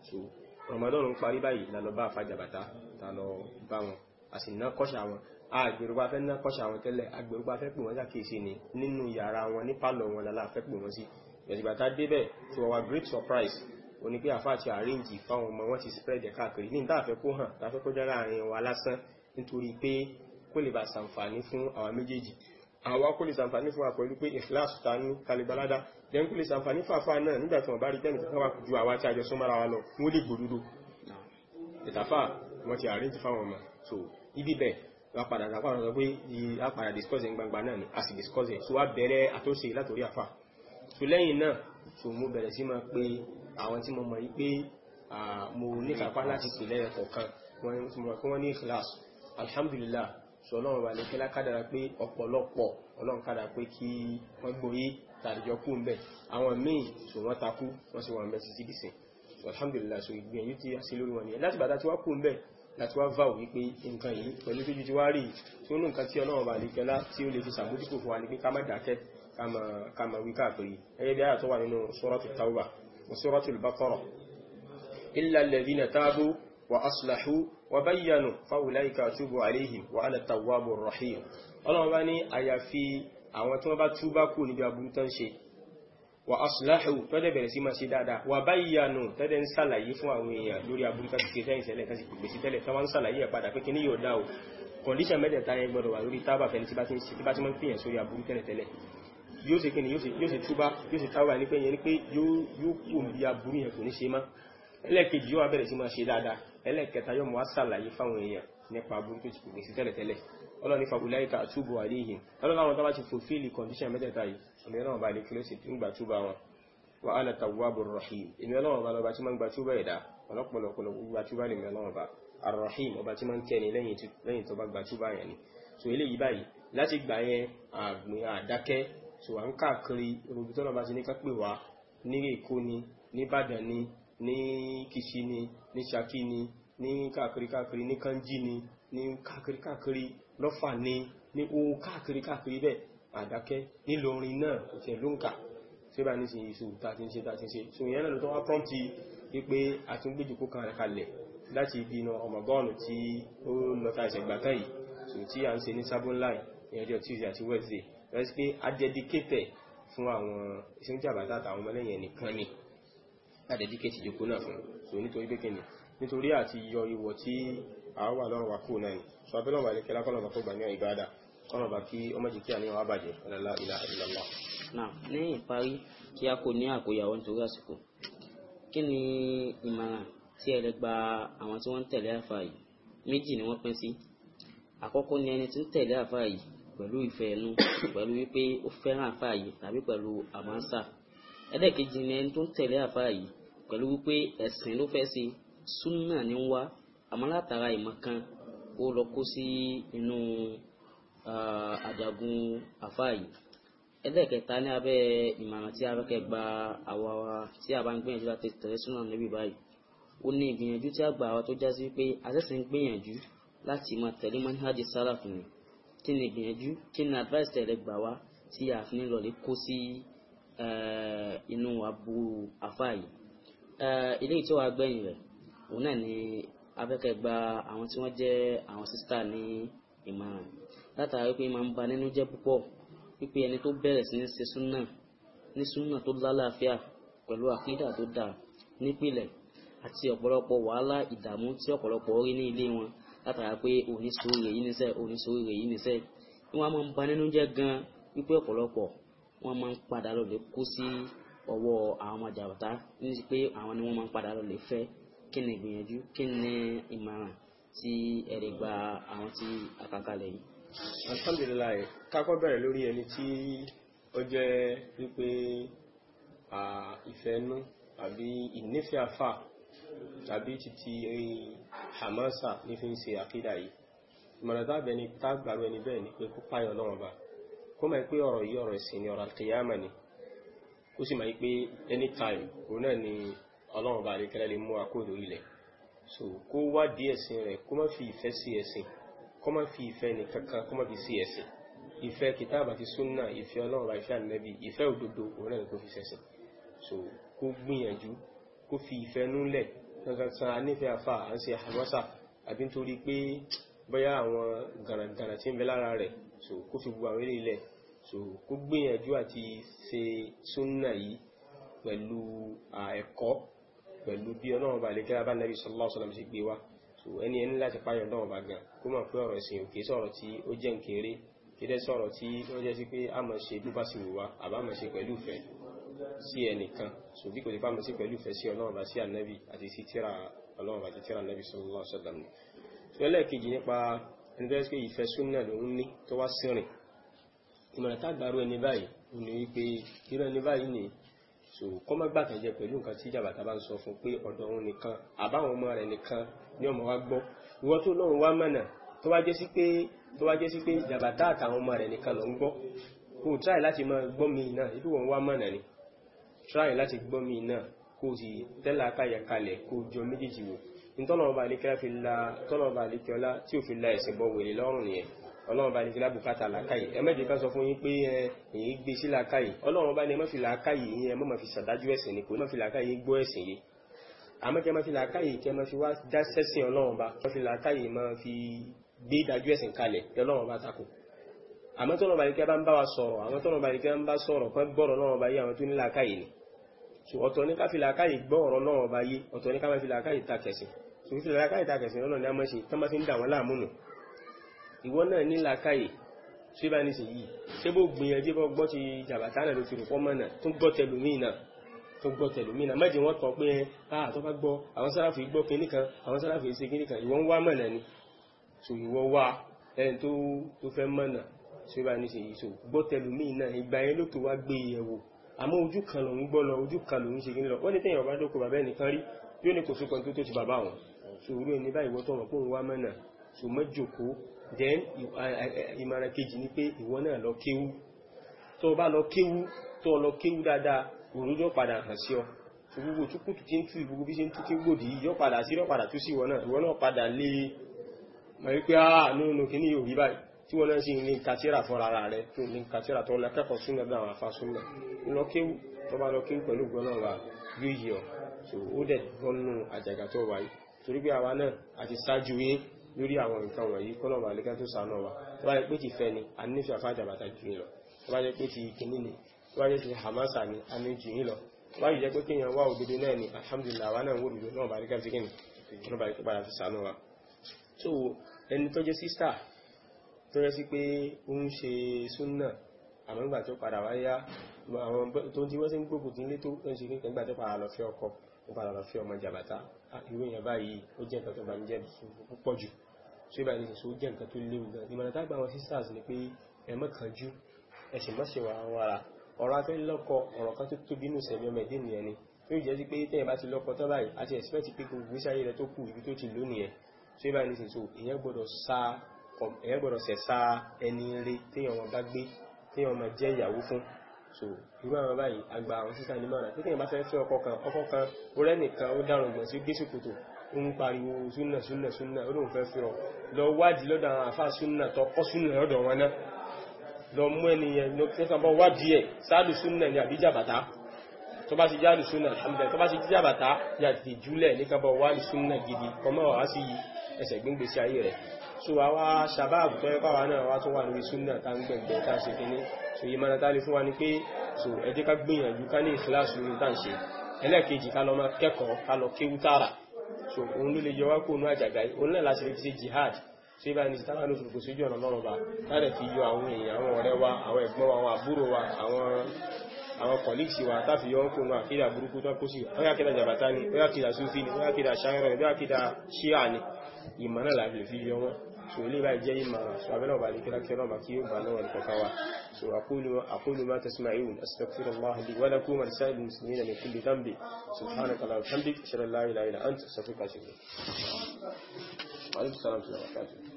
so rọmọdọ́ọ̀nù ń parí báyìí la lọ bá àfàjàbàtà ta lọ bá wọn a sì ná kọ́ṣà wọn agbèrúgbà fẹ́ ná kọ́ṣà wọn tẹ́lẹ̀ agbèrúgbà fẹ́ pè wọ́n sàkíyèsí ni nínú yàrá wọn ní pálọ̀ wọn lálá fẹ́ pè wọ́n sí ìgbà tá débẹ̀ tí wọ́n wá great surprise ó ní pé àfáà ti arrange fáwọn ọmọ wọn ti spread ẹ̀ káàkiri ní ìdáàfẹ́ kó hàn táfẹ́ kó jẹ́ láàrin wa lásán nítorí pé kó lè bá sàǹfààní fún àwọn méjèèjì àwa kó lè sàǹfààní fún wa pé ìfìlásù ta ní kalibalada then kó lè sàǹfààní fàfà náà nígbà tí wọ́n bá rí tẹ́nì kankan wà ju àwa tí a jọ súnmọ́ra wa lọ wọ́n lè gbòdodo ìtàfà wọ́n ti àríntì fáwọn ọmọ so ibi bẹ́ẹ̀ wọ́n padà sàpá àwọn ọ̀sán pé a padà discuss ẹ̀ gbangba náà ni a sì discuss ẹ̀ so wá bẹ̀rẹ̀ àtúnṣe látòrí àfà so lẹ́yìn náà so mo bẹ̀rẹ̀ sí máa pé àwọn tí mo mọ̀ yí pé mo níkàpá láti pè lẹ́yìn kọ̀ọ̀kan wọ́n ní class alhamdulillah sọ ọlọ́run wà lè kẹ́lá pé ọ̀pọ̀lọpọ̀ ọlọ́run kádàrà pé kí wọ́n gbóyé tàbíjọ kú ńbẹ̀ àwọn míì sọ takú wọ́n sì wọ́n bẹ̀ sí sí dìsìn alhamdulillah ìgbìyànjú ti àṣẹ lórí wọn ni láti bàtà tí wọ́n kú ńbẹ̀ láti wá vá wípé nǹkan yìí pẹ̀lú tó jíjú wá rí tí ó ní nǹkan tí ọlọ́run wà lè kẹ́lá tí ó lè fi sàmójúkò fún wa ní pé ká má dákẹ́ ká má wí káàkiri وأصلحوا وبينوا فأولئك أتوب عليهم وأنا التواب الرحيم ọlọ́run bá ní في àwọn tí wọ́n bá túbá kú níbi aburú tán ṣe wà asìláhù tọ́dẹ̀ bẹ̀rẹ̀ sí máa ṣe dáadáa wà báyìyànù tọ́dẹ̀ ń sàlàyé fún àwọn èèyàn lórí aburú tán ṣe sẹ́yìn sẹ́lẹ̀ tán sì pèpè sí tẹ́lẹ̀ tán wọ́n ń sàlàyé ẹ̀ padà pé kí ní yóò dá ẹlẹ́ẹ̀kẹta yóò mú wá sàlàyé fáwọn èèyàn nípa burúkú tí kò gbèsè tẹ́lẹ̀tẹ́lẹ̀ ọlọ́run ní fàbùláìka àtúbọ̀ àléhìn ọlọ́run àwọn tó ti fulfill condition mẹ́tẹ̀ẹ̀ta yìí ìmì ọlọ́run bá lè kí ló sì gbà túbà wọn wa ana tawwabur rahim ìmì ọlọ́run bá lọ́ba tí máa ń gbà túbà ẹ̀dá ọlọ́pọ̀lọpọ̀ gbà túbà lèmi ọlọ́run bá arrahim ọba tí máa ń kẹ́ni lẹ́yìn tó bá gbà túbà yẹn ni so eléyìí báyìí láti gbà yẹn àgbìn àdákẹ́ so ní ká ni ní ní kìṣí ni ní ṣakí ni ní káàkiri káàkiri ní kanjí ni ní káàkiri káàkiri lọ́fà ni ní owó káàkiri káàkiri bẹ́ẹ̀ àdákẹ́ nílọrin náà kò tẹ̀ ló ń kà tí ó bá ní sí ìṣù tàti ṣe tàti ṣe so ìyẹn náà tó wá prọ́mpì wípé àtúngbèjìkó kan rẹ̀ kalẹ̀ láti ibi iná ọmọgọ́ọ̀nù tí ó lọ́ta ìṣẹ̀gbàtà yìí so tí a ń ṣe ní sabon line ní ọjọ́ Tuesday àti Wednesday rẹ̀ sí pé a dedicated fún àwọn ìṣẹ́jàbátà àtàwọn ọmọlẹ́yìn nìkan ni àdẹ̀díkẹ́tì ìjókòó náà fún so nítorí pé kíni nítorí àti yọ ìwọ̀ tí a wà lọ́rọ̀ wà kúrò náà ni so abẹ́lọ́wà ilẹ̀ kẹlá kọ́nà tó gbà ní ìbádà kọ́nà bá kí ọmọ jì kí àníyàn wà bàjẹ́ la ilaha illallah. náà lẹ́yìn ìparí kí a kò ní àkóyàwó nítorí àsìkò kí ni ìmọ̀ràn tí ẹ lè gba àwọn tí wọ́n tẹ̀lé àfa yìí méjì ni wọ́n pín sí àkọ́kọ́ ni ẹni tí ń tẹ̀lé àfa yìí pẹ̀lú ìfẹ́ ẹnu pẹ̀lú wípé ó fẹ́ràn àfa yìí tàbí pẹ̀lú àmọ́ńsà ẹlẹ́ẹ̀kejì ni ẹni tó ń tẹ̀lé àfa yìí pẹ̀lú wípé ẹ̀sìn ló fẹ́ ṣe súnà ní wá àmọ́ látara ìmọ̀ kan ó lọ kó sí inú àjàgùn àfa yìí ẹlẹ́ẹ̀kẹta ní abẹ́ ìmọ̀ràn tí abẹ́kẹ́ gba àwa wa tí a bá ń gbìyànjú láti tẹ̀lé súnà níbí báyìí ó ní ìgbìyànjú tí a gbà wa tó já pé àṣẹ̀ṣẹ̀ ń gbìyànjú láti máa tẹ̀lé manhaji salaf ni kí ni ìgbìyànjú kí ni advice tẹ̀lé gbà wá tí a fi ń lọlé kó sí inú aburú afá yìí eléyìí eh, tó wà gbẹ̀yìn rẹ̀ òun náà ni abẹ́kẹ̀ gba àwọn tí wọ́n jẹ́ àwọn sísítà ní ìmọ̀ràn látàrí pé máa ń ba nínú jẹ́ púpọ̀ pípé ẹni tó bẹ̀rẹ̀ sí ní ṣe súnà ní súnà tó lálàáfíà pẹ̀lú àkídà tó dáa nípìnlẹ̀ àti ọ̀pọ̀lọpọ̀ wàhálà ìdààmú tí ọ̀pọ̀lọpọ̀ rí ní ilé wọn látara pé oníṣòwò rẹ̀ yìí níṣẹ́ oníṣòwò rẹ̀ yìí níṣẹ́ wọ́n máa ń ba nínú jẹ́ gan-an wípé wọ́n máa ń padà lọ lè kó sí ọwọ́ àwọn ọmọ jàbàtà ní pé àwọn ni wọ́n máa ń padà lọ lè fẹ́ kí ni ìgbìyànjú kí ni ìmọ̀ràn tí ẹ̀rí gba àwọn tí àkàkalẹ̀ yìí. alhamdulilayi kakọ bẹ̀rẹ̀ lórí ẹni tí ó jẹ́ wípé ìfẹ́nú àbí ìnífẹ̀ẹ́fà tàbí títí hamasa ní fi ń ṣe àkídà yìí ìmọ̀ràn tábẹ̀ ni tágbàrú ẹni bẹ́ẹ̀ ni pé kó páyọ̀ lọ́wọ́ báyìí kó máa pé ọ̀rọ̀ yìí ọ̀rọ̀ ìsìn ni ọ̀rọ̀ alkiyama ni kó sì máa pé anytime òun náà ni ọlọ́run bá lè lè mú akóòdò ilẹ̀ so kó wá di ẹ̀sìn rẹ̀ kó má fi ìfẹ́ sí ẹ̀sìn kó má fi ìfẹ́ ní kankan kó má fi sí ẹ̀sìn ìfẹ́ kìtàbà ti súnà ìfẹ́ ọlọ́run bá ìfẹ́ ànẹ́bí ìfẹ́ òdodo òun náà ni kó fi sẹ̀sìn so kó gbìyànjú kó fi ìfẹ́ núlẹ̀ kankan san anífẹ́ afá à ń ṣe àwọ́sà àbí nítorí pé bóyá àwọn gàràgàrà tí ń bẹ lára rẹ̀ so kó fi gbogbo àwọn ilẹ̀ so kó gbìyànjú àti ṣe súnnà yìí pẹ̀lú ẹ̀kọ́ pẹ̀lú bí ọlọ́run bá lè gẹ́gẹ́ bá nàbí sallallahu alaihi wasallam sí gbé wá so ẹni ẹni láti páyọ̀ ọlọ́run bá gan kó mọ̀ pé ọ̀rọ̀ ìsìn òkè sọ̀rọ̀ tí ó jẹ́ nkéré kéde sọ̀rọ̀ tí ó jẹ́ sí pé a máa ṣe bí bá sì wù wá àbá máa ṣe pẹ̀lú ìfẹ́ sí ẹnìkan so bí kò lè bá máa ṣe pẹ̀lú ìfẹ́ sí ọlọ́run bá sí ànábì àti sí tíra ọlọ́run bá ti tíra ànábì sallallahu alaihi wasallam ẹlẹ́ẹ̀kejì nípa ẹni tó yẹ pé ìfẹ́ súnà lòun ní tó wá sírìn ìmọ̀ràn tágbàrú ẹni báyìí ò ní wípé irú ẹni báyìí ni so kọ́ má gbàtànjẹ pẹ̀lú nǹkan tí jàbàtà bá ń sọ fún pé ọ̀dọ̀ òun nìkan àbáwọn ọmọ rẹ̀ nìkan ni ọmọ wa gbọ́ ìwọ tó lọ́run wá mọ̀nà tó wá jẹ́ sí pé tó wá àtàwọn ọmọ rẹ̀ nìkan ló ń gbọ́ kó o láti máa gbọ́ mi náà ibi wọn wá mọ̀nà ni try láti gbọ́ mi náà kó sì tẹ́lá káyà kalẹ̀ jọ méjèèjì wò ntọ́lọ́mọba àlekẹ́lá fi la tọ́lọ́mọba àlekẹ́lá tí ò fi la ẹ̀sìn bọ wèrè lọ́rùn nìyẹn ọlọ́mọba àlekẹ́lá bùkátà làákàyè ẹ mẹ́jẹ ká sọ fún yín pé èyí gbé sí làákàyè ọlọ́mọba ni ẹ má fi yín ẹ fi ṣàdájú ẹ̀sìn ni kò má fi làákàyè yín gbọ́ ẹ̀sìn yìí àmọ́ kẹ́ má fi làákàyè kẹ́ má fi wá dá sẹ́sìn ọlọ́mọba má fi làákàyè má fi gbé ìdájú ẹ̀sìn kalẹ̀ kẹ́ ọlọ́mọba takò àmọ́ tọ́lọ́mọba àlekẹ́ bá ń bá wa sọ̀rọ̀ àwọn tọ́lọ́mọba ń bá sọ̀rọ̀ kọ́ gbọ́rọ̀ ọlọ́mọba yìí àwọn tó ní làákàyè ni so ọ̀tọ̀ ní ká fi làákàyè gbọ́ ọ̀rọ̀ náà ọba yé ọ̀tọ̀ ní ká máa fi làákàyè ta kẹsìn so fi làákàyè ta kẹsìn lọ́nà ní a máa ṣe tán bá fi ń dà wọ́n láàmú nù ìwọ náà ní làákàyè ṣé bá ní sì yìí ṣé bó gbìyànjú bó gbọ́ ti jàbàtà náà ló fi rò fọ́mọ́ náà tó gbọ́ tẹlòmíì náà tó gbọ́ tẹlòmíì náà mẹ́jì wọ́n tọ́ pé ah tó bá gbọ́ àwọn sáráfì gbọ́ kinní kan àwọn sáráfì ṣe kinní kan ìwọ ń wá mọ̀nà ni so ìwọ wá ẹni tó fẹ́ àmọ́ ojú kan ló ń gbọ́ lọ ojú kan ló ń ṣe gíní lọ wọ́n ní tẹ́yìn ọba dókò bàbá ẹnìkan rí yóò ní kò sí tó tó ti bàbá wọn ṣòro ẹni báyìí wọ́n tọ̀rọ̀ pòun wá mọ́nà ṣò mọ́jòkó then ìmọ̀ràn kejì ni pé ìwọ náà lọ kéwú tó o bá lọ kéwú tó o lọ kéwú dáadáa òrùjọ́ padà hàn sí ọ gbogbo tó kùtù tí ń tú ìgbogbo bí ṣe ń tú kí gbòdì yíyọ padà sí ìrọ̀padà tó sí ìwọ náà ìwọ náà padà lé e. mọ̀ wípé ah no no kí ni yóò rí báyìí tí wọ́n náà sì ní kàtírà fọ́nra rẹ̀ tó ní kàtírà tó lọ kẹ́kọ̀ọ́ súnmọ́ bí àwọn afá súnmọ́ ìlọ́kéwù tó bá lọ́kéwù pẹ̀lú gbọ́nà wà yóò yí ọ so ó dẹ̀ gbọ́nù àjàgà tó wáyé torí pé àwa náà àti ṣáájú yín lórí àwọn nǹkan wọ̀nyí kọ́nà wà lẹ́kẹ́ tó sànà wa tó bá yẹ pé ti fẹ́ ni a nífẹ̀ẹ́ afá àjàbàtà jù yín lọ tó bá yẹ pé ti kìnní ni tó bá yẹ ti hamasa ni a ní jù yín lọ tó bá yìí jẹ́ pé kéèyàn wá òdodo náà ni alhamdulillah àwa náà ń wò òdodo náà bá lẹ́kẹ́ tó kìnní kọ́nà bá lẹ́kẹ́ padà fi sànà wa so ẹni tó sísá tó rẹ́ sí pé ó ń ṣe súnnà àmọ́ ìgbà tó padà wáyá àwọn tó tí wọ́n sí ń gbógun tí ń lé tó ń ṣe kíkẹ́ ìgbà tó padà lọ fẹ́ ọkọ ó padà lọ fẹ́ ọmọ jàbàtà ìwé yẹn báyìí ó jẹ́ nǹkan tó bá ń jẹ́ púpọ̀ jù tí ó bá ní sọ jẹ́ nǹkan tó léwu gan ìmọ̀ràn tágbà àwọn sisters ni pé ẹ má kánjú ẹ sì má ṣe wà àwọn ara ọ̀rọ̀ afẹ́ lọ́kọ ọ̀rọ̀ kan tó tóbi nù sẹ̀mí ọmọ ẹ̀dẹ́ nìyẹn ni tó jẹ́ sí pé tẹ́yẹ̀ bá ti lọ́kọ tán báyìí àti expect pé gbogbo iṣẹ́ ayé rẹ tó kù ibi tó ti lónìí ẹ̀ tí ó bá ní sọ ìyẹn gbọ́dọ̀ sa èèyàn gbọ́dọ̀ sẹ̀sà ẹni rí téèyàn wọn bá gbé téèyàn máa jẹ́ ìyàwó fún so irú àwọn báyìí àgbà àwọn sísá ní mọ̀ràn téèyàn bá fẹ́ fẹ́ ọkọ kan ọkọ kan orẹ́ nìkan ó dàrùn gbọ̀n sí gbé ṣòkòtò ó ń pariwo súnà súnà súnà ó lóun fẹ́ fi ọ lọ wádìí lọ́dọ̀ àwọn àfáà súnà tó kọ́ súnà lọ́dọ̀ wọn náà lọ mú ẹniyẹn ló tẹ́sàn bọ́ wádìí ẹ̀ sáàlù súnà ní àbíjà bàtá tó bá ti jáàlù súnà alhamdulillah tó bá ti jíjà bàtá yàtì júlẹ̀ níkan bọ́ wádìí súnà gidi kọmọ́ wàá sí ẹsẹ̀ gbíngbèsí ayé rẹ̀ so àwa sàbáàbù tó ẹ́pàwà náà wá tó wà lórí súnnà tá ń gbẹ̀gbẹ̀ tá ṣe kìíní so yí mana tálé fún wa ní pé so ẹ jẹ́ ká gbìyànjú ká ní ìfìláṣù lórí tá ń ṣe ẹlẹ́ẹ̀kejì ká lọ máa kẹ́kọ̀ọ́ ká lọ kéwú tààrà so òun ló lè yọ wá kóònú náà láti fi wa àwọn wa àwọn àbúrò wa àwọn wa tàfi yọ kó wọn àkídà burúkú tó kó sí ọyá kídà jàbátá ni ọyá kídà súfí ni ọyá kídà ṣáírọ̀ ni ṣíà ni ìmọ̀ náà làbẹ̀ fi yọ wọn so ilé báyìí jẹ́ ìmọ̀ràn so abẹ́lẹ̀ ọba àdékẹ́lá kí ọlọ́ba kí yóò bá náà ní kọ̀ọ̀kan wa so aqulu ma tasma'un astaghfirullah li wa lakum wa lisa'il muslimina min kulli dhanbi subhanaka allahumma wa bihamdika ashhadu an la ilaha illa anta astaghfiruka wa atubu ilayk